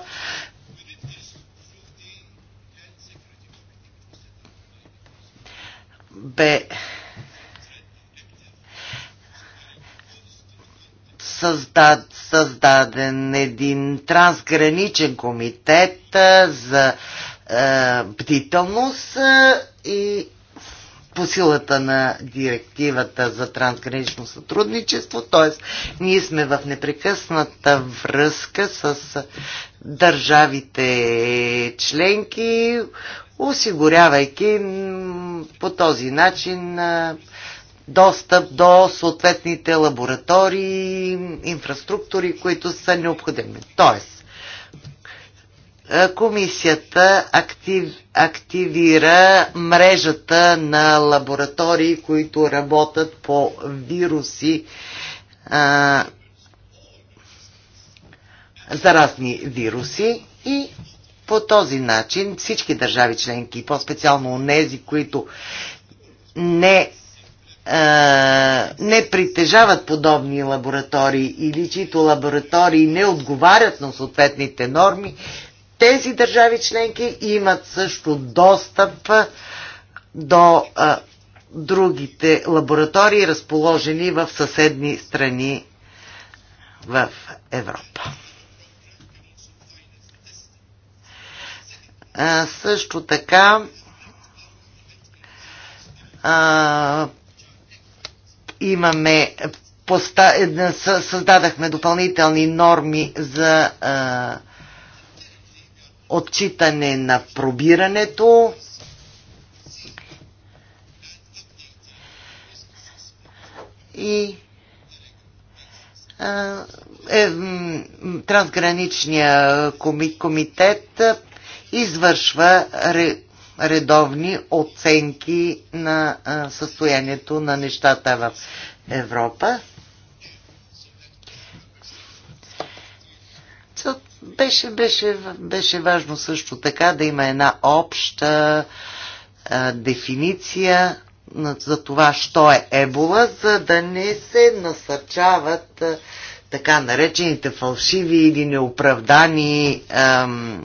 [SPEAKER 4] бе създад, създаден един трансграничен комитет за е, бдителност е, и по силата на директивата за трансгранично сътрудничество, т.е. ние сме в непрекъсната връзка с държавите членки, осигурявайки по този начин е, достъп до съответните лаборатории, инфраструктури, които са необходими. Тоест, е, комисията актив, активира мрежата на лаборатории, които работят по вируси, а, е, заразни вируси и по този начин всички държави членки, по-специално нези, които не е, не притежават подобни лаборатории или чието лаборатории не отговарят на съответните норми, тези държави членки имат също достъп до а, другите лаборатории, разположени в съседни страни в Европа. А, също така а, имаме поста, е, създадахме допълнителни норми за а, отчитане на пробирането, и е, трансграничния комитет извършва редовни оценки на състоянието на нещата в Европа. Беше, беше, беше важно също така да има една обща а, дефиниция за това, що е ебола, за да не се насърчават а, така наречените фалшиви или неоправдани ам,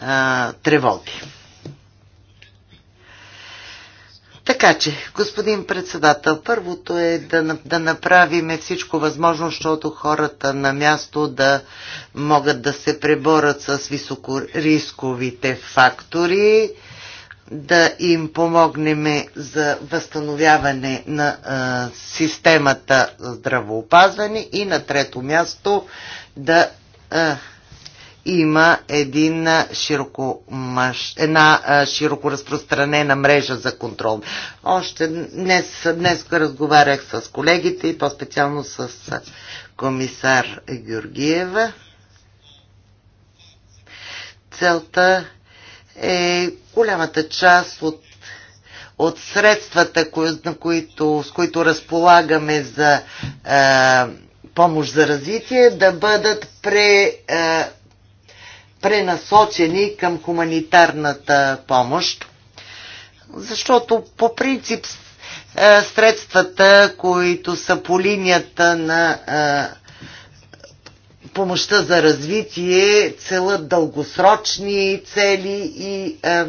[SPEAKER 4] а, тревоги. Така че, господин председател, първото е да, да направиме всичко възможно, защото хората на място да могат да се преборят с високорисковите фактори, да им помогнем за възстановяване на а, системата здравоопазване и на трето място да а, има един широко, една широко разпространена мрежа за контрол. Още днес, днес разговарях с колегите и по-специално с комисар Георгиева. Целта е голямата част от от средствата, на които, с които разполагаме за е, помощ за развитие, да бъдат пре, е, пренасочени към хуманитарната помощ, защото по принцип е, средствата, които са по линията на е, помощта за развитие, целът дългосрочни цели и е,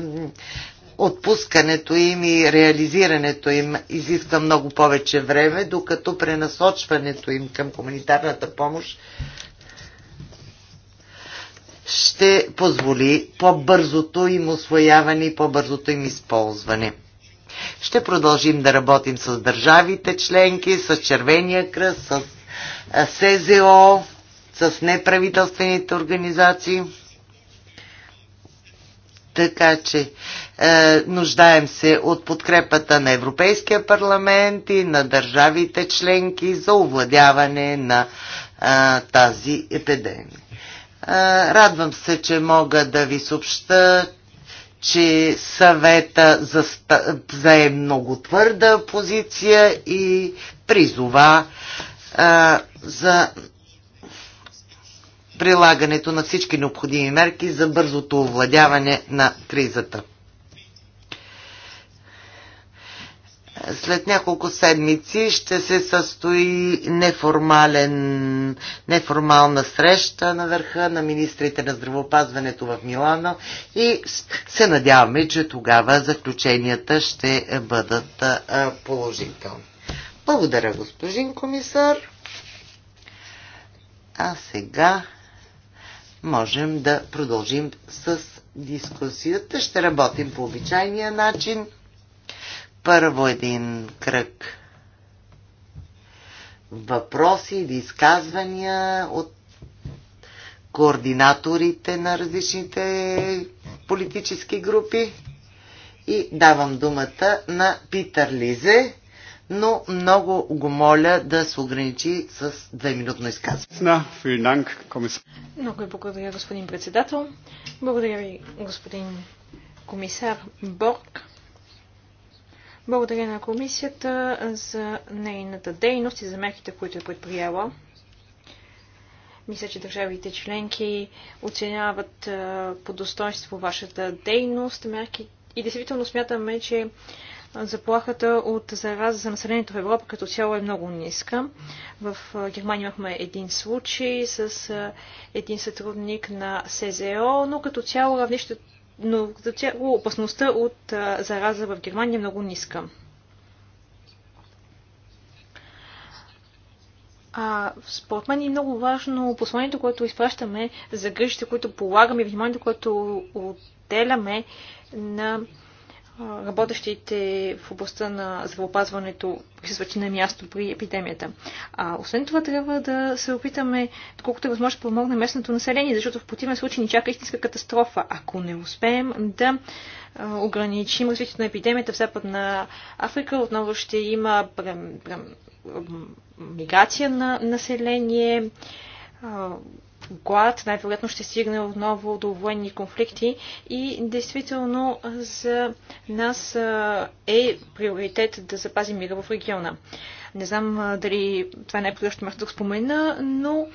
[SPEAKER 4] отпускането им и реализирането им изисква много повече време, докато пренасочването им към хуманитарната помощ ще позволи по-бързото им освояване и по-бързото им използване. Ще продължим да работим с държавите членки, с Червения кръст, с СЗО, с неправителствените организации. Така че е, нуждаем се от подкрепата на Европейския парламент и на държавите членки за овладяване на е, тази епидемия. Радвам се, че мога да ви съобща, че съвета зае много твърда позиция и призова за прилагането на всички необходими мерки за бързото овладяване на кризата. След няколко седмици ще се състои неформален, неформална среща на върха на министрите на здравопазването в Милано и се надяваме, че тогава заключенията ще бъдат положителни. Благодаря, господин комисар. А сега можем да продължим с дискусията. Ще работим по обичайния начин. Първо един кръг въпроси или изказвания от координаторите на различните политически групи. И давам думата на Питър Лизе, но много го моля да се ограничи с двеминутно изказване.
[SPEAKER 1] Много ви благодаря, господин председател. Благодаря ви, господин комисар Борг. Благодаря на комисията за нейната дейност и за мерките, които е предприяла. Мисля, че държавите членки оценяват по достоинство вашата дейност, мерки и действително смятаме, че заплахата от зараза за населението в Европа като цяло е много ниска. В Германия имахме един случай с един сътрудник на СЗО, но като цяло равнището но за цяло опасността от зараза в Германия е много ниска. А, според мен е много важно посланието, което изпращаме за грижите, които полагаме, вниманието, което отделяме на работещите в областта на здравеопазването присъстват на място при епидемията. А, освен това трябва да се опитаме, колкото е възможно, да помогне местното население, защото в противен случай ни чака истинска катастрофа. Ако не успеем да ограничим развитието на епидемията в Западна Африка, отново ще има прем, прем, миграция на население, глад, най-вероятно ще стигне отново до военни конфликти и действително за нас е приоритет да запази мира в региона. Не знам дали това е най-подходящо място да спомена, но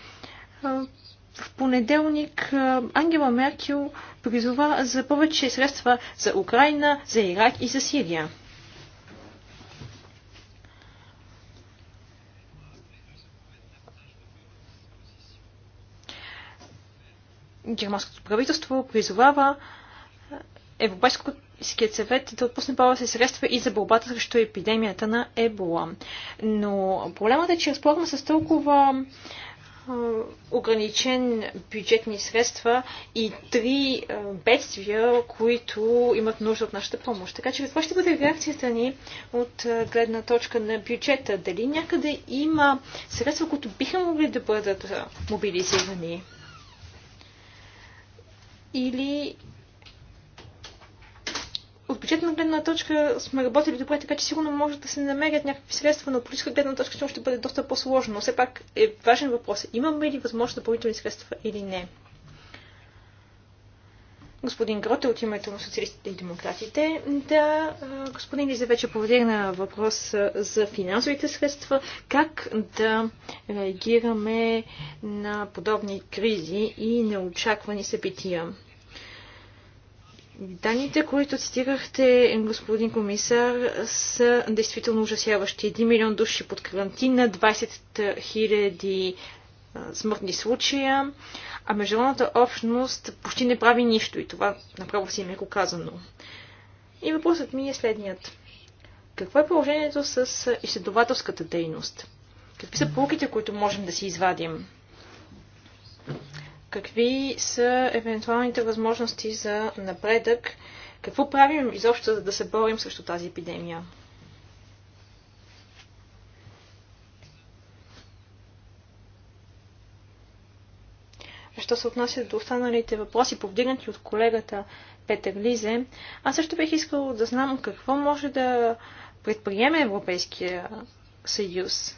[SPEAKER 1] в понеделник Ангела Меркел призова за повече средства за Украина, за Ирак и за Сирия. германското правителство призовава е, Европейският съвет да отпусне повече средства и за борбата срещу епидемията на ебола. Но проблемът е, че разполагаме с толкова ограничен бюджетни средства и три бедствия, които имат нужда от нашата помощ. Така че каква ще бъде реакцията ни от гледна точка на бюджета? Дали някъде има средства, които биха могли да бъдат мобилизирани? или от бюджетна гледна точка сме работили добре, така че сигурно може да се намерят някакви средства, но политическа гледна точка ще бъде доста по-сложно. Но все пак е важен въпрос. Имаме ли възможност да допълнителни средства или не? Господин Гроте от името на социалистите и демократите. Да, господин Лиза вече на въпрос за финансовите средства. Как да реагираме на подобни кризи и неочаквани събития? Данните, които цитирахте, господин комисар, са действително ужасяващи. 1 милион души под карантина, 20 хиляди смъртни случая, а международната общност почти не прави нищо и това направо си е меко казано. И въпросът ми е следният. Какво е положението с изследователската дейност? Какви са полуките, които можем да си извадим? какви са евентуалните възможности за напредък, какво правим изобщо, за да се борим срещу тази епидемия. що се отнася до останалите въпроси, повдигнати от колегата Петър Лизе, аз също бих искал да знам какво може да предприеме Европейския съюз.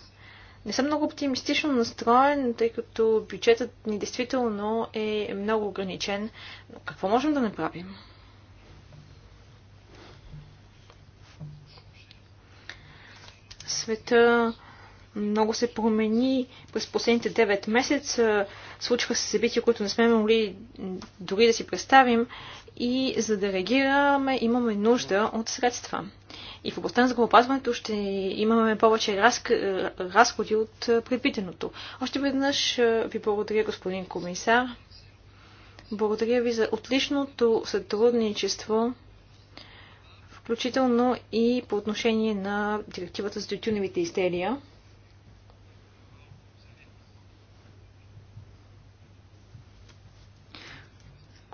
[SPEAKER 1] Не съм много оптимистично настроен, тъй като бюджетът ни действително е много ограничен. Но какво можем да направим? Света много се промени през последните 9 месеца. Случва се събития, които не сме могли дори да си представим. И за да реагираме, имаме нужда от средства. И в областта на здравеопазването ще имаме повече разк... Е, разходи от е, предвиденото. Още веднъж е, ви благодаря, господин комисар. Благодаря ви за отличното сътрудничество, включително и по отношение на директивата за тютюневите изделия.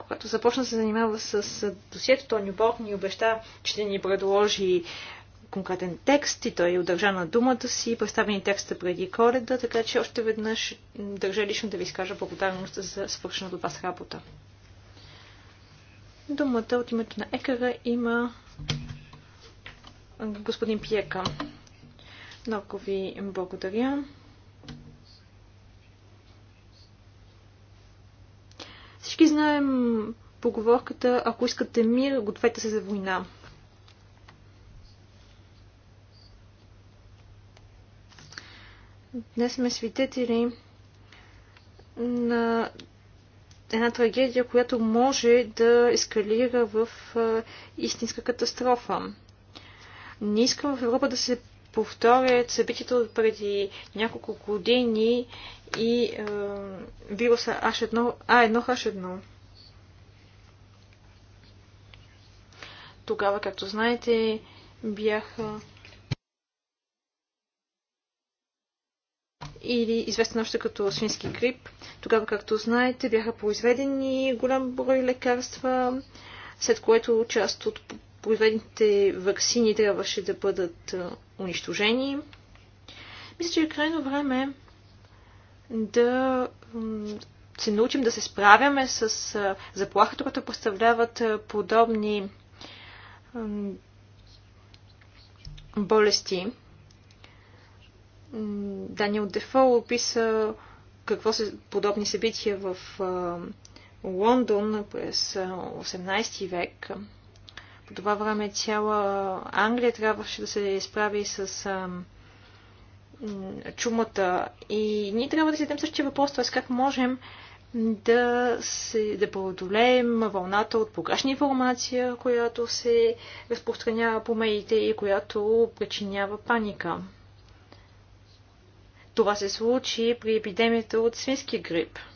[SPEAKER 1] когато започна да се занимава с досието, Тони Борг ни обеща, че ще ни предложи конкретен текст и той е удържа на думата си, представени текста преди коледа, така че още веднъж държа лично да ви изкажа благодарност за свършената от вас работа. Думата от името на Екара има господин Пиека. Много ви благодаря. Всички знаем поговорката, ако искате мир, гответе се за война. Днес сме свидетели на една трагедия, която може да ескалира в истинска катастрофа. Не искам в Европа да се повторят събитието от преди няколко години и е, вируса H1, A1H1. Тогава, както знаете, бяха или известен още като свински грип. Тогава, както знаете, бяха произведени голям брой лекарства, след което част от произведените вакцини трябваше да бъдат унищожени. Мисля, че е крайно време да се научим да се справяме с заплахата, която представляват подобни болести. Даниел Дефо описа какво са подобни събития в Лондон през 18 век. По това време цяла Англия трябваше да се изправи с ам, чумата. И ние трябва да си същия въпрос, т.е. как можем да, се, да преодолеем вълната от погрешна информация, която се разпространява по медиите и която причинява паника. Това се случи при епидемията от свински грип –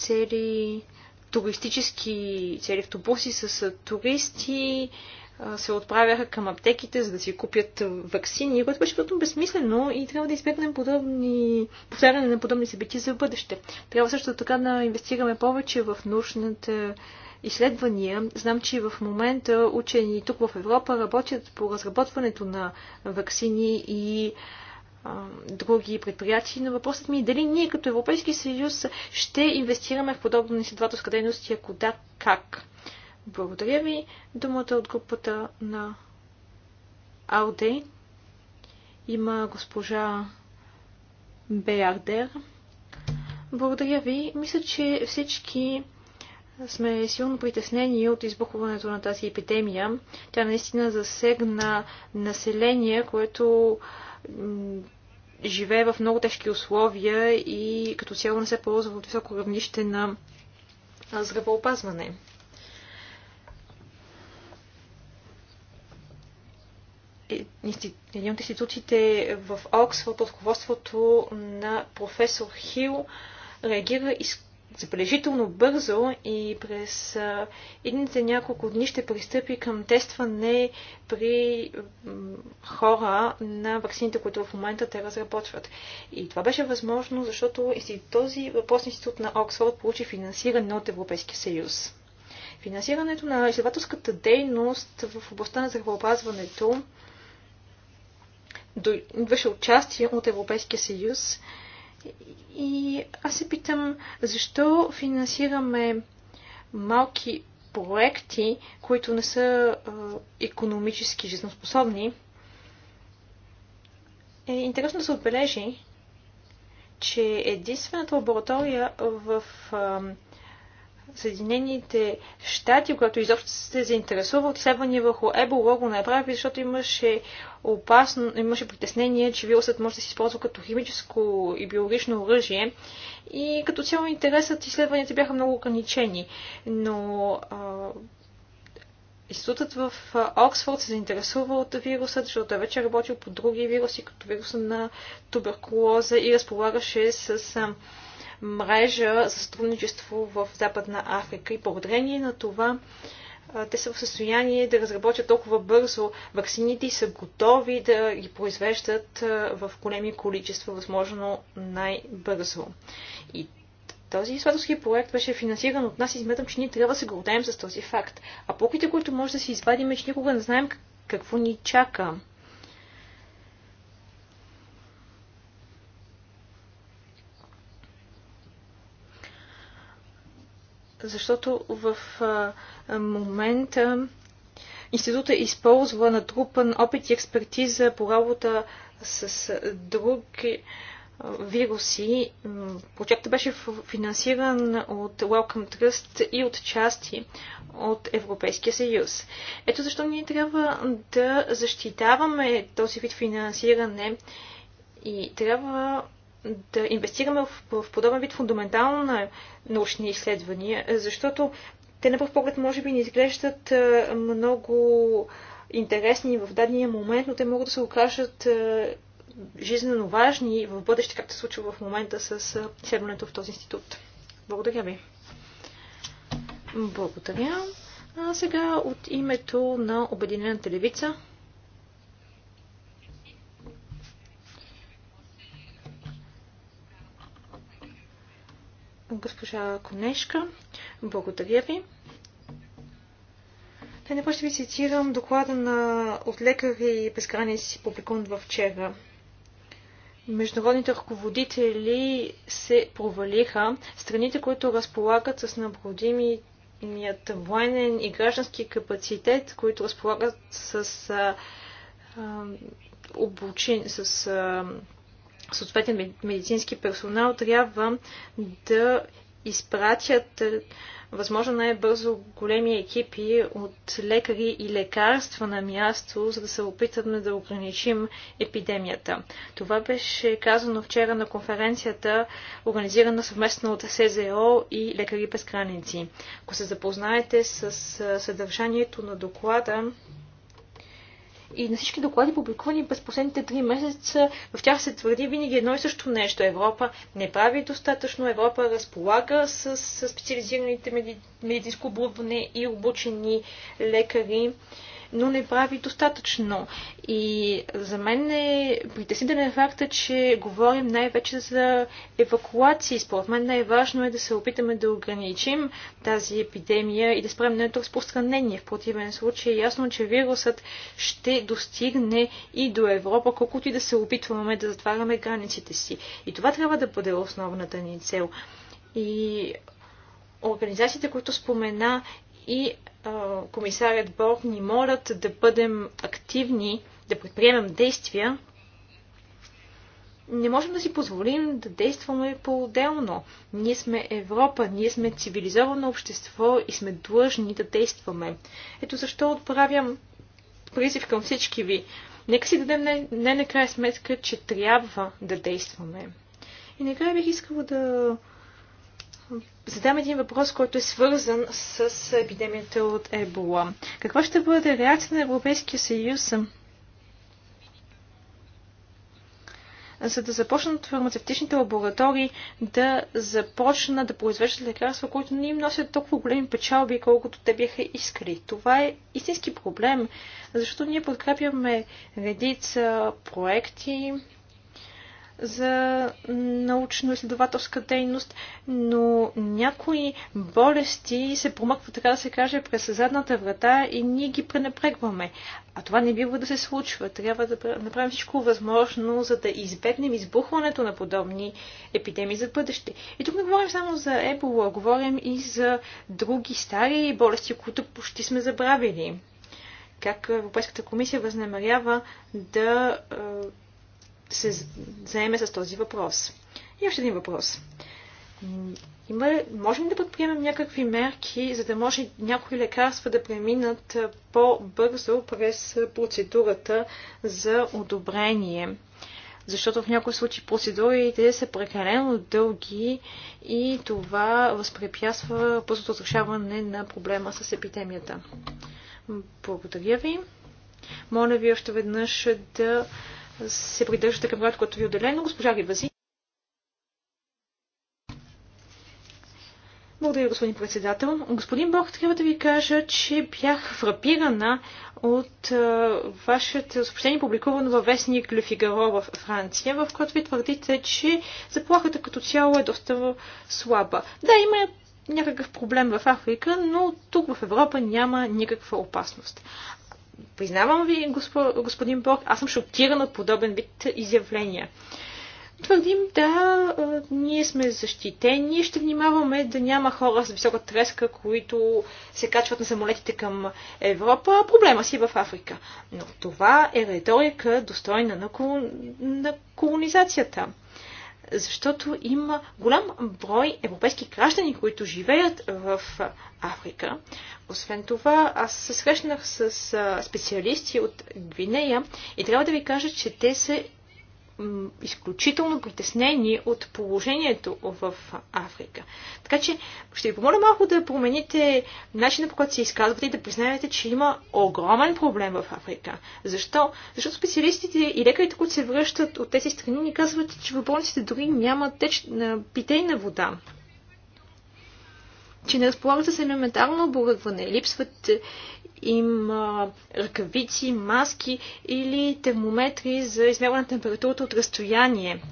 [SPEAKER 1] цели туристически, цели автобуси с туристи се отправяха към аптеките, за да си купят вакцини, което беше абсолютно безсмислено и трябва да избегнем подобни, повтаряне на подобни събития за бъдеще. Трябва също така да инвестираме повече в научната изследвания. Знам, че в момента учени тук в Европа работят по разработването на вакцини и други предприятия, но въпросът ми е дали ние като Европейски съюз ще инвестираме в подобна изследователска дейност и ако да, как? Благодаря ви. Думата от групата на Ауде има госпожа Беярдер. Благодаря ви. Мисля, че всички сме силно притеснени от избухването на тази епидемия. Тя наистина засегна население, което живее в много тежки условия и като цяло не се ползва от високо равнище на здравеопазване. Е, един от институциите в Оксфорд под ръководството на професор Хил реагира изключително забележително бързо и през едните няколко дни ще пристъпи към тестване при хора на вакцините, които в момента те разработват. И това беше възможно, защото и този въпрос институт на Оксфорд получи финансиране от Европейския съюз. Финансирането на изследователската дейност в областта на здравеопазването беше участие от Европейския съюз и аз се питам, защо финансираме малки проекти, които не са а, економически жизнеспособни. Е интересно да се отбележи, че единствената лаборатория в а, Съединените щати, когато изобщо се заинтересува от изследвания върху ебола, го направи, защото имаше опасно, имаше притеснение, че вирусът може да се използва като химическо и биологично оръжие. И като цяло интересът изследванията бяха много ограничени. Но а, Институтът в Оксфорд се заинтересува от вируса, защото той вече е работил по други вируси, като вируса на туберкулоза и разполагаше с а, мрежа за сътрудничество в Западна Африка и благодарение на това те са в състояние да разработят толкова бързо ваксините и са готови да ги произвеждат в големи количества, възможно най-бързо. И този изследователски проект беше финансиран от нас и смятам, че ние трябва да се гордеем с този факт. А поките, които може да си извадим, е, че никога не знаем какво ни чака. защото в момента института използва натрупан опит и експертиза по работа с други вируси. Проектът беше финансиран от Welcome Trust и от части от Европейския съюз. Ето защо ние трябва да защитаваме този вид финансиране и трябва да инвестираме в, в подобен вид на научни изследвания, защото те на пръв поглед може би не изглеждат много интересни в дадения момент, но те могат да се окажат жизненно важни в бъдеще, както се случва в момента с изследването в този институт. Благодаря ви. Благодаря. А сега от името на Обединената левица госпожа Конешка. Благодаря ви. Те не ще ви цитирам доклада на от лекари без граници, публикуван във вчера. Международните ръководители се провалиха. Страните, които разполагат с необходими военен и граждански капацитет, които разполагат с а, а, обучен, с а, съответен медицински персонал трябва да изпратят е, възможно най-бързо големи екипи от лекари и лекарства на място, за да се опитаме да ограничим епидемията. Това беше казано вчера на конференцията, организирана съвместно от СЗО и Лекари без граници. Ако се запознаете с е, съдържанието на доклада, и на всички доклади, публикувани през последните три месеца, в тях се твърди винаги едно и също нещо. Европа не прави достатъчно, Европа разполага с, с специализираните медицинско оборудване и обучени лекари но не прави достатъчно. И за мен е притеснителен факта, че говорим най-вече за евакуации. Според мен най-важно е да се опитаме да ограничим тази епидемия и да спрем нейното разпространение. В противен случай е ясно, че вирусът ще достигне и до Европа, колкото и да се опитваме да затваряме границите си. И това трябва да бъде основната ни цел. И организациите, които спомена и комисарят Борг ни молят да бъдем активни, да предприемем действия, не можем да си позволим да действаме по-отделно. Ние сме Европа, ние сме цивилизовано общество и сме длъжни да действаме. Ето защо отправям призив към всички ви. Нека си дадем не, не накрая сметка, че трябва да действаме. И накрая бих искала да задам един въпрос, който е свързан с епидемията от Ебола. Каква ще бъде реакция на Европейския съюз за да започнат фармацевтичните лаборатории да започнат да произвеждат лекарства, които не им носят толкова големи печалби, колкото те биха искали. Това е истински проблем, защото ние подкрепяме редица проекти, за научно-изследователска дейност, но някои болести се промъкват, така да се каже, през задната врата и ние ги пренепрегваме. А това не бива да се случва. Трябва да направим всичко възможно, за да избегнем избухването на подобни епидемии за бъдеще. И тук не говорим само за ебола, говорим и за други стари болести, които почти сме забравили. Как Европейската комисия възнамерява да е, се заеме с този въпрос. И още един въпрос. Има, можем да предприемем някакви мерки, за да може някои лекарства да преминат по-бързо през процедурата за одобрение. Защото в някои случаи процедурите са прекалено дълги и това възпрепятства бързото разрешаване на проблема с епидемията. Благодаря ви. Моля ви още веднъж да се придържате към времето, което ви е отделено. Госпожа Рибази. Благодаря, господин председател. Господин Бог, трябва да ви кажа, че бях фрапирана от вашето съобщение, публикувано във вестник Le Figaro в Франция, в което ви твърдите, че заплахата като цяло е доста слаба. Да, има някакъв проблем в Африка, но тук в Европа няма никаква опасност. Признавам ви, госпо, господин Борг, аз съм шокиран от подобен вид изявления. Твърдим, да, ние сме защитени, ще внимаваме да няма хора с висока треска, които се качват на самолетите към Европа, проблема си е в Африка. Но това е риторика достойна на, кол... на колонизацията защото има голям брой европейски граждани, които живеят в Африка. Освен това, аз се срещнах с специалисти от Гвинея и трябва да ви кажа, че те се изключително притеснени от положението в Африка. Така че ще ви помоля малко да промените начина по който се изказвате и да признаете, че има огромен проблем в Африка. Защо? Защото специалистите и лекарите, които се връщат от тези страни, ни казват, че в болниците дори няма теч... питейна вода че не разполагат с елементарно оборудване, липсват им ръкавици, маски или термометри за измерване на температурата от разстояние.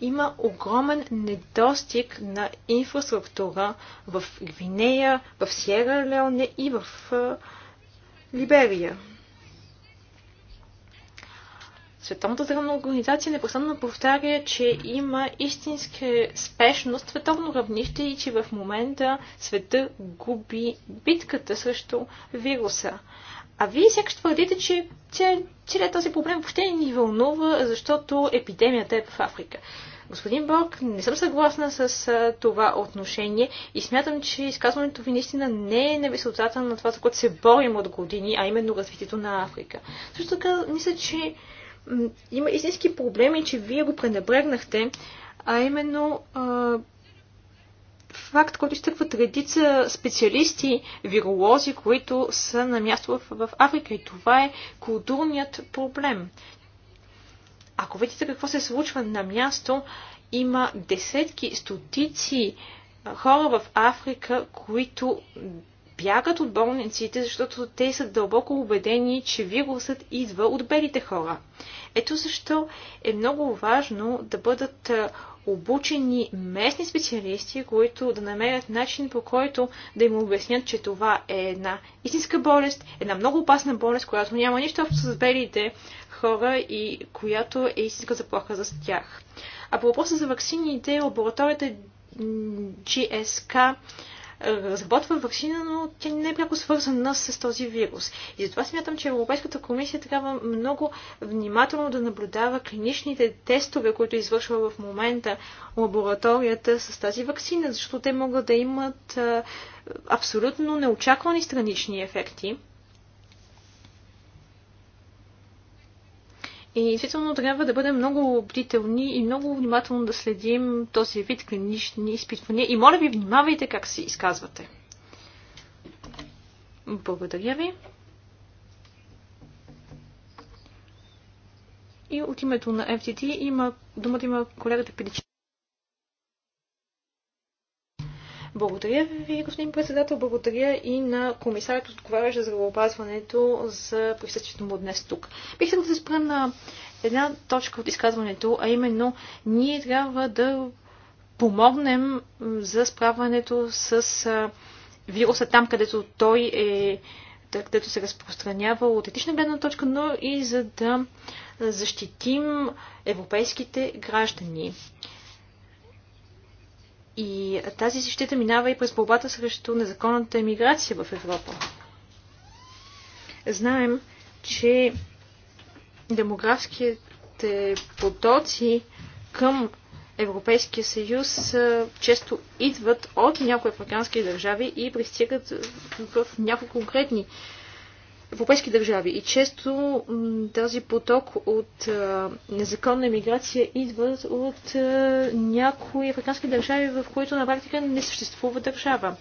[SPEAKER 1] Има огромен недостиг на инфраструктура в Гвинея, в Сиера Леоне и в Либерия. Световната здравна организация непрестанно повтаря, че има истинска спешност световно равнище и че в момента света губи битката срещу вируса. А вие сега твърдите, че целият този проблем въобще не ни вълнува, защото епидемията е в Африка. Господин Борг, не съм съгласна с а, това отношение и смятам, че изказването ви наистина не е на висотата на това, за което се борим от години, а именно развитието на Африка. Също така, мисля, че има истински проблеми, че вие го пренебрегнахте, а именно а, факт, който изтъкват редица специалисти, виролози, които са на място в, в Африка. И това е културният проблем. Ако видите какво се случва на място, има десетки, стотици хора в Африка, които бягат от болниците, защото те са дълбоко убедени, че вирусът идва от белите хора. Ето защо е много важно да бъдат обучени местни специалисти, които да намерят начин по който да им обяснят, че това е една истинска болест, една много опасна болест, която няма нищо общо с белите хора и която е истинска заплаха за тях. А по въпроса за вакцините, лабораторията GSK разработва вакцина, но тя не е пряко свързана с този вирус. И затова смятам, че Европейската комисия трябва много внимателно да наблюдава клиничните тестове, които извършва в момента лабораторията с тази вакцина, защото те могат да имат абсолютно неочаквани странични ефекти. И действително трябва да бъдем много бдителни и много внимателно да следим този вид клинични изпитвания. И моля ви, внимавайте как се изказвате. Благодаря ви. И от името на FTT има, думата има колегата Педичи. Благодаря ви, господин председател. Благодаря и на комисарят, отговарящ за здравеопазването, за присъствието му днес тук. Бих искал да се спра на една точка от изказването, а именно ние трябва да помогнем за справянето с вируса там, където той е където се разпространява от етична гледна точка, но и за да защитим европейските граждани. И тази защита минава и през борбата срещу незаконната емиграция в Европа. Знаем, че демографските потоци към Европейския съюз често идват от някои африкански държави и пристигат в някои конкретни европейски държави. И често този поток от а, незаконна емиграция идва от а, някои африкански държави, в които на практика не съществува държава.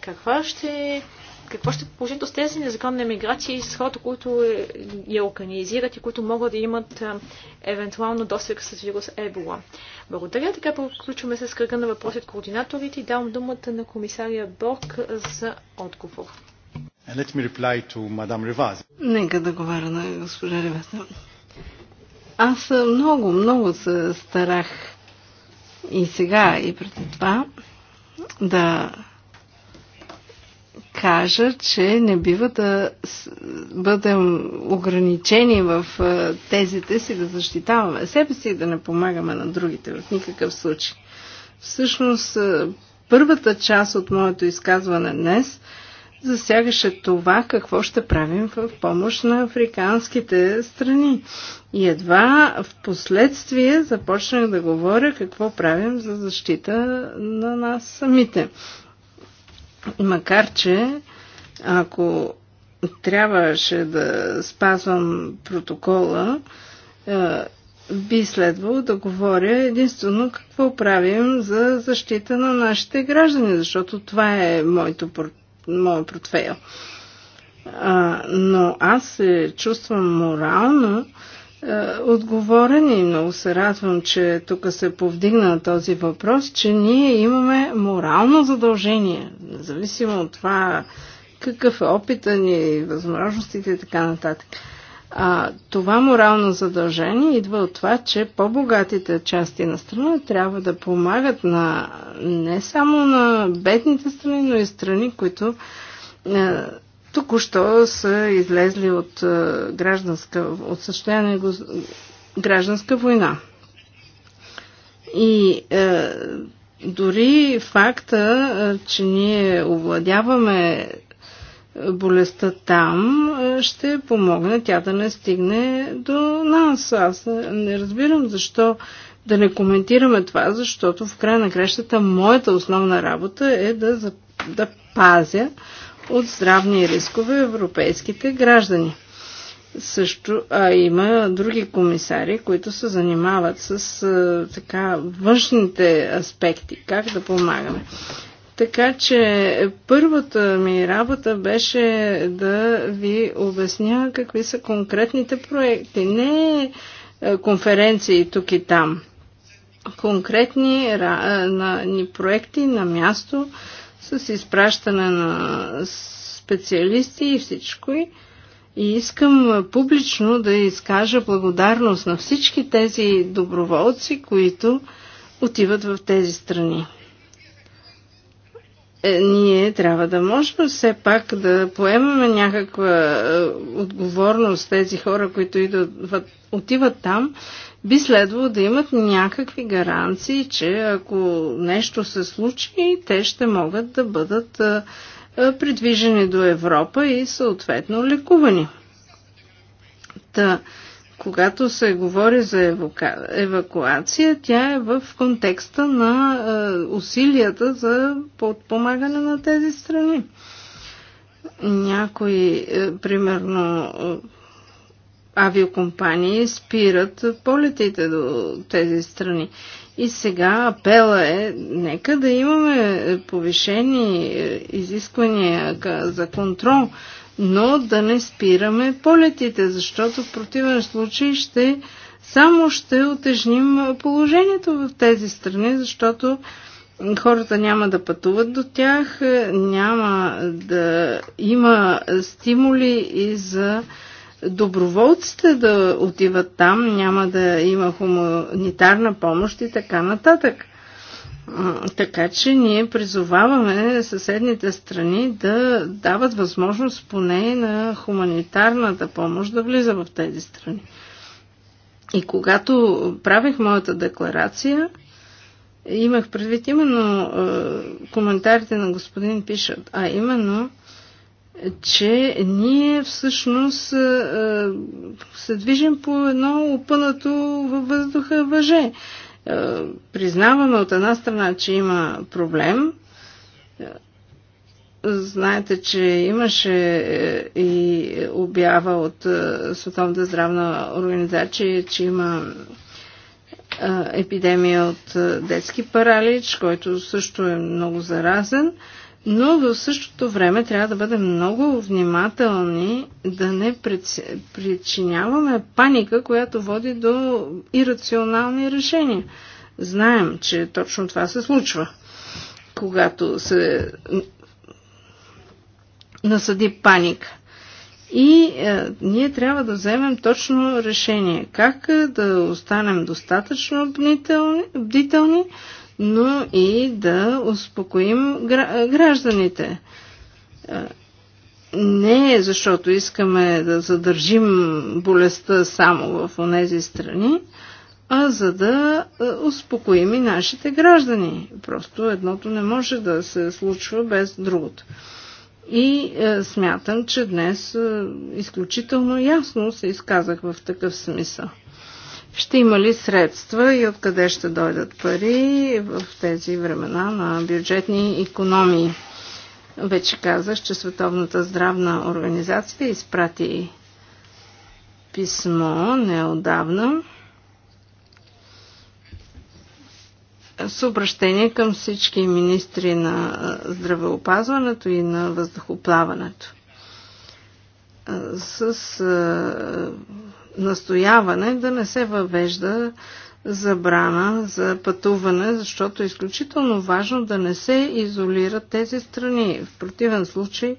[SPEAKER 1] Каква ще, какво ще е положението с тези незаконна емиграция и с хората, които е, я организират и които могат да имат а, евентуално досег с вирус Ебола? Благодаря. Така приключваме с кръга на въпроси от координаторите и давам думата на комисария Борг за отговор.
[SPEAKER 3] Нека да говоря на госпожа Ревеса. Аз много, много се старах и сега, и преди това да кажа, че не бива да бъдем ограничени в тезите си, да защитаваме себе си и да не помагаме на другите в никакъв случай. Всъщност, първата част от моето изказване днес – засягаше това какво ще правим в помощ на африканските страни. И едва в последствие започнах да говоря какво правим за защита на нас самите. Макар, че ако трябваше да спазвам протокола, е, би следвало да говоря единствено какво правим за защита на нашите граждани, защото това е моето моя портфейл. А, но аз се чувствам морално а, отговорен и много се радвам, че тук се повдигна този въпрос, че ние имаме морално задължение, независимо от това какъв е опита ни, възможностите и така нататък. А, това морално задължение идва от това, че по-богатите части на страна трябва да помагат на не само на бедните страни, но и страни, които е, току-що са излезли от, е, гражданска, от същение, гражданска война. И е, дори факта, е, че ние овладяваме болестта там, е, ще помогне тя да не стигне до нас. Аз не разбирам защо да не коментираме това, защото в края на кращата моята основна работа е да, да пазя от здравни рискове европейските граждани. Също а, има други комисари, които се занимават с а, е, така външните аспекти, как да помагаме. Така че първата ми работа беше да ви обясня какви са конкретните проекти. Не е, конференции тук и там. Конкретни е, на, проекти на място с изпращане на специалисти и всичко. И искам публично да изкажа благодарност на всички тези доброволци, които отиват в тези страни. Е, ние трябва да можем все пак да поемаме някаква е, отговорност. Тези хора, които идват, отиват там, би следвало да имат някакви гаранции, че ако нещо се случи, те ще могат да бъдат е, придвижени до Европа и съответно лекувани. Та, когато се говори за евока... евакуация, тя е в контекста на е, усилията за подпомагане на тези страни. Някои, е, примерно, е, авиокомпании спират полетите до тези страни. И сега апела е, нека да имаме повишени е, изисквания за контрол, но да не спираме полетите, защото в противен случай ще само ще отежним положението в тези страни, защото хората няма да пътуват до тях, няма да има стимули и за доброволците да отиват там, няма да има хуманитарна помощ и така нататък. Така че ние призоваваме съседните страни да дават възможност поне на хуманитарната помощ да влиза в тези страни. И когато правих моята декларация, имах предвид именно е, коментарите на господин Пишат, а именно, че ние всъщност е, се движим по едно опънато във въздуха въже. Е, признаваме от една страна, че има проблем. Е, знаете, че имаше е, и обява от Световната здравна организация, че има епидемия от детски паралич, който също е много заразен но в същото време трябва да бъдем много внимателни да не причиняваме паника, която води до ирационални решения. Знаем, че точно това се случва. Когато се насъди паника. И е, ние трябва да вземем точно решение. Как е, да останем достатъчно бдителни, бдителни но и да успокоим гражданите. Не е защото искаме да задържим болестта само в тези страни, а за да успокоим и нашите граждани. Просто едното не може да се случва без другото. И е, смятам, че днес е, изключително ясно се изказах в такъв смисъл ще има ли средства и откъде ще дойдат пари в тези времена на бюджетни економии. Вече казах, че Световната здравна организация изпрати писмо неодавна с обращение към всички министри на здравеопазването и на въздухоплаването с настояване да не се въвежда забрана за пътуване, защото е изключително важно да не се изолират тези страни. В противен случай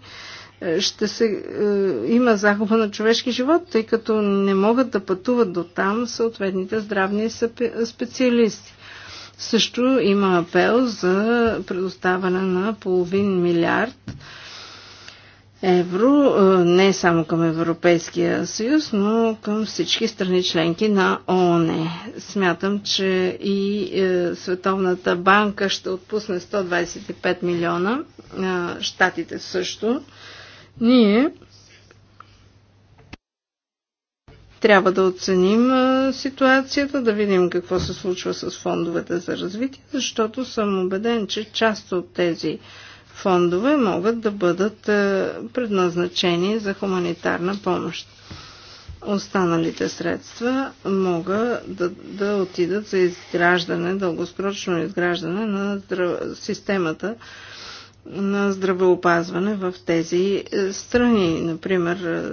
[SPEAKER 3] е, ще се, е, има загуба на човешки живот, тъй като не могат да пътуват до там съответните здравни специалисти. Също има апел за предоставане на половин милиард евро е, не само към Европейския съюз, но към всички страни членки на ООН. Смятам, че и е, Световната банка ще отпусне 125 милиона, е, щатите също. Ние трябва да оценим ситуацията, да видим какво се случва с фондовете за развитие, защото съм убеден, че част от тези фондове могат да бъдат е, предназначени за хуманитарна помощ. Останалите средства могат да, да отидат за изграждане, дългосрочно изграждане на здрав... системата на здравеопазване в тези е, страни. Например, е,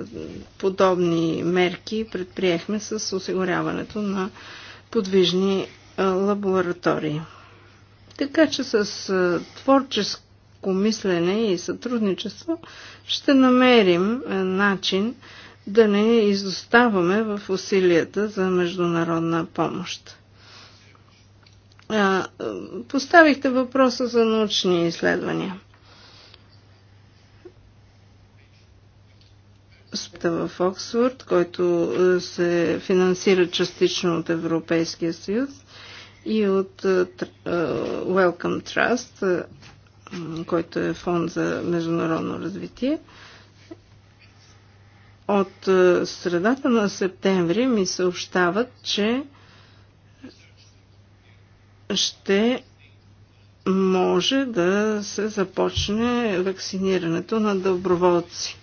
[SPEAKER 3] подобни мерки предприехме с осигуряването на подвижни лаборатории. Така че с творчески творческо мислене и сътрудничество, ще намерим е, начин да не изоставаме в усилията за международна помощ. Е, поставихте въпроса за научни изследвания. в Оксфорд, който е, се финансира частично от Европейския съюз и от Welcome Trust, който е фонд за международно развитие. От е, средата на септември ми съобщават, че ще може да се започне вакцинирането на доброволци.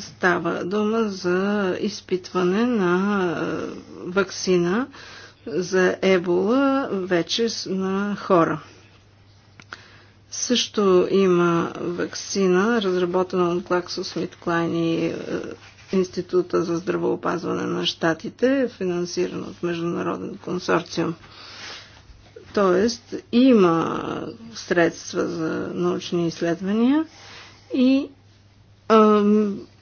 [SPEAKER 3] Става дума за изпитване на е, вакцина за ебола вече на хора. Също има вакцина, разработена от GlaxoSmithKline и е, Института за здравоопазване на щатите, финансиран от Международен консорциум. Тоест има средства за научни изследвания и а,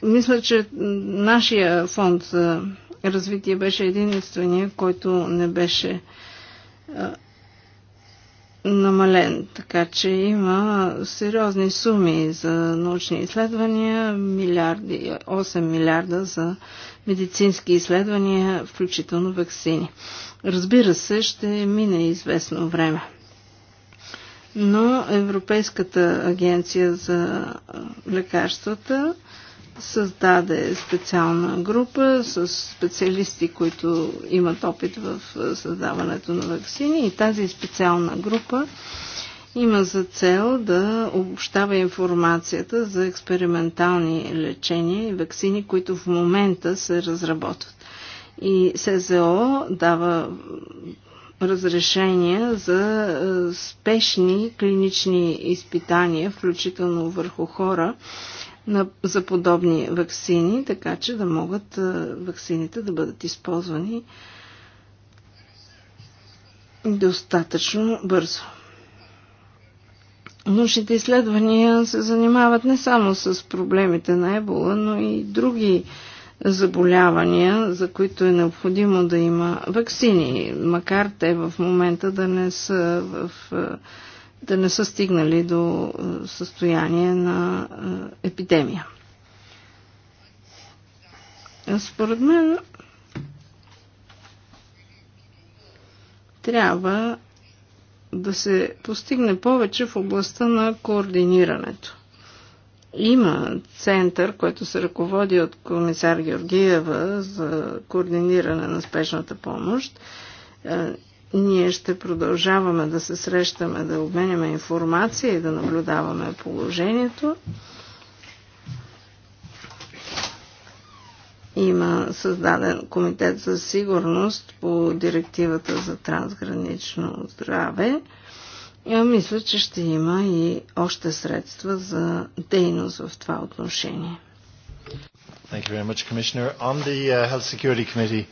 [SPEAKER 3] мисля, че нашия фонд за развитие беше единствения, който не беше а, намален, така че има сериозни суми за научни изследвания, милиарди, 8 милиарда за медицински изследвания, включително вакцини. Разбира се, ще мине известно време. Но Европейската агенция за лекарствата създаде специална група с специалисти, които имат опит в е, създаването на вакцини и тази специална група има за цел да обобщава информацията за експериментални лечения и вакцини, които в момента се разработват. И СЗО дава разрешения за е, спешни клинични изпитания, включително върху хора, на, за подобни вакцини, така че да могат вакцините да бъдат използвани достатъчно бързо. Научните изследвания се занимават не само с проблемите на ебола, но и други заболявания, за които е необходимо да има вакцини, макар те в момента да не са в да не са стигнали до е, състояние на е, епидемия. Според мен трябва да се постигне повече в областта на координирането. Има център, който се ръководи от комисар Георгиева за координиране на спешната помощ. Е, ние ще продължаваме да се срещаме, да обменяме информация и да наблюдаваме положението. Има създаден комитет за сигурност по директивата за трансгранично здраве. Я мисля, че ще има и още средства за дейност в това отношение.
[SPEAKER 2] Thank you very much, Commissioner. On the uh, Health Security Committee,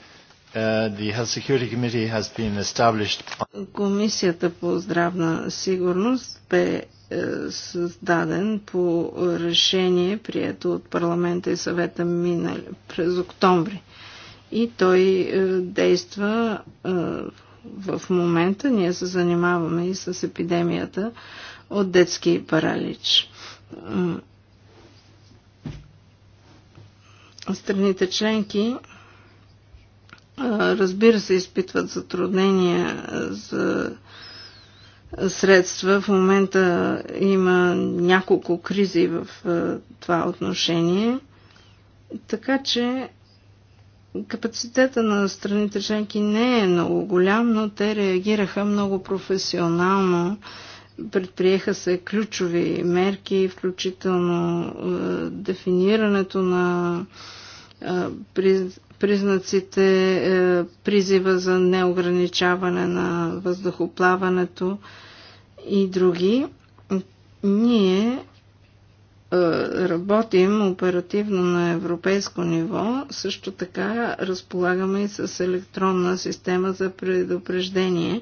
[SPEAKER 2] Uh,
[SPEAKER 3] Комисията по здравна сигурност бе е, създаден по решение, прието от парламента и съвета минали през октомври. И той е, действа е, в момента. Ние се занимаваме и с епидемията от детски паралич. Страните членки Разбира се, изпитват затруднения за средства. В момента има няколко кризи в това отношение. Така че капацитета на страните членки не е много голям, но те реагираха много професионално. Предприеха се ключови мерки, включително е, дефинирането на е, признаците, е, призива за неограничаване на въздухоплаването и други. Ние е, работим оперативно на европейско ниво, също така разполагаме и с електронна система за предупреждение,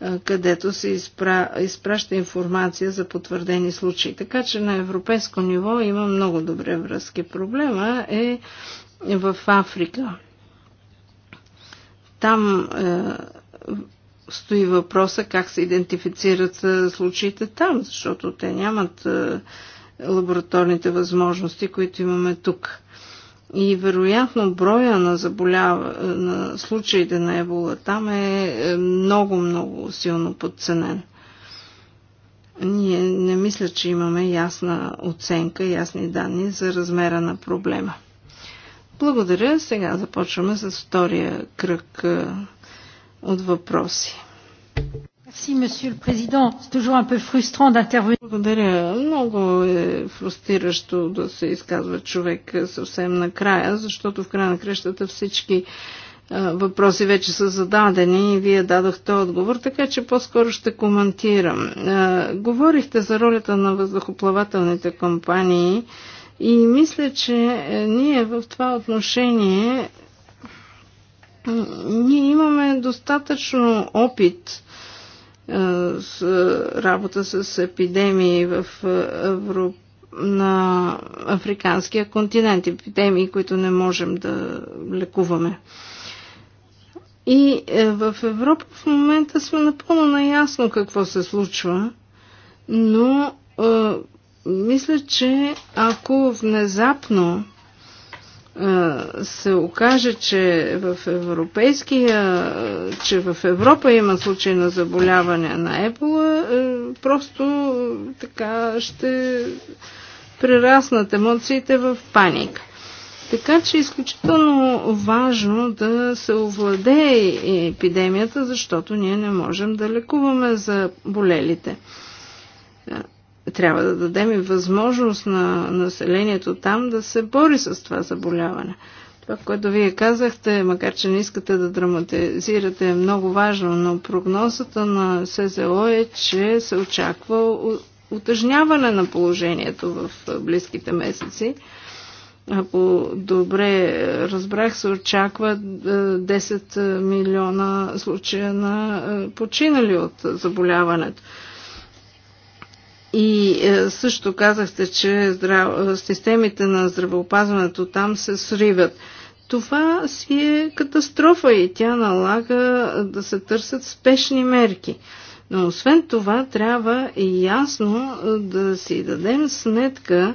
[SPEAKER 3] е, където се изпра... изпраща информация за потвърдени случаи. Така че на европейско ниво има много добре връзки. Проблема е в Африка. Там е, стои въпроса как се идентифицират е, случаите там, защото те нямат е, лабораторните възможности, които имаме тук. И вероятно броя на, заболяв... на случаите на ебола там е много-много силно подценен. Ние не мисля, че имаме ясна оценка, ясни данни за размера на проблема. Благодаря. Сега започваме с втория кръг от въпроси. Благодаря. Много е фрустриращо да се изказва човек съвсем накрая, защото в края на крещата всички въпроси вече са зададени и вие дадохте отговор, така че по-скоро ще коментирам. Говорихте за ролята на въздухоплавателните компании и мисля, че е, ние в това отношение ние имаме достатъчно опит е, с е, работа с епидемии в Европа на африканския континент, епидемии, които не можем да лекуваме. И в Европа в момента сме напълно наясно какво се случва, но мисля, че ако внезапно се окаже, че в европейския, че в Европа има случай на заболяване на ебола, е, просто така ще прераснат емоциите в паника. Така че е изключително важно да се овладее епидемията, защото ние не можем да лекуваме за болелите, трябва да дадем и възможност на населението там да се бори с това заболяване. Това, което вие казахте, макар че не искате да драматизирате, е много важно, но прогнозата на СЗО е, че се очаква утъжняване на положението в близките месеци. Ако добре разбрах, се очаква 10 е, милиона случая на е, починали от заболяването. И е, също казахте, че здрав... системите на здравеопазването там се сриват. Това си е катастрофа и тя налага да се търсят спешни мерки. Но освен това трябва и ясно е, да си дадем сметка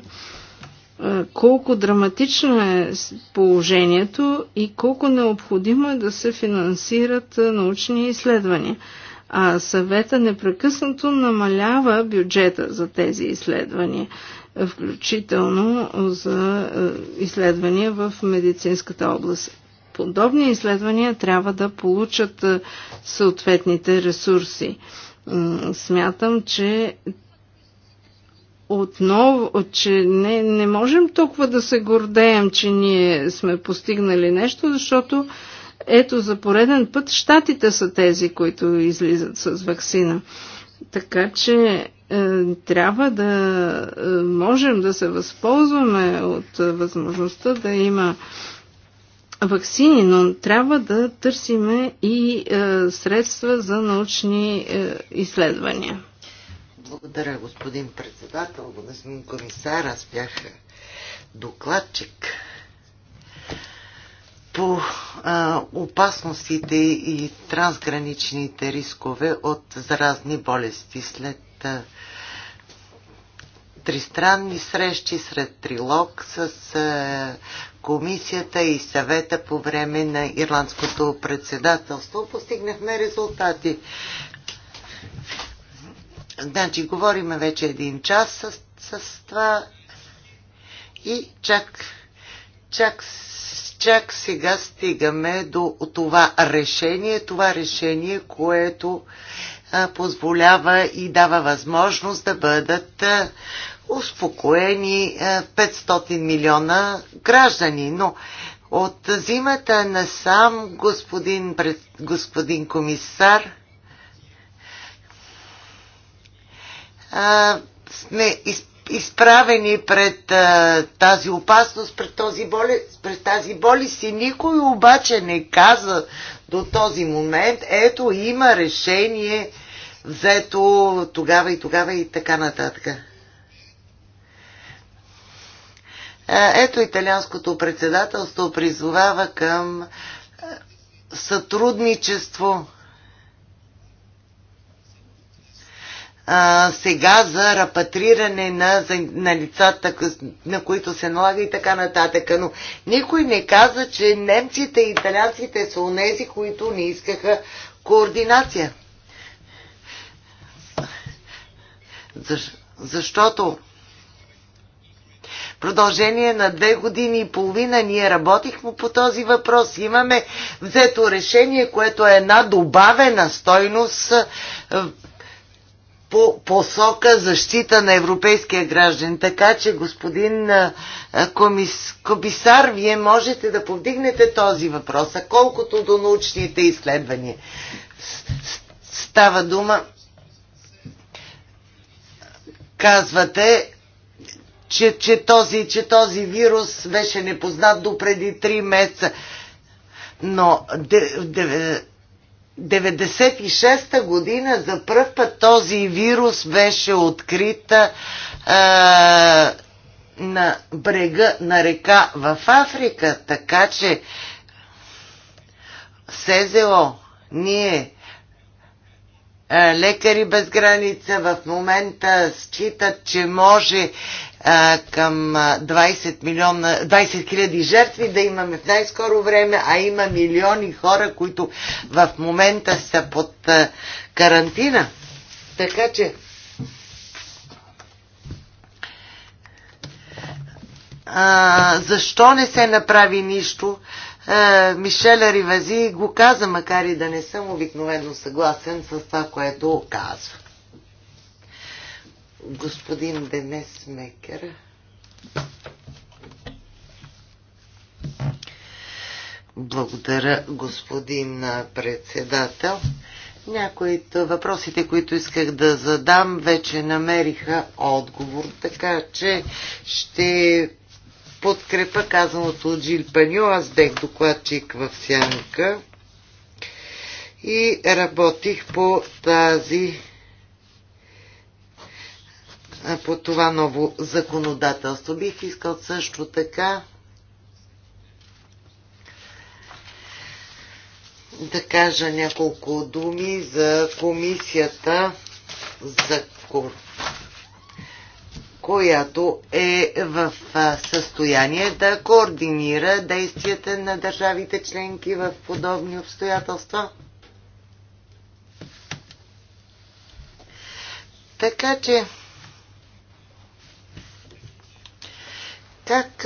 [SPEAKER 3] е, колко драматично е положението и колко необходимо е да се финансират научни изследвания а съвета непрекъснато намалява бюджета за тези изследвания, включително за е, изследвания в медицинската област. Подобни изследвания трябва да получат е, съответните ресурси. Смятам, че отново, че не, не можем толкова да се гордеем, че ние сме постигнали нещо, защото ето за пореден път щатите са тези, които излизат с вакцина. Така че е, трябва да е, можем да се възползваме от е, възможността да има вакцини, но трябва да търсиме и средства за научни изследвания.
[SPEAKER 4] Благодаря, господин председател, господин комисар. Аз бях докладчик по а, опасностите и трансграничните рискове от заразни болести след а, тристранни срещи сред трилог с а, комисията и съвета по време на ирландското председателство. Постигнахме резултати. Значи, говориме вече един час с, с това и чак, чак чак сега стигаме до това решение, това решение, което позволява и дава възможност да бъдат успокоени 500 милиона граждани. Но от зимата насам, господин, господин комисар, сме изпълнени изправени пред а, тази опасност, пред, този болест, пред тази болест и никой обаче не каза до този момент, ето има решение взето тогава и тогава и така нататък. Ето италианското председателство призовава към сътрудничество а, сега за рапатриране на, за, на лицата, на които се налага и така нататък. Но никой не каза, че немците и италянците са унези, които не искаха координация. Защ, защото продължение на две години и половина ние работихме по този въпрос. Имаме взето решение, което е една добавена стойност по посока защита на европейския граждан. Така че, господин комис, комисар, вие можете да повдигнете този въпрос, а колкото до научните изследвания. Става дума, казвате, че, че, този, че този вирус беше непознат до преди 3 месеца. Но 96-та година за първ път този вирус беше открит е, на брега на река в Африка, така че СЗО, ние е, Лекари без граница в момента считат, че може към 20 милиона, 20 хиляди жертви да имаме в най-скоро време, а има милиони хора, които в момента са под карантина. Така че а, защо не се направи нищо? А, Мишеля Ривази го каза, макар и да не съм обикновено съгласен с това, което казва господин Денес Мекер. Благодаря, господин председател. Някои от въпросите, които исках да задам, вече намериха отговор, така че ще подкрепа казаното от Жил Паню. Аз бех докладчик в Сянка и работих по тази по това ново законодателство. Бих искал също така да кажа няколко думи за комисията за която е в състояние да координира действията на държавите членки в подобни обстоятелства. Така че Как,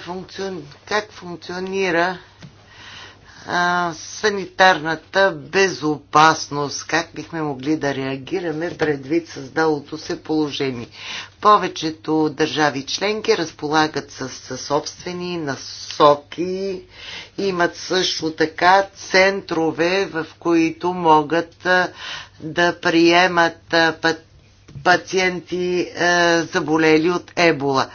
[SPEAKER 4] функцион... как функционира санитарната безопасност, как бихме могли да реагираме предвид създалото се положение. Повечето държави членки разполагат с, с собствени насоки, имат също така центрове, в които могат да приемат път пациенти е, заболели от ебола.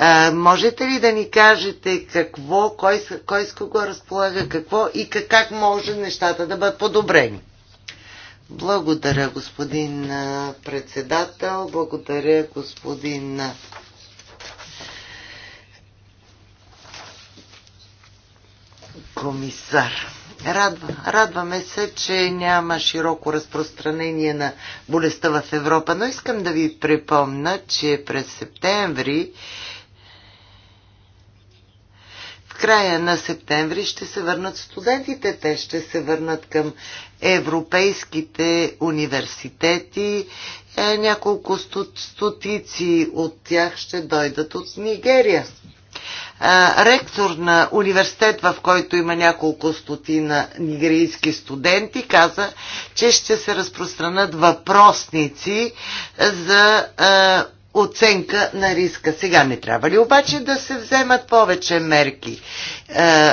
[SPEAKER 4] Е, можете ли да ни кажете какво, кой, кой с кого разполага какво и как, как може нещата да бъдат подобрени? Благодаря, господин е, председател. Благодаря, господин комисар. Радва, радваме се, че няма широко разпространение на болестта в Европа, но искам да ви припомна, че през септември в края на септември ще се върнат студентите. Те ще се върнат към европейските университети. Е, няколко стотици от тях ще дойдат от Нигерия ректор на университет, в който има няколко стотина нигерийски студенти, каза, че ще се разпространят въпросници за оценка на риска. Сега не трябва ли обаче да се вземат повече мерки?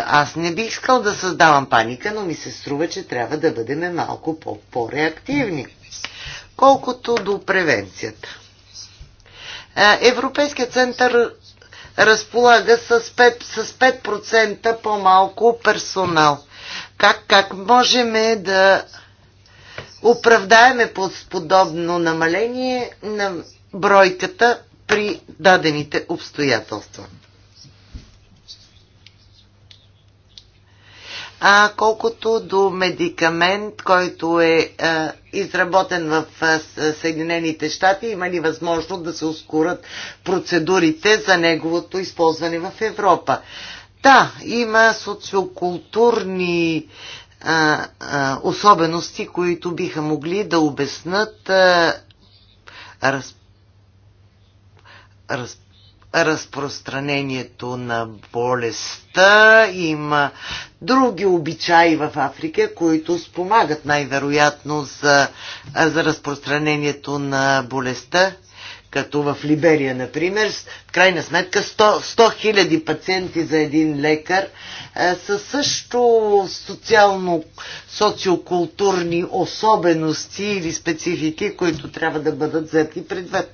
[SPEAKER 4] Аз не бих искал да създавам паника, но ми се струва, че трябва да бъдем малко по-реактивни. -по Колкото до превенцията. Европейският център разполага с 5%, с 5% по-малко персонал. Как, как можем да оправдаеме под подобно намаление на бройката при дадените обстоятелства? А колкото до медикамент, който е а, е, изработен в а, е, Съединените щати, има ли възможност да се ускорят процедурите за неговото използване в Европа? Да, има социокултурни а, е, а, особености, които биха могли да обяснат а, раз, раз, разпространението на болестта. Има други обичаи в Африка, които спомагат най-вероятно за, за разпространението на болестта, като в Либерия, например. В крайна сметка 100 000 пациенти за един лекар са също социално, социокултурни особености или специфики, които трябва да бъдат взети предвид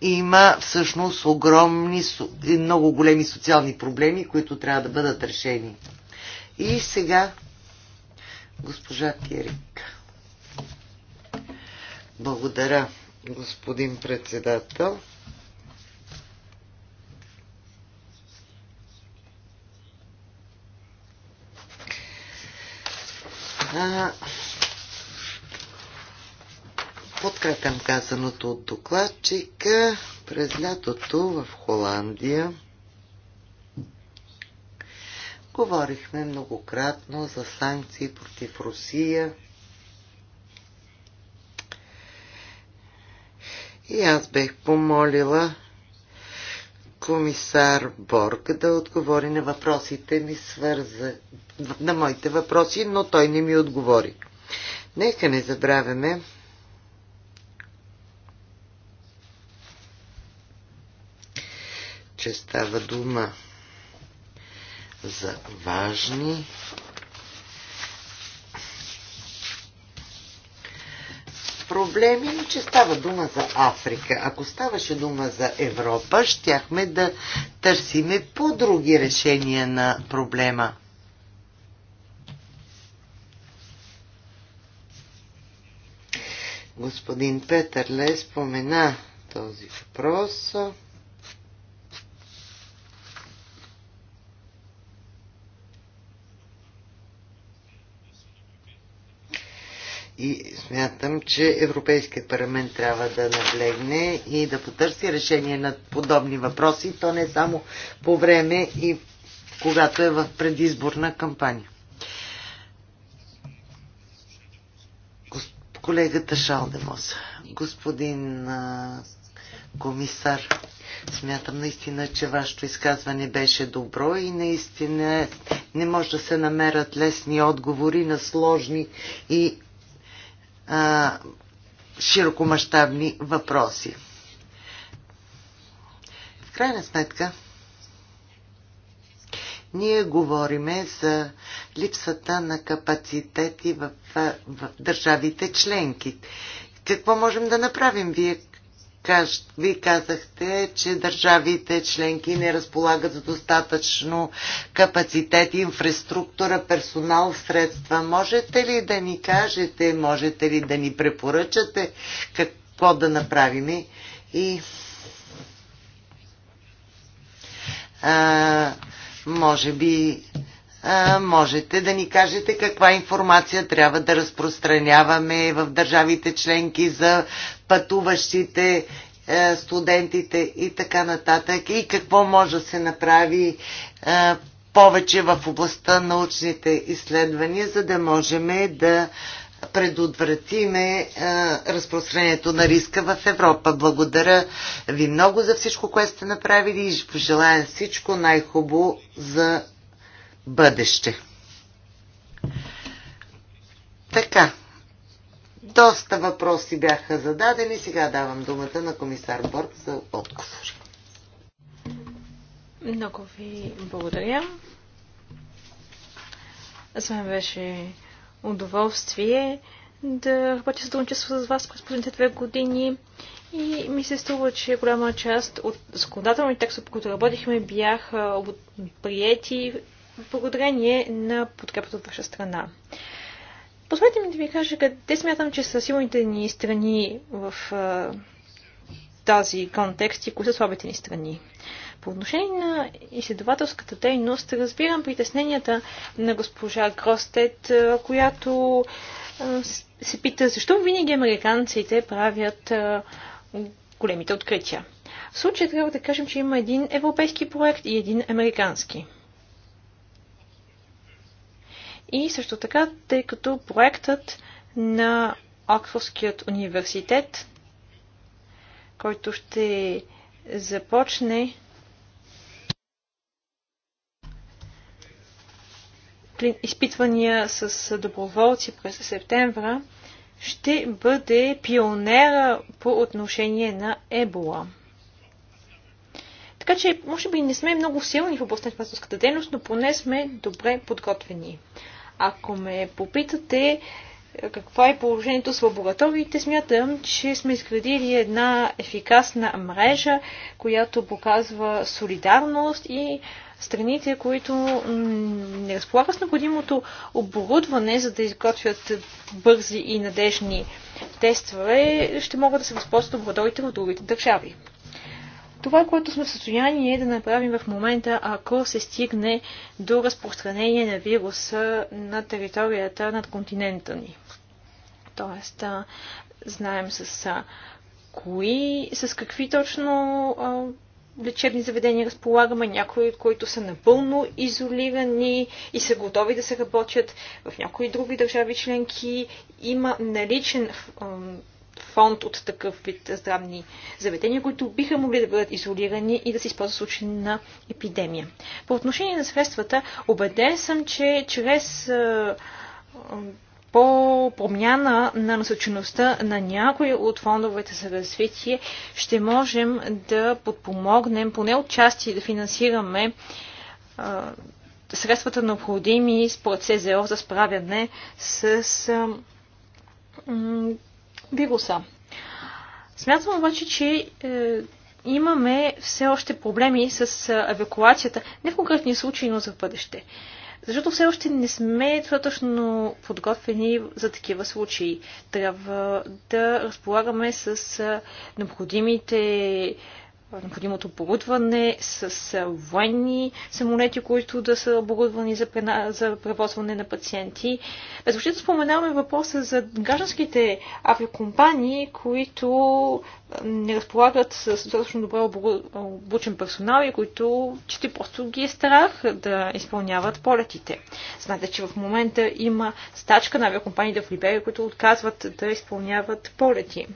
[SPEAKER 4] има всъщност огромни, много големи социални проблеми, които трябва да бъдат решени. И сега госпожа Кирик. Благодаря, господин председател. А, Подкрепям казаното от докладчика през лятото в Холандия. Говорихме многократно за санкции против Русия. И аз бех помолила комисар Борг да отговори на въпросите ми, свърза на моите въпроси, но той не ми отговори. Нека не забравяме, че става дума за важни проблеми, или че става дума за Африка. Ако ставаше дума за Европа, щяхме да търсиме по-други решения на проблема. Господин Петър Ле спомена този въпрос. и смятам, че Европейския парламент трябва да наблегне и да потърси решение на подобни въпроси, то не само по време и когато е в предизборна кампания. Колегата Шалдемос, господин комисар, смятам наистина, че вашето изказване беше добро и наистина не може да се намерят лесни отговори на сложни и широкомащабни въпроси. В крайна сметка, ние говориме за липсата на капацитети в, в държавите членки. Какво можем да направим? Вие ви казахте, че държавите членки не разполагат с достатъчно капацитет, инфраструктура, персонал, средства. Можете ли да ни кажете, можете ли да ни препоръчате какво да направим? И а, може би можете да ни кажете каква информация трябва да разпространяваме в държавите членки за пътуващите е, студентите и така нататък и какво може да се направи е, повече в областта научните изследвания, за да можем да предотвратиме разпространението на риска в Европа. Благодаря ви много за всичко, което сте направили и желая всичко най-хубаво за бъдеще. Така, доста въпроси бяха зададени. Сега давам думата на комисар Борг за отговори.
[SPEAKER 1] Много ви благодаря. За мен беше удоволствие да работя сътрудничество с вас през последните две години и ми се струва, че голяма част от законодателните текстове, по които работихме, бяха приети благодарение на подкрепата от ваша страна. Позволете ми да ви кажа къде смятам, че са силните ни страни в а, тази контекст и кои са слабите ни страни. По отношение на изследователската дейност, разбирам притесненията на госпожа Гростет, която се пита защо винаги американците правят големите открития. В случая трябва да кажем, че има един европейски проект и един американски. И също така, тъй като проектът на Оксфордският университет, който ще започне изпитвания с доброволци през септември, ще бъде пионера по отношение на ебола. Така че, може би не сме много силни в областта на дейност, но поне сме добре подготвени. Ако ме попитате е, какво е положението с лабораториите, смятам, че сме изградили една ефикасна мрежа, която показва солидарност и страните, които не разполагат с необходимото оборудване, за да изготвят бързи и надежни тестове, ще могат да се възползват лабораториите в другите държави. Това, което сме в състояние да направим в момента, ако се стигне до разпространение на вируса на територията над континента ни. Тоест, а, знаем с а, кои, с какви точно а, лечебни заведения разполагаме, някои от които са напълно изолирани и са готови да се работят. В някои други държави членки има наличен фонд от такъв вид здравни заведения, които биха могли да бъдат изолирани и да се използват в случай на епидемия. По отношение на средствата, убеден съм, че чрез по промяна на насочеността на някои от фондовете за развитие ще можем да подпомогнем, поне отчасти да финансираме средствата необходими според СЗО за справяне с сам. Смятам обаче, че е, имаме все още проблеми с евакуацията, не в конкретни случаи, но за бъдеще. Защото все още не сме достатъчно подготвени за такива случаи. Трябва да разполагаме с е, необходимите необходимото оборудване, с, военни самолети, които да са оборудвани за, прена... за превозване на пациенти. Безвъобще да споменаваме въпроса за гражданските авиокомпании, които не разполагат с достатъчно добре обучен персонал и които чети просто ги е страх да изпълняват полетите. Знаете, че в момента има стачка на авиокомпаниите в Либерия, които отказват да изпълняват полети.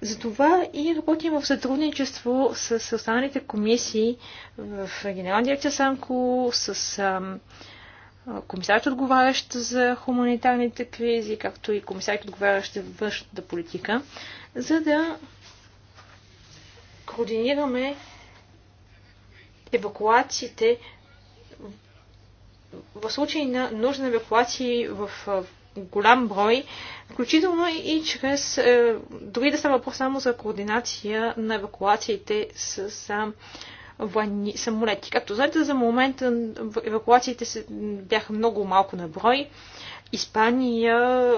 [SPEAKER 1] Затова и работим в сътрудничество с останалите комисии в Генерална дирекция Санко, с комисарят отговарящ за хуманитарните кризи, както и комисарят отговарящ за външната политика, за да координираме евакуациите в случай на нужна евакуация в голям брой, включително и чрез, е, дори да става въпрос само за координация на евакуациите с, с военни самолети. Както знаете, за момента евакуациите бяха много малко на брой. Испания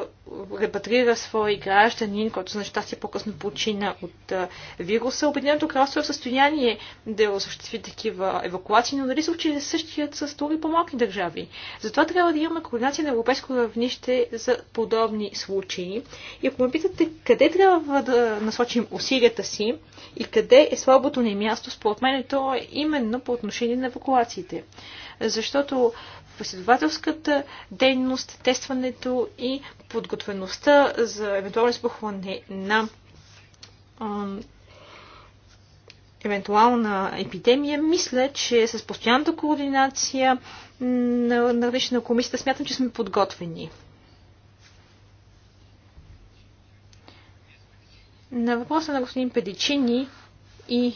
[SPEAKER 1] репатрира свои гражданин, който за нещастие по-късно почина от вируса. Обединеното кралство е в състояние да осъществи такива евакуации, но дали случай същият с други по-малки държави. Затова трябва да имаме координация на европейско равнище за подобни случаи. И ако ме питате къде трябва да насочим усилията си и къде е слабото ни място, според мен то е именно по отношение на евакуациите. Защото последователската дейност, тестването и подготвеността за евентуално избухване на евентуална епидемия, мисля, че с постоянната координация на, на различна комисията смятам, че сме подготвени. На въпроса на господин Педичини и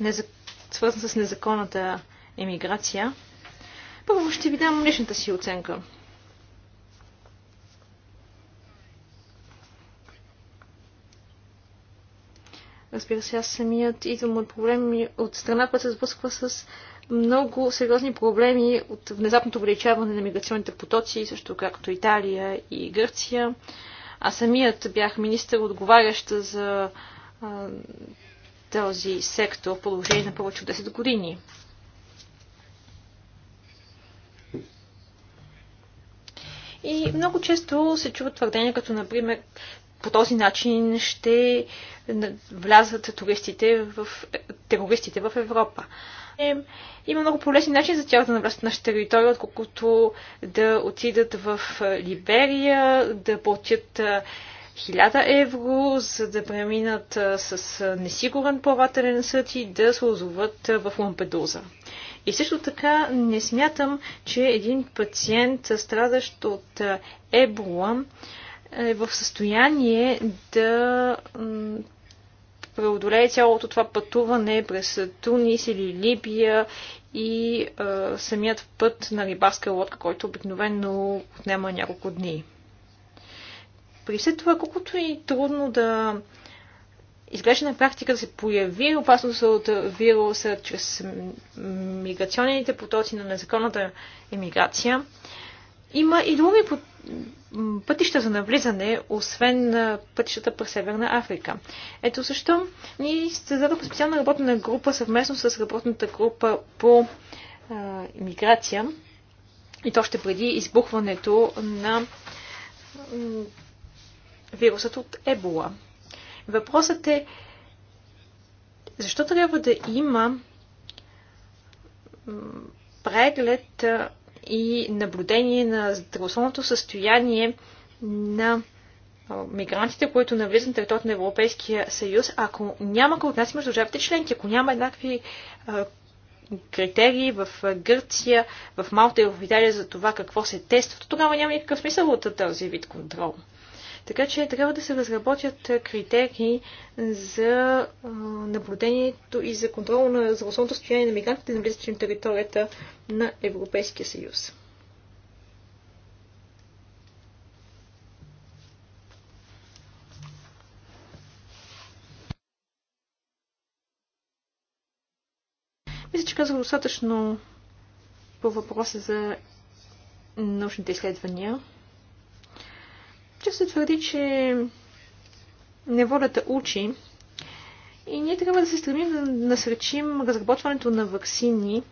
[SPEAKER 1] незак... свързан с незаконната емиграция, първо ще ви дам личната си оценка. Разбира се, аз самият идвам от проблеми от страна, която се сблъсква с много сериозни проблеми от внезапното увеличаване на миграционните потоци, също както Италия и Гърция. а самият бях министър, отговарящ за а, този сектор в продължение на повече от 10 години. И много често се чуват твърдения, като например по този начин ще влязат туристите в, терористите в Европа. Е, има много полезни начин за тях да навлязат на нашата територия, отколкото да отидат в е, Либерия, да платят 1000 е, евро, за да преминат е, с несигурен плавателен съд и да се озоват в Лампедуза. И също така не смятам, че един пациент, страдащ от ебола, е в състояние да преодолее цялото това пътуване през Тунис или Либия и е, самият път на рибарска лодка, който обикновено отнема няколко дни. При след това, колкото и трудно да изглежда на практика да се появи опасност от вируса чрез миграционните потоци на незаконната емиграция. Има и други пътища за навлизане, освен пътищата през Северна Африка. Ето също ние създадохме специална работна група съвместно с работната група по иммиграция и то ще преди избухването на вирусът от Ебола. Въпросът е, защо трябва да има преглед и наблюдение на здравословното състояние на мигрантите, които навлизат на територията на Европейския съюз, ако няма координация между държавите членки, ако няма еднакви критерии в Гърция, в Малта и в Италия за това какво се тества, то тогава няма никакъв смисъл от този вид контрол. Така че трябва да се разработят е, критерии за е, наблюдението и за контрол на здравословното състояние на мигрантите, навлизащи на територията на Европейския съюз. Мисля, че казах достатъчно по въпроса за научните изследвания че се твърди, че неволята учи и ние трябва да се стремим да насречим разработването на вакцини,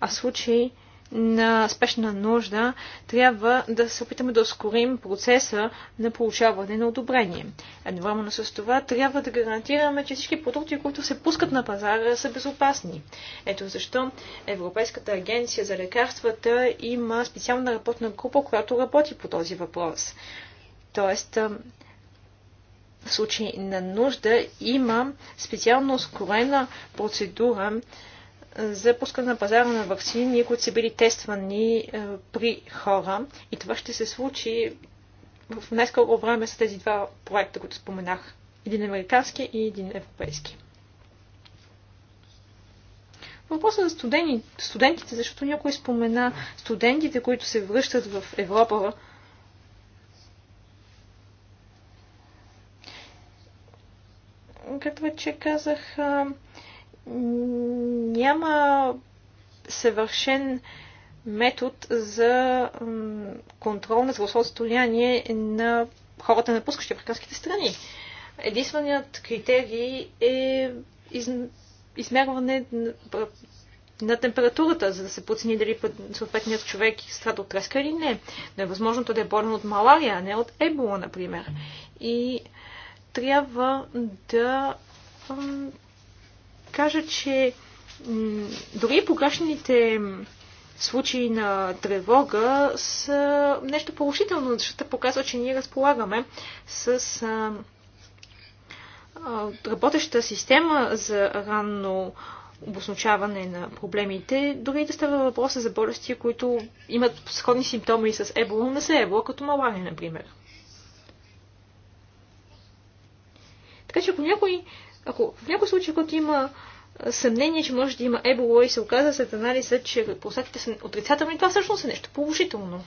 [SPEAKER 1] а в случай на спешна нужда, трябва да се опитаме да ускорим процеса на получаване на одобрение. Едновременно с това трябва да гарантираме, че всички продукти, които се пускат на пазара, са безопасни. Ето защо Европейската агенция за лекарствата има специална работна група, която работи по този въпрос. Тоест, в случай на нужда има специално ускорена процедура за пускане на пазара на вакцини, които са били тествани е, при хора. И това ще се случи в най-скоро време с тези два проекта, които споменах. Един американски и един европейски. Въпросът за студентите, защото някой спомена студентите, които се връщат в Европа както вече казах, няма съвършен метод за контрол на здравословното състояние на хората, напускащи африканските страни. Единственият критерий е из... измерване на... на температурата, за да се прецени дали съответният човек страда от треска или не. Но е да е болен от малария, а не от ебола, например. И трябва да кажа, че дори погашените случаи на тревога са нещо положително, защото показва, че ние разполагаме с а, а, работеща система за ранно обозначаване на проблемите, дори да става въпроса за болести, които имат сходни симптоми с ебола, не са ебола, като малария, например. Така че ако някой, ако в някой случай, който има съмнение, че може да има ебола и се оказа след анализа, че резултатите са отрицателни, това всъщност е нещо положително.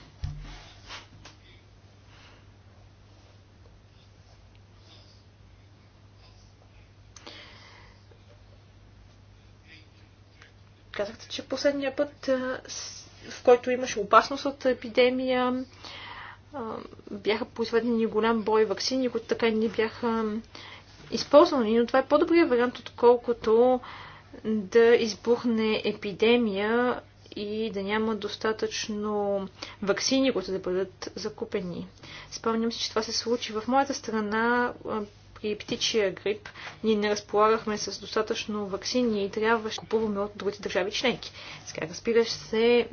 [SPEAKER 1] Казахте, че последния път, в който имаше опасност от епидемия, бяха произведени голям брой вакцини, които така и не бяха използвани, но това е по-добрият вариант, отколкото да избухне епидемия и да няма достатъчно вакцини, които да бъдат закупени. Спомням си, че това се случи в моята страна при птичия грип. Ние не разполагахме с достатъчно вакцини и трябваше да купуваме от другите държави членки. Сега, разбира се,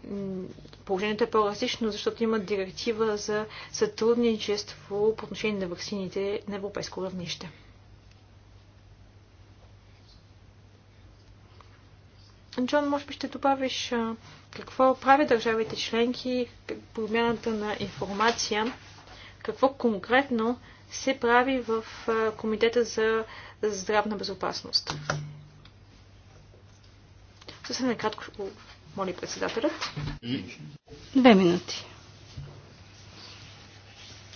[SPEAKER 1] положението е по-различно, защото има директива за сътрудничество по отношение на вакцините на европейско равнище. Джон, може би ще добавиш какво правят държавите членки, промяната на информация, какво конкретно се прави в Комитета за здравна безопасност. Съвсем накратко, моли председателят.
[SPEAKER 3] Две минути.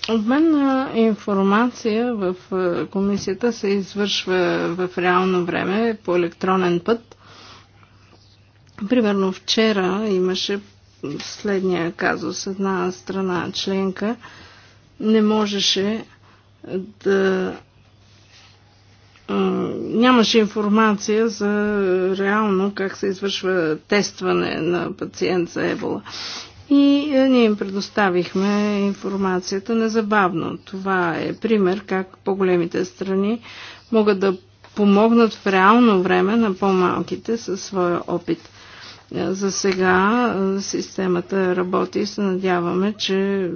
[SPEAKER 3] Обмен на информация в комисията се извършва в реално време по електронен път – Примерно вчера имаше следния казус. Една страна членка не можеше да нямаше информация за реално как се извършва тестване на пациент за ебола. И ние им предоставихме информацията незабавно. Това е пример как по-големите страни могат да помогнат в реално време на по-малките със своя опит. За сега системата работи и се надяваме, че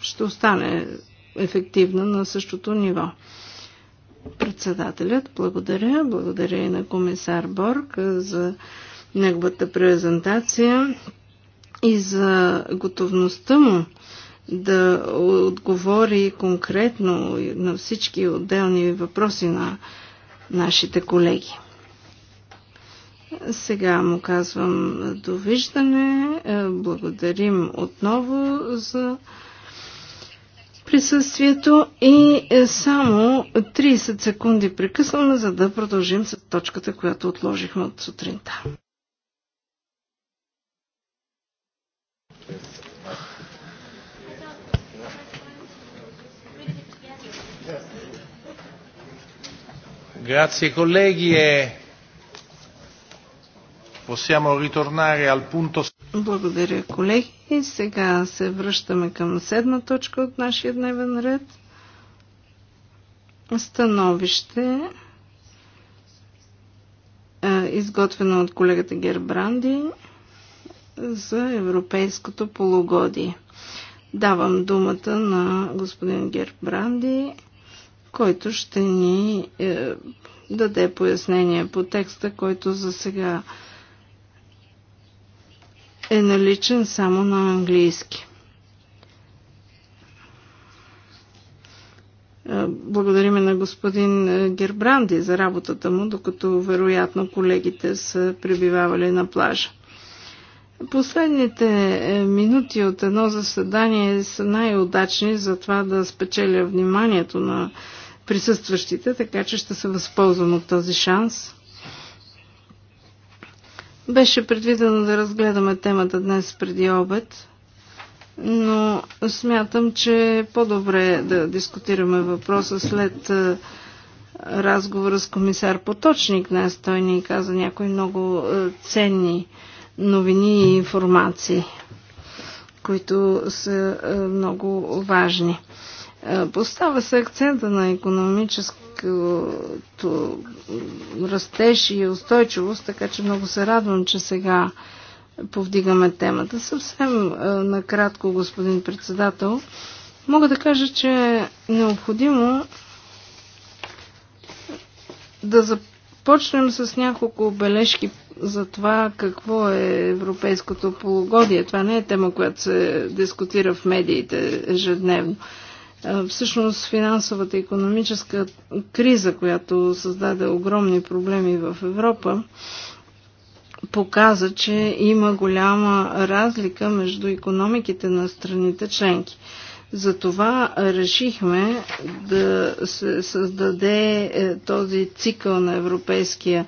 [SPEAKER 3] ще остане ефективна на същото ниво. Председателят, благодаря. Благодаря и на комисар Борг за неговата презентация и за готовността му да отговори конкретно на всички отделни въпроси на нашите колеги. Сега му казвам довиждане. Е, благодарим отново за присъствието и е, само 30 секунди прекъсваме, за да продължим с точката, която отложихме от сутринта.
[SPEAKER 2] Grazie colleghi e Possiamo ritornare al punto...
[SPEAKER 3] Благодаря, колеги. И сега се връщаме към седма точка от нашия дневен ред. Становище е, изготвено от колегата Гербранди за европейското полугодие. Давам думата на господин Гербранди, който ще ни е, даде пояснение по текста, който за сега е, е наличен само на английски. Е, благодариме на господин е, Гербранди за работата му, докато вероятно колегите са пребивавали на плажа. Последните е, минути от едно заседание са най-удачни за това да спечеля вниманието на присъстващите, така че ще се възползвам от този шанс. Беше предвидено да разгледаме темата днес преди обед, но смятам, че е по-добре да дискутираме въпроса след е, разговора с комисар Поточник днес. Той ни каза някои много е, ценни новини и информации, които са е, много важни. Е, поставя се акцента на економическото растеж и устойчивост, така че много се радвам, че сега повдигаме темата. Съвсем е, накратко, господин председател, мога да кажа, че е необходимо да започнем с няколко бележки за това какво е европейското полугодие. Това не е тема, която се дискутира в медиите ежедневно. Всъщност финансовата и економическа криза, която създаде огромни проблеми в Европа, показа, че има голяма разлика между економиките на страните членки. Затова решихме да се създаде е, този цикъл на европейския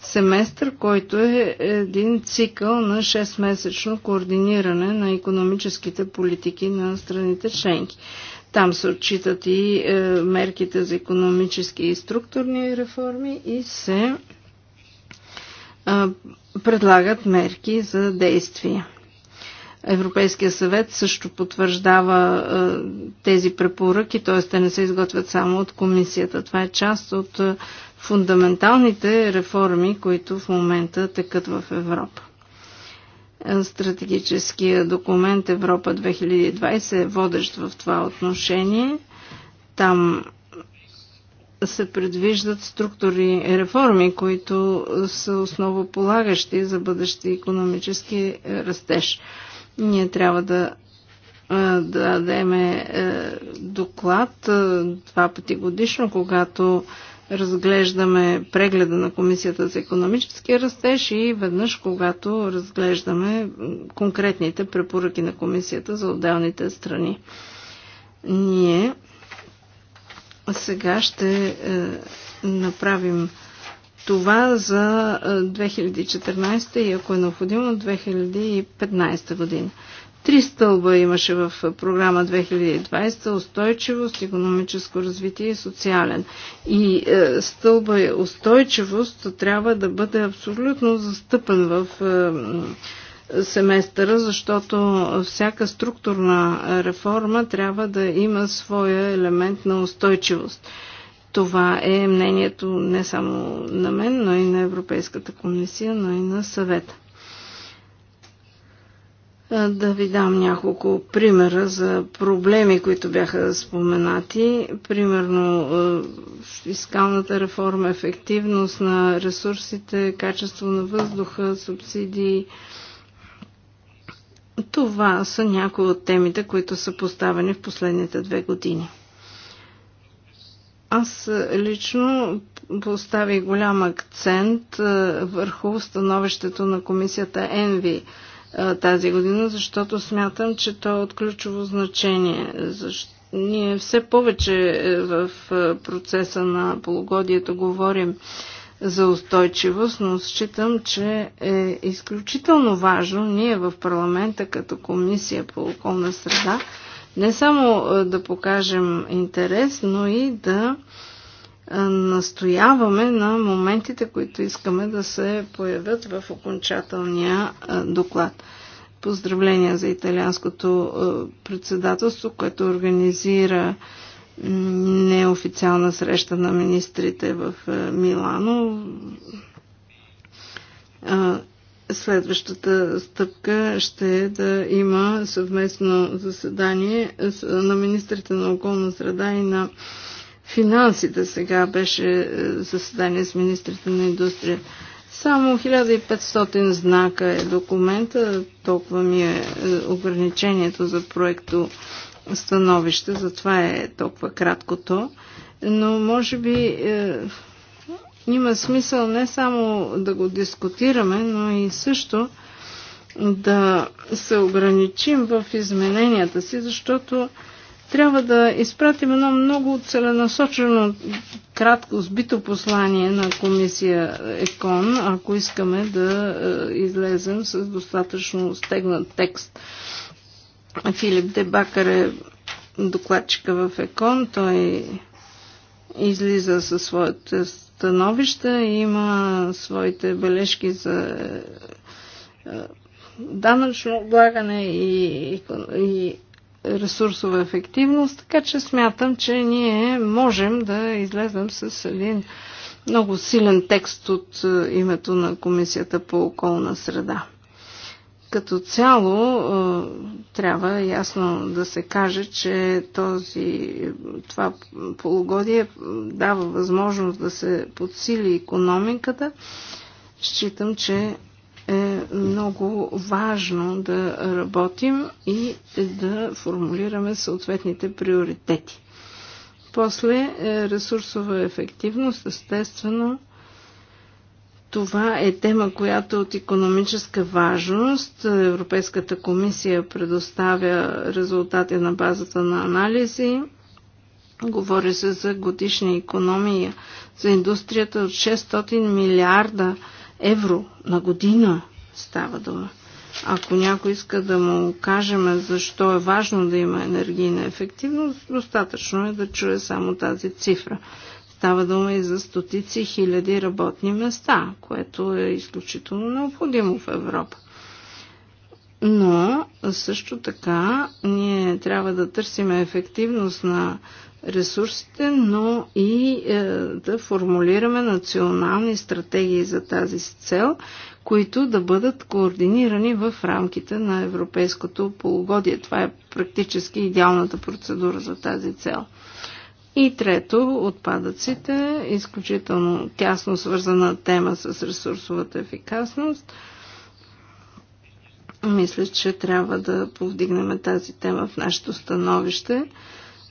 [SPEAKER 3] семестър, който е един цикъл на 6-месечно координиране на економическите политики на страните членки. Там се отчитат и е, мерките за економически и структурни реформи и се е, предлагат мерки за действие. Европейския съвет също потвърждава е, тези препоръки, т.е. те не се изготвят само от комисията. Това е част от е, фундаменталните реформи, които в момента текат в Европа. Е, стратегическия документ Европа 2020 е водещ в това отношение. Там се предвиждат структури реформи, които са основополагащи за бъдещи економически е, растеж. Ние трябва да е, да дадеме доклад два пъти годишно, когато разглеждаме прегледа на Комисията за економически растеж и веднъж, когато разглеждаме конкретните препоръки на Комисията за отделните страни. Ние сега ще е, направим това за 2014 е, и ако е необходимо 2015 година. Три стълба имаше в програма 2020 устойчивост, економическо развитие и социален. И е, стълба и устойчивост трябва да бъде абсолютно застъпен в е, семестъра, защото всяка структурна реформа трябва да има своя елемент на устойчивост. Това е мнението не само на мен, но и на Европейската комисия, но и на съвета да ви дам няколко примера за проблеми, които бяха споменати. Примерно фискалната реформа, ефективност на ресурсите, качество на въздуха, субсидии. Това са някои от темите, които са поставени в последните две години. Аз лично поставих голям акцент върху становището на комисията ЕНВИ – тази година, защото смятам, че то е от ключово значение. Защо? Ние все повече е, в процеса на полугодието говорим за устойчивост, но считам, че е изключително важно ние в парламента като комисия по околна среда не само е, да покажем интерес, но и да а, е, настояваме на моментите, които искаме да се появят в окончателния е, доклад. Поздравления за италианското е, председателство, което организира неофициална среща на министрите в Милано. Следващата стъпка ще е да има съвместно заседание на министрите на околна среда и на финансите сега беше е, заседание с министрите на индустрия. Само 1500 знака е документа, толкова ми е, е ограничението за проекто становище, затова е толкова краткото. Но може би е, има смисъл не само да го дискутираме, но и също да се ограничим в измененията си, защото трябва да изпратим едно много целенасочено, кратко, сбито послание на комисия ЕКОН, ако искаме да е, излезем с достатъчно стегнат текст. Филип Дебакър е докладчика в ЕКОН. Той излиза със своите становища, има своите бележки за е, е, данъчно облагане и, и, и ресурсова ефективност, така че смятам, че ние можем да излезем с един много силен текст от е, името на Комисията по околна среда. Като цяло е, трябва ясно да се каже, че този, това полугодие дава възможност да се подсили економиката. Считам, че е много важно да работим и да формулираме съответните приоритети. После е, ресурсова ефективност, естествено, това е тема, която е от економическа важност. Европейската комисия предоставя резултати на базата на анализи. Говори се за годишни економии, за индустрията от 600 милиарда евро на година става дума. Ако някой иска да му кажем защо е важно да има енергийна ефективност, достатъчно е да чуе само тази цифра. Става дума и за стотици хиляди работни места, което е изключително необходимо в Европа. Но също така ние трябва да търсим ефективност на ресурсите, но и е, да формулираме национални стратегии за тази цел, които да бъдат координирани в рамките на европейското полугодие. Това е практически идеалната процедура за тази цел. И трето, отпадъците, изключително тясно свързана тема с ресурсовата ефикасност. Мисля, че трябва да повдигнем тази тема в нашето становище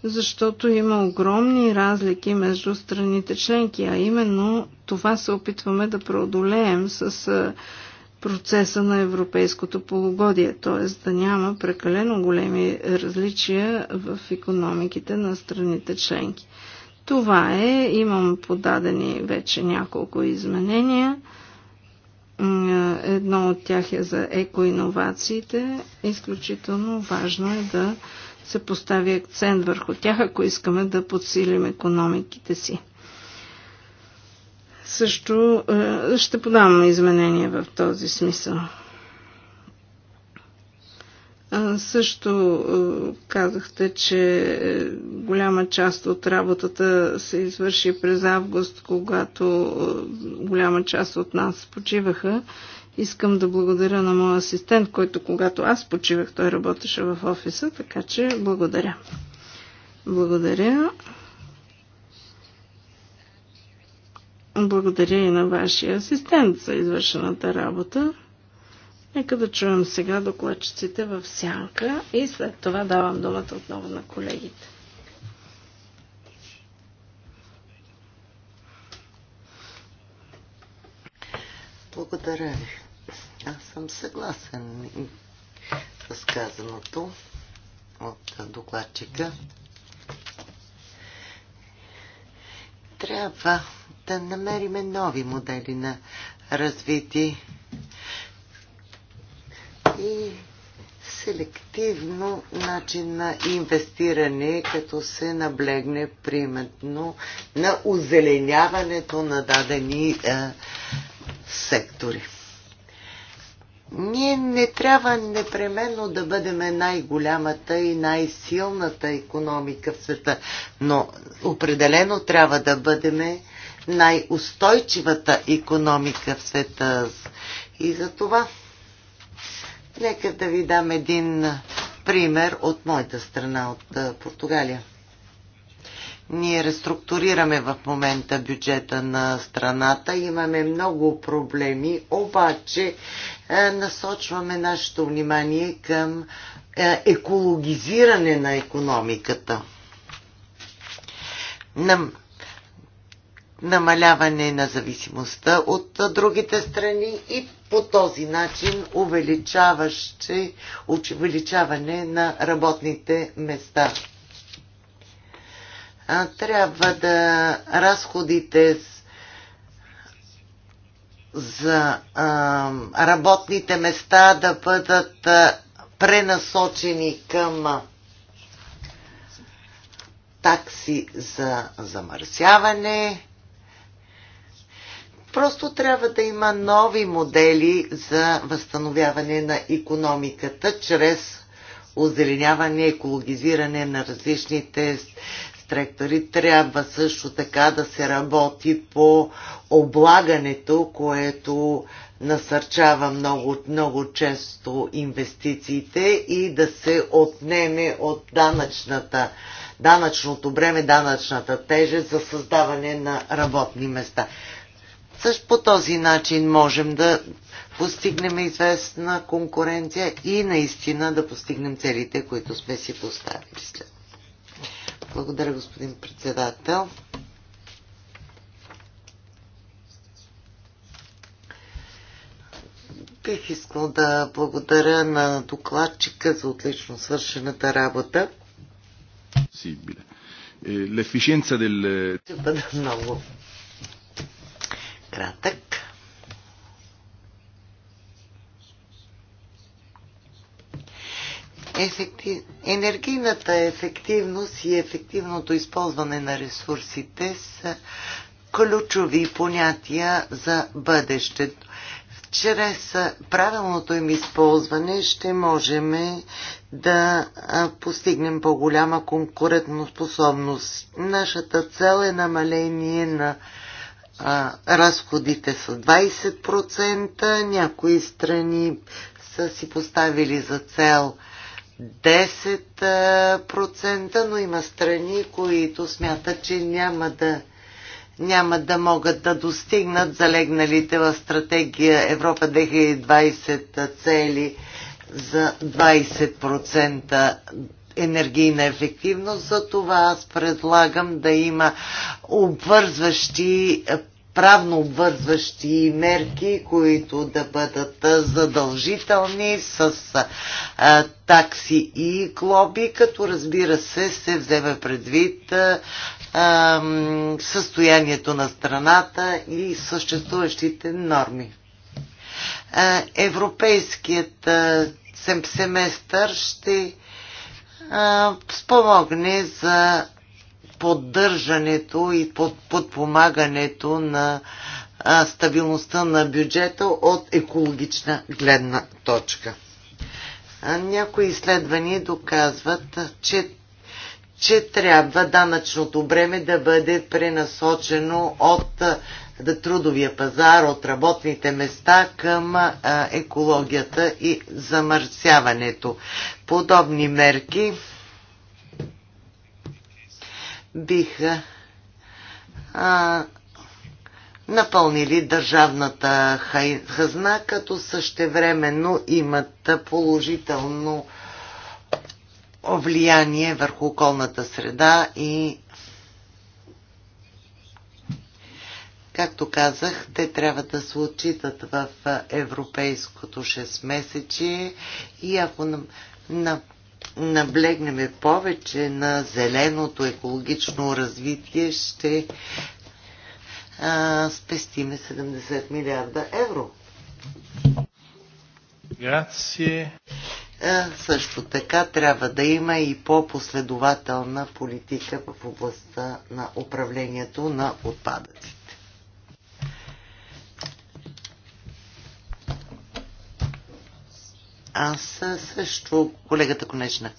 [SPEAKER 3] защото има огромни разлики между страните членки, а именно това се опитваме да преодолеем с процеса на европейското полугодие, т.е. да няма прекалено големи различия в економиките на страните членки. Това е, имам подадени вече няколко изменения. Едно от тях е за екоинновациите. Изключително важно е да се постави акцент върху тях, ако искаме да подсилим економиките си. Също е, ще подавам изменения в този смисъл. Също е, казахте, че е, голяма част от работата се извърши през август, когато голяма част от нас почиваха Искам да благодаря на моя асистент, който когато аз почивах, той работеше в офиса, така че благодаря. Благодаря. Благодаря и на вашия асистент за извършената работа. Нека да чуем сега докладчиците в сянка и след това давам думата отново на колегите.
[SPEAKER 4] Благодаря ви. Аз съм съгласен с казаното от докладчика. Трябва да намериме нови модели на развитие и селективно начин на инвестиране, като се наблегне приметно на озеленяването на дадени е, сектори. Ние не трябва непременно да бъдем най-голямата и най-силната економика в света, но определено трябва да бъдем най-устойчивата економика в света. И за това нека да ви дам един пример от моята страна, от Португалия. Ние реструктурираме в момента бюджета на страната, имаме много проблеми, обаче е, насочваме нашето внимание към е, екологизиране на економиката. Нам, намаляване на зависимостта от другите страни и по този начин увеличаване на работните места. Трябва да разходите за а, работните места да бъдат а, пренасочени към а, такси за замърсяване. Просто трябва да има нови модели за възстановяване на економиката чрез озеленяване, екологизиране на различните сектори. Трябва също така да се работи по облагането, което насърчава много, много често инвестициите и да се отнеме от данъчната, данъчното бреме, данъчната тежест за създаване на работни места. Също по този начин можем да постигнем известна конкуренция и наистина да постигнем целите, които сме си поставили след. Благодаря, господин председател. Бих искал да благодаря на докладчика за отлично свършената работа.
[SPEAKER 2] Сибиле. L'efficienza del...
[SPEAKER 4] Ще бъда много кратък. Ефектив... Енергийната ефективност и ефективното използване на ресурсите са ключови понятия за бъдещето. Чрез правилното им използване ще можем да постигнем по-голяма конкурентоспособност. Нашата цел е намаление на разходите с 20%. Някои страни са си поставили за цел 10%, но има страни, които смятат, че няма да, няма да могат да достигнат залегналите в стратегия Европа 2020 цели за 20% енергийна ефективност. За това аз предлагам да има обвързващи правно обвързващи мерки, които да бъдат задължителни с а, такси и глоби, като разбира се се вземе предвид а, а, състоянието на страната и съществуващите норми. А, европейският а, семестър ще а, спомогне за поддържането и под, подпомагането на а, стабилността на бюджета от екологична гледна точка. А, някои изследвания доказват, че че трябва данъчното бреме да бъде пренасочено от трудовия пазар, от работните места към екологията и замърсяването. Подобни мерки биха а, напълнили държавната хазна, като същевременно имат положително влияние върху околната среда и Както казах, те трябва да се отчитат в европейското 6 месече и ако на, на наблегнем повече на зеленото екологично развитие, ще а, спестиме 70 милиарда евро. Грация. Също така трябва да има и по-последователна политика в областта на управлението на отпадъците. Аз също, колегата Конечна,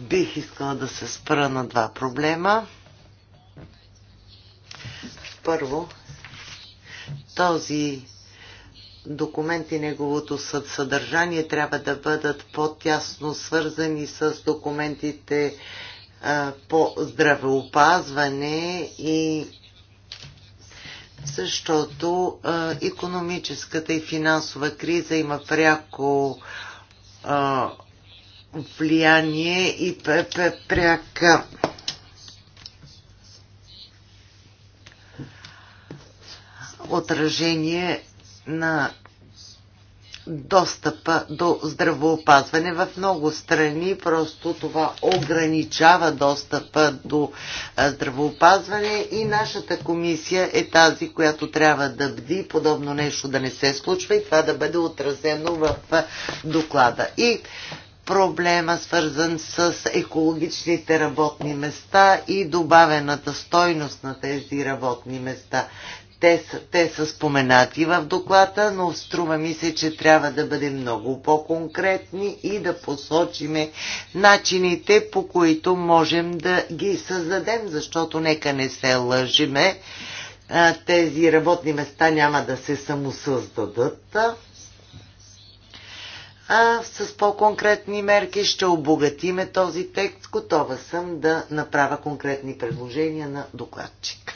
[SPEAKER 4] бих искала да се спра на два проблема. Първо, този документ и неговото съдържание трябва да бъдат по-тясно свързани с документите по здравеопазване и защото а, економическата и финансова криза има пряко а, влияние и пряка отражение на достъпа до здравоопазване. В много страни просто това ограничава достъпа до здравоопазване и нашата комисия е тази, която трябва да бди подобно нещо да не се случва и това да бъде отразено в доклада. И проблема, свързан с екологичните работни места и добавената стойност на тези работни места. Те са, те са споменати в доклада, но струва ми се, че трябва да бъдем много по-конкретни и да посочиме начините, по които можем да ги създадем, защото нека не се лъжиме. Тези работни места няма да се самосъздадат. А с по-конкретни мерки ще обогатиме този текст. Готова съм да направя конкретни предложения на докладчика.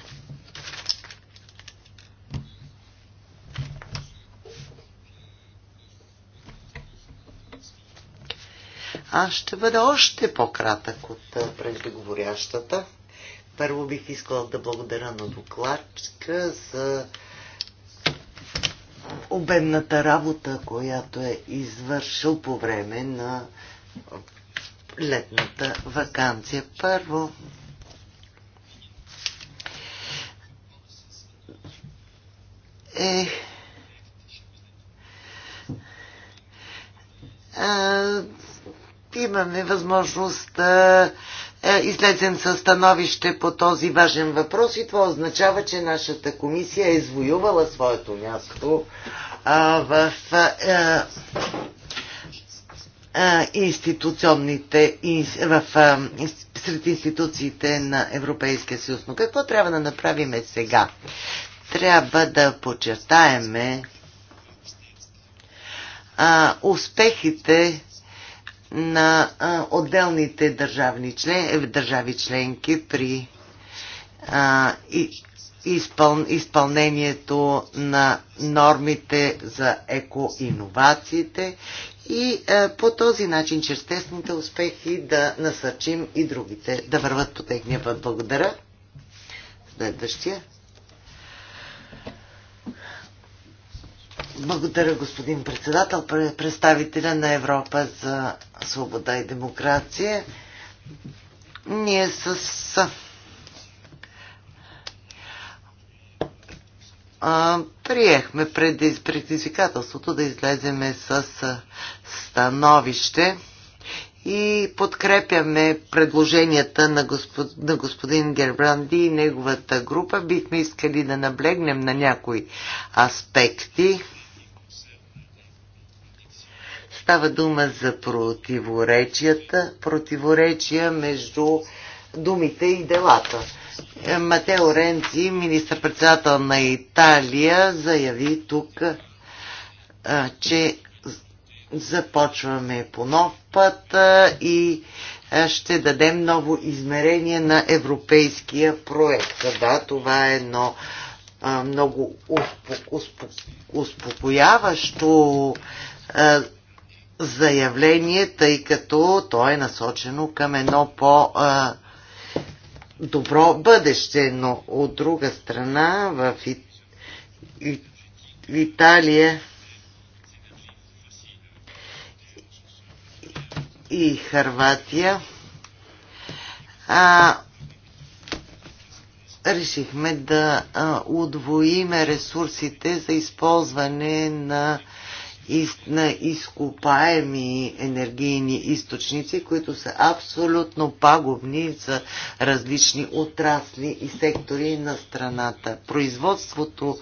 [SPEAKER 4] Аз ще бъда още по-кратък от преждеговорящата. Първо бих искала да благодаря на докладчика за обемната работа, която е извършил по време на летната вакансия. Първо, е а, имаме възможност да излезем със становище по този важен въпрос и това означава, че нашата комисия е извоювала своето място а, в а, а, институционните, в, а, сред институциите на Европейския съюз. Но какво трябва да направим е сега? Трябва да подчертаеме а, успехите на а, отделните държавни член, е, държави членки при а, и, изпъл, изпълнението на нормите за екоинновациите и а, по този начин, чрез тесните успехи, да насърчим и другите да върват по техния път. Благодаря. Следващия. Благодаря, господин председател, представителя на Европа за свобода и демокрация. Ние с приехме пред предизвикателството да излеземе с становище и подкрепяме предложенията на, господ, на господин Гербранди и неговата група. Бихме искали да наблегнем на някои аспекти Става дума за противоречията, противоречия между думите и делата. Матео Ренци, министър-председател на Италия, заяви тук, че започваме по нов път и ще дадем ново измерение на европейския проект. Да, това е едно много успокояващо заявление, тъй като то е насочено към едно по- добро бъдеще, но от друга страна в Италия и Харватия а, решихме да а, удвоиме ресурсите за използване на на изкопаеми енергийни източници, които са абсолютно пагубни за различни отрасли и сектори на страната. Производството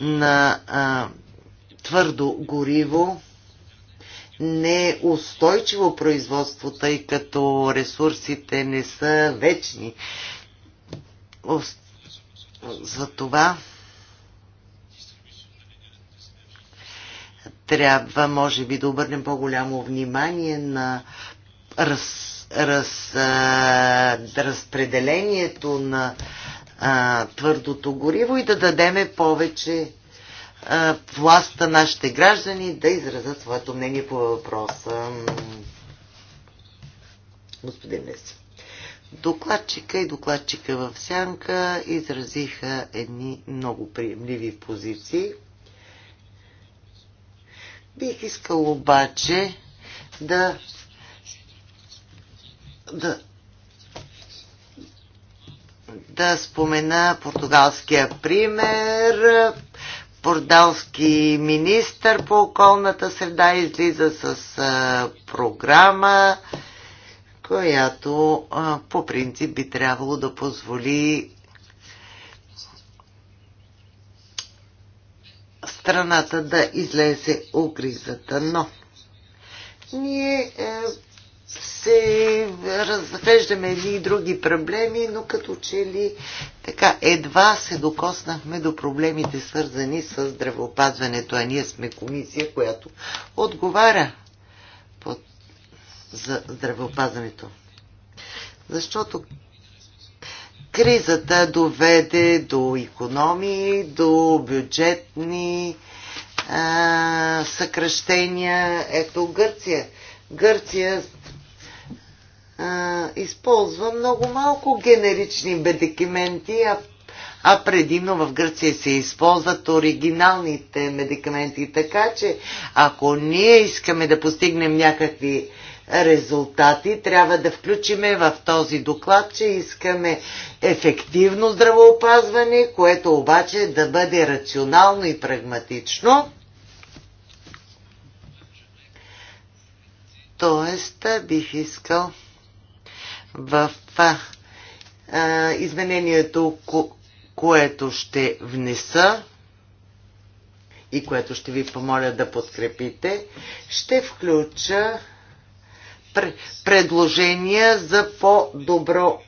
[SPEAKER 4] на а, твърдо гориво не е устойчиво производство, тъй като ресурсите не са вечни. За това трябва, може би, да обърнем по-голямо внимание на раз, раз, а, разпределението на а, твърдото гориво и да дадеме повече а, властта нашите граждани да изразят своето мнение по въпроса. Господин Лес. Докладчика и докладчика в сянка изразиха едни много приемливи позиции. Бих искал обаче да да да спомена португалския пример. Португалски министр по околната среда излиза с а, програма, която а, по принцип би трябвало да позволи страната да излезе от кризата. Но ние е, се развеждаме едни и други проблеми, но като че ли така едва се докоснахме до проблемите свързани с здравеопазването, а ние сме комисия, която отговаря под, за здравеопазването. Защото Кризата доведе до економии, до бюджетни а, съкръщения. Ето Гърция. Гърция а, използва много малко генерични медикаменти, а, а предимно в Гърция се използват оригиналните медикаменти. Така че, ако ние искаме да постигнем някакви резултати. Трябва да включиме в този доклад, че искаме ефективно здравоопазване, което обаче да бъде рационално и прагматично. Тоест, бих искал в а, изменението, което ще внеса, и което ще ви помоля да подкрепите, ще включа предложения за по-добро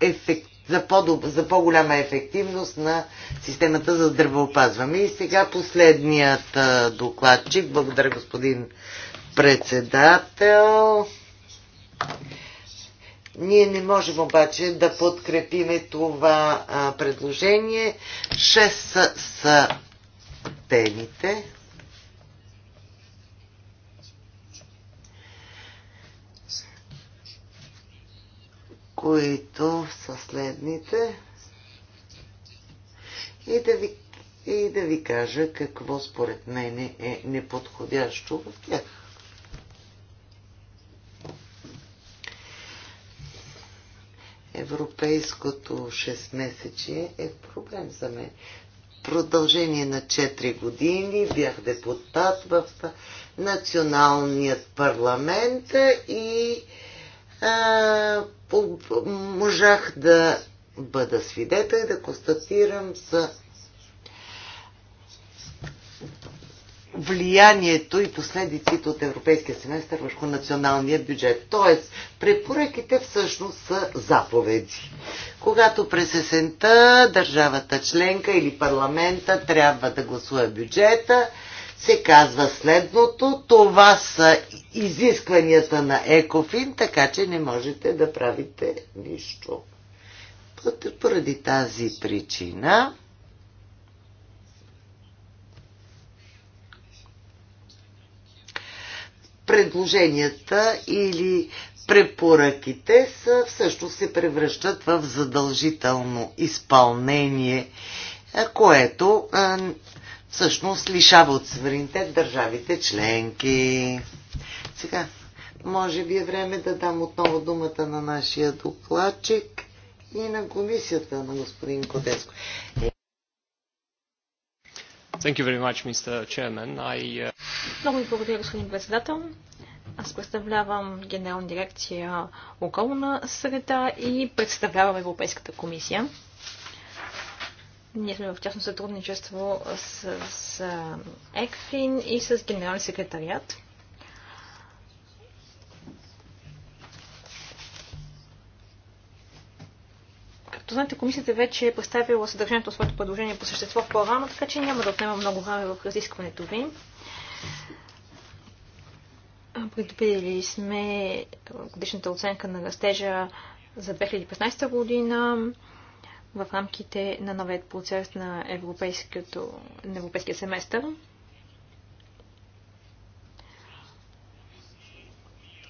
[SPEAKER 4] ефект за, по за по-голяма ефективност на системата за здравеопазване. И сега последният докладчик. Благодаря, господин председател. Ние не можем обаче да подкрепиме това а, предложение. Шест са, са темите. които са следните. И да ви, и да ви кажа какво според мен е неподходящо в тях. Европейското 6-месечие е проблем за мен. Продължение на 4 години бях депутат в националният парламент и можах да бъда свидетел и да констатирам с влиянието и последиците от европейския семестър върху националния бюджет. Тоест, препоръките всъщност са заповеди. Когато през есента държавата членка или парламента трябва да гласува бюджета, се казва следното. Това са изискванията на Екофин, така че не можете да правите нищо. Поради тази причина предложенията или препоръките са, всъщност се превръщат в задължително изпълнение, което всъщност лишава от суверенитет държавите членки. Сега, може би е време да дам отново думата на нашия докладчик и на комисията на господин
[SPEAKER 3] Кодеско. Е, Thank you very much, Mr. Chairman. I, uh...
[SPEAKER 1] Много ви благодаря, господин председател. Аз представлявам генерална дирекция околна среда и представлявам Европейската комисия. Ние сме в тясно сътрудничество с, с ЕКФИН и с Генерален секретариат. Както знаете, комисията вече е представила съдържанието на своето предложение по същество в програма, така че няма да отнема много време в разискването ви. Предупредили сме годишната оценка на растежа за 2015 година, в рамките на новият процес на, на европейския семестър.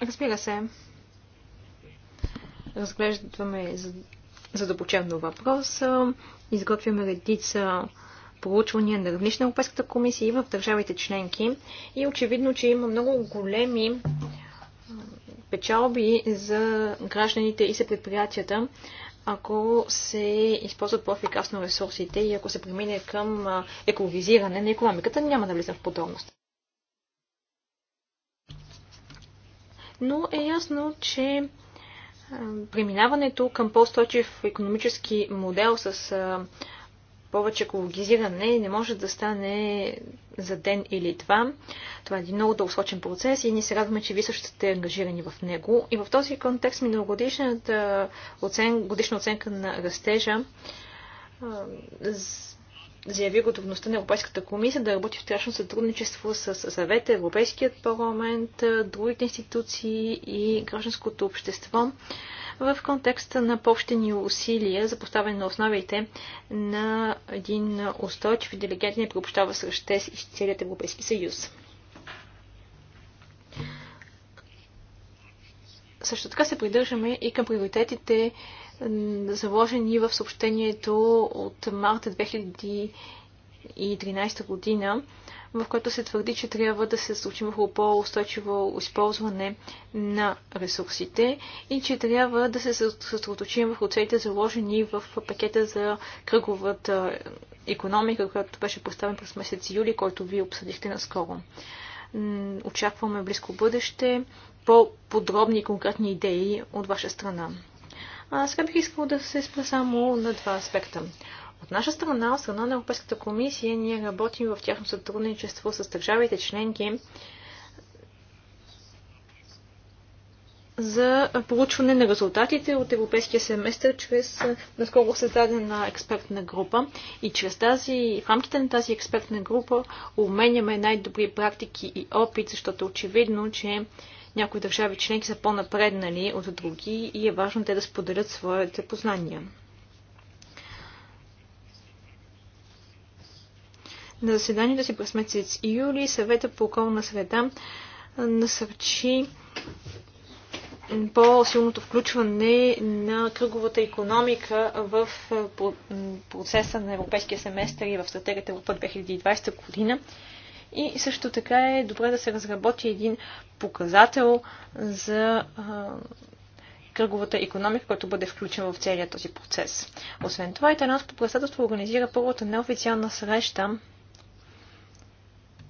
[SPEAKER 1] Разбира се, разглеждаме задълбочено въпроса, изготвяме редица проучвания на равнища на Европейската комисия и в държавите членки. И очевидно, че има много големи печалби за гражданите и за предприятията ако се използват по-ефикасно ресурсите и ако се премине към екологизиране на економиката, няма да влизам в подробност. Но е ясно, че преминаването към по-стойчив економически модел с повече екологизиране не може да стане за ден или два. Това е един много дългосрочен процес и ние се радваме, че ви също сте ангажирани в него. И в този контекст миналогодишната оцен... годишна оценка на растежа заяви готовността на Европейската комисия да работи в тясно сътрудничество с съвета, Европейският парламент, другите институции и гражданското общество в контекста на пощени усилия за поставяне на основите на един устойчив и делегатен приобщава срещу с целият Европейски съюз. Също така се придържаме и към приоритетите, заложени в съобщението от марта 2013 година в което се твърди, че трябва да се случи върху по-устойчиво използване на ресурсите и че трябва да се съсредоточим върху целите заложени в пакета за кръговата економика, която беше поставен през месец юли, който вие обсъдихте наскоро. Очакваме близко бъдеще по-подробни и конкретни идеи от ваша страна. А сега бих искал да се спра само на два аспекта. От наша страна, от страна на Европейската комисия, ние работим в тяхно сътрудничество с държавите членки за получване на резултатите от европейския семестър чрез наскоро създадена експертна група и чрез тази, в рамките на тази експертна група обменяме най-добри практики и опит, защото е очевидно, че някои държави членки са по-напреднали от други и е важно те да споделят своите познания. На заседанието си през месец юли съвета по околна среда насърчи по-силното включване на кръговата економика в процеса на европейския семестър и в стратегията Европа 2020 година. И също така е добре да се разработи един показател за кръговата економика, който бъде включен в целият този процес. Освен това, италянското председателство организира първата неофициална среща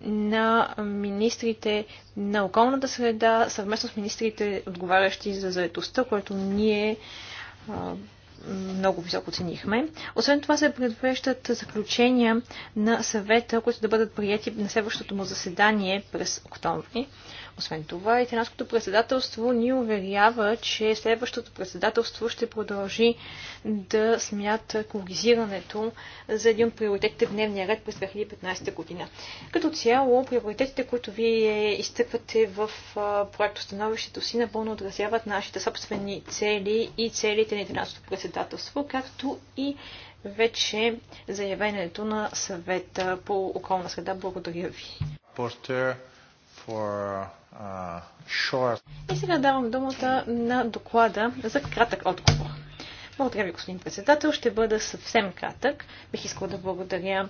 [SPEAKER 1] на министрите на околната среда, съвместно с министрите, отговарящи за заедостта, което ние много високо ценихме. Освен това се предвеждат заключения на съвета, които да бъдат прияти на следващото му заседание през октомври. Освен това, италянското председателство ни уверява, че следващото председателство ще продължи да смята екологизирането за един от приоритетите в дневния ред през 2015 година. Като цяло, приоритетите, които вие изтъквате в проекто становището си, напълно отразяват нашите собствени цели и целите на италянското председателство, както и вече заявението на съвета по околна среда. Благодаря ви
[SPEAKER 2] short... И сега
[SPEAKER 1] давам думата на доклада за кратък отговор. Благодаря ви, господин председател. Ще бъда съвсем кратък. Бих искал да благодаря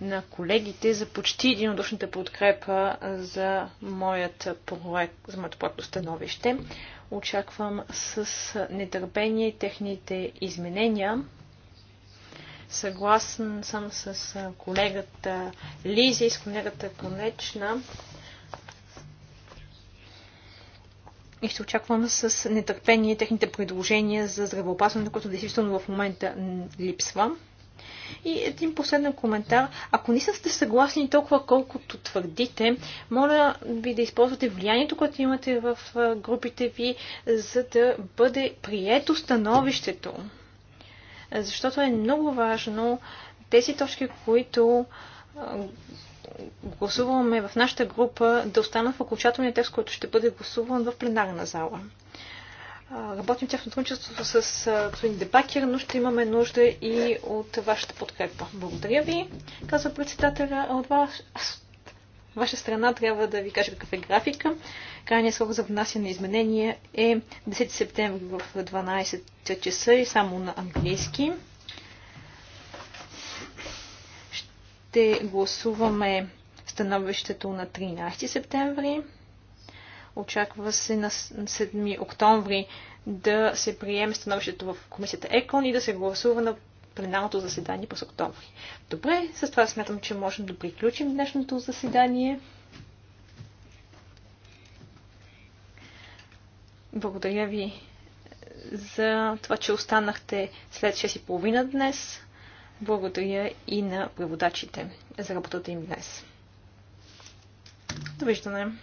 [SPEAKER 1] на колегите за почти единодушната подкрепа за моят проект, за моето проектно становище. Очаквам с нетърпение техните изменения. Съгласен съм с колегата Лизи и с колегата Конечна и ще очаквам с нетърпение техните предложения за здравеопазване, което действително в момента липсва. И един последен коментар. Ако не сте съгласни толкова колкото твърдите, моля ви да използвате влиянието, което имате в групите ви, за да бъде прието становището. Защото е много важно тези точки, които гласуваме в нашата група да остана в окончателния текст, който ще бъде гласуван в пленарна зала. Работим тяхно сътрудничество с господин Дебакер, но ще имаме нужда и от вашата подкрепа. Благодаря ви, казва председателя. От вас, ваша страна трябва да ви кажа какъв е графика. Крайният срок за внасяне на изменения е 10 септември в 12 часа и само на английски. ще гласуваме становището на 13 септември. Очаква се на 7 октомври да се приеме становището в комисията ЕКОН и да се гласува на пленарното заседание през октомври. Добре, с това смятам, че можем да приключим днешното заседание. Благодаря ви за това, че останахте след 6.30 днес. Благодаря и на преводачите за работата им днес. Довиждане!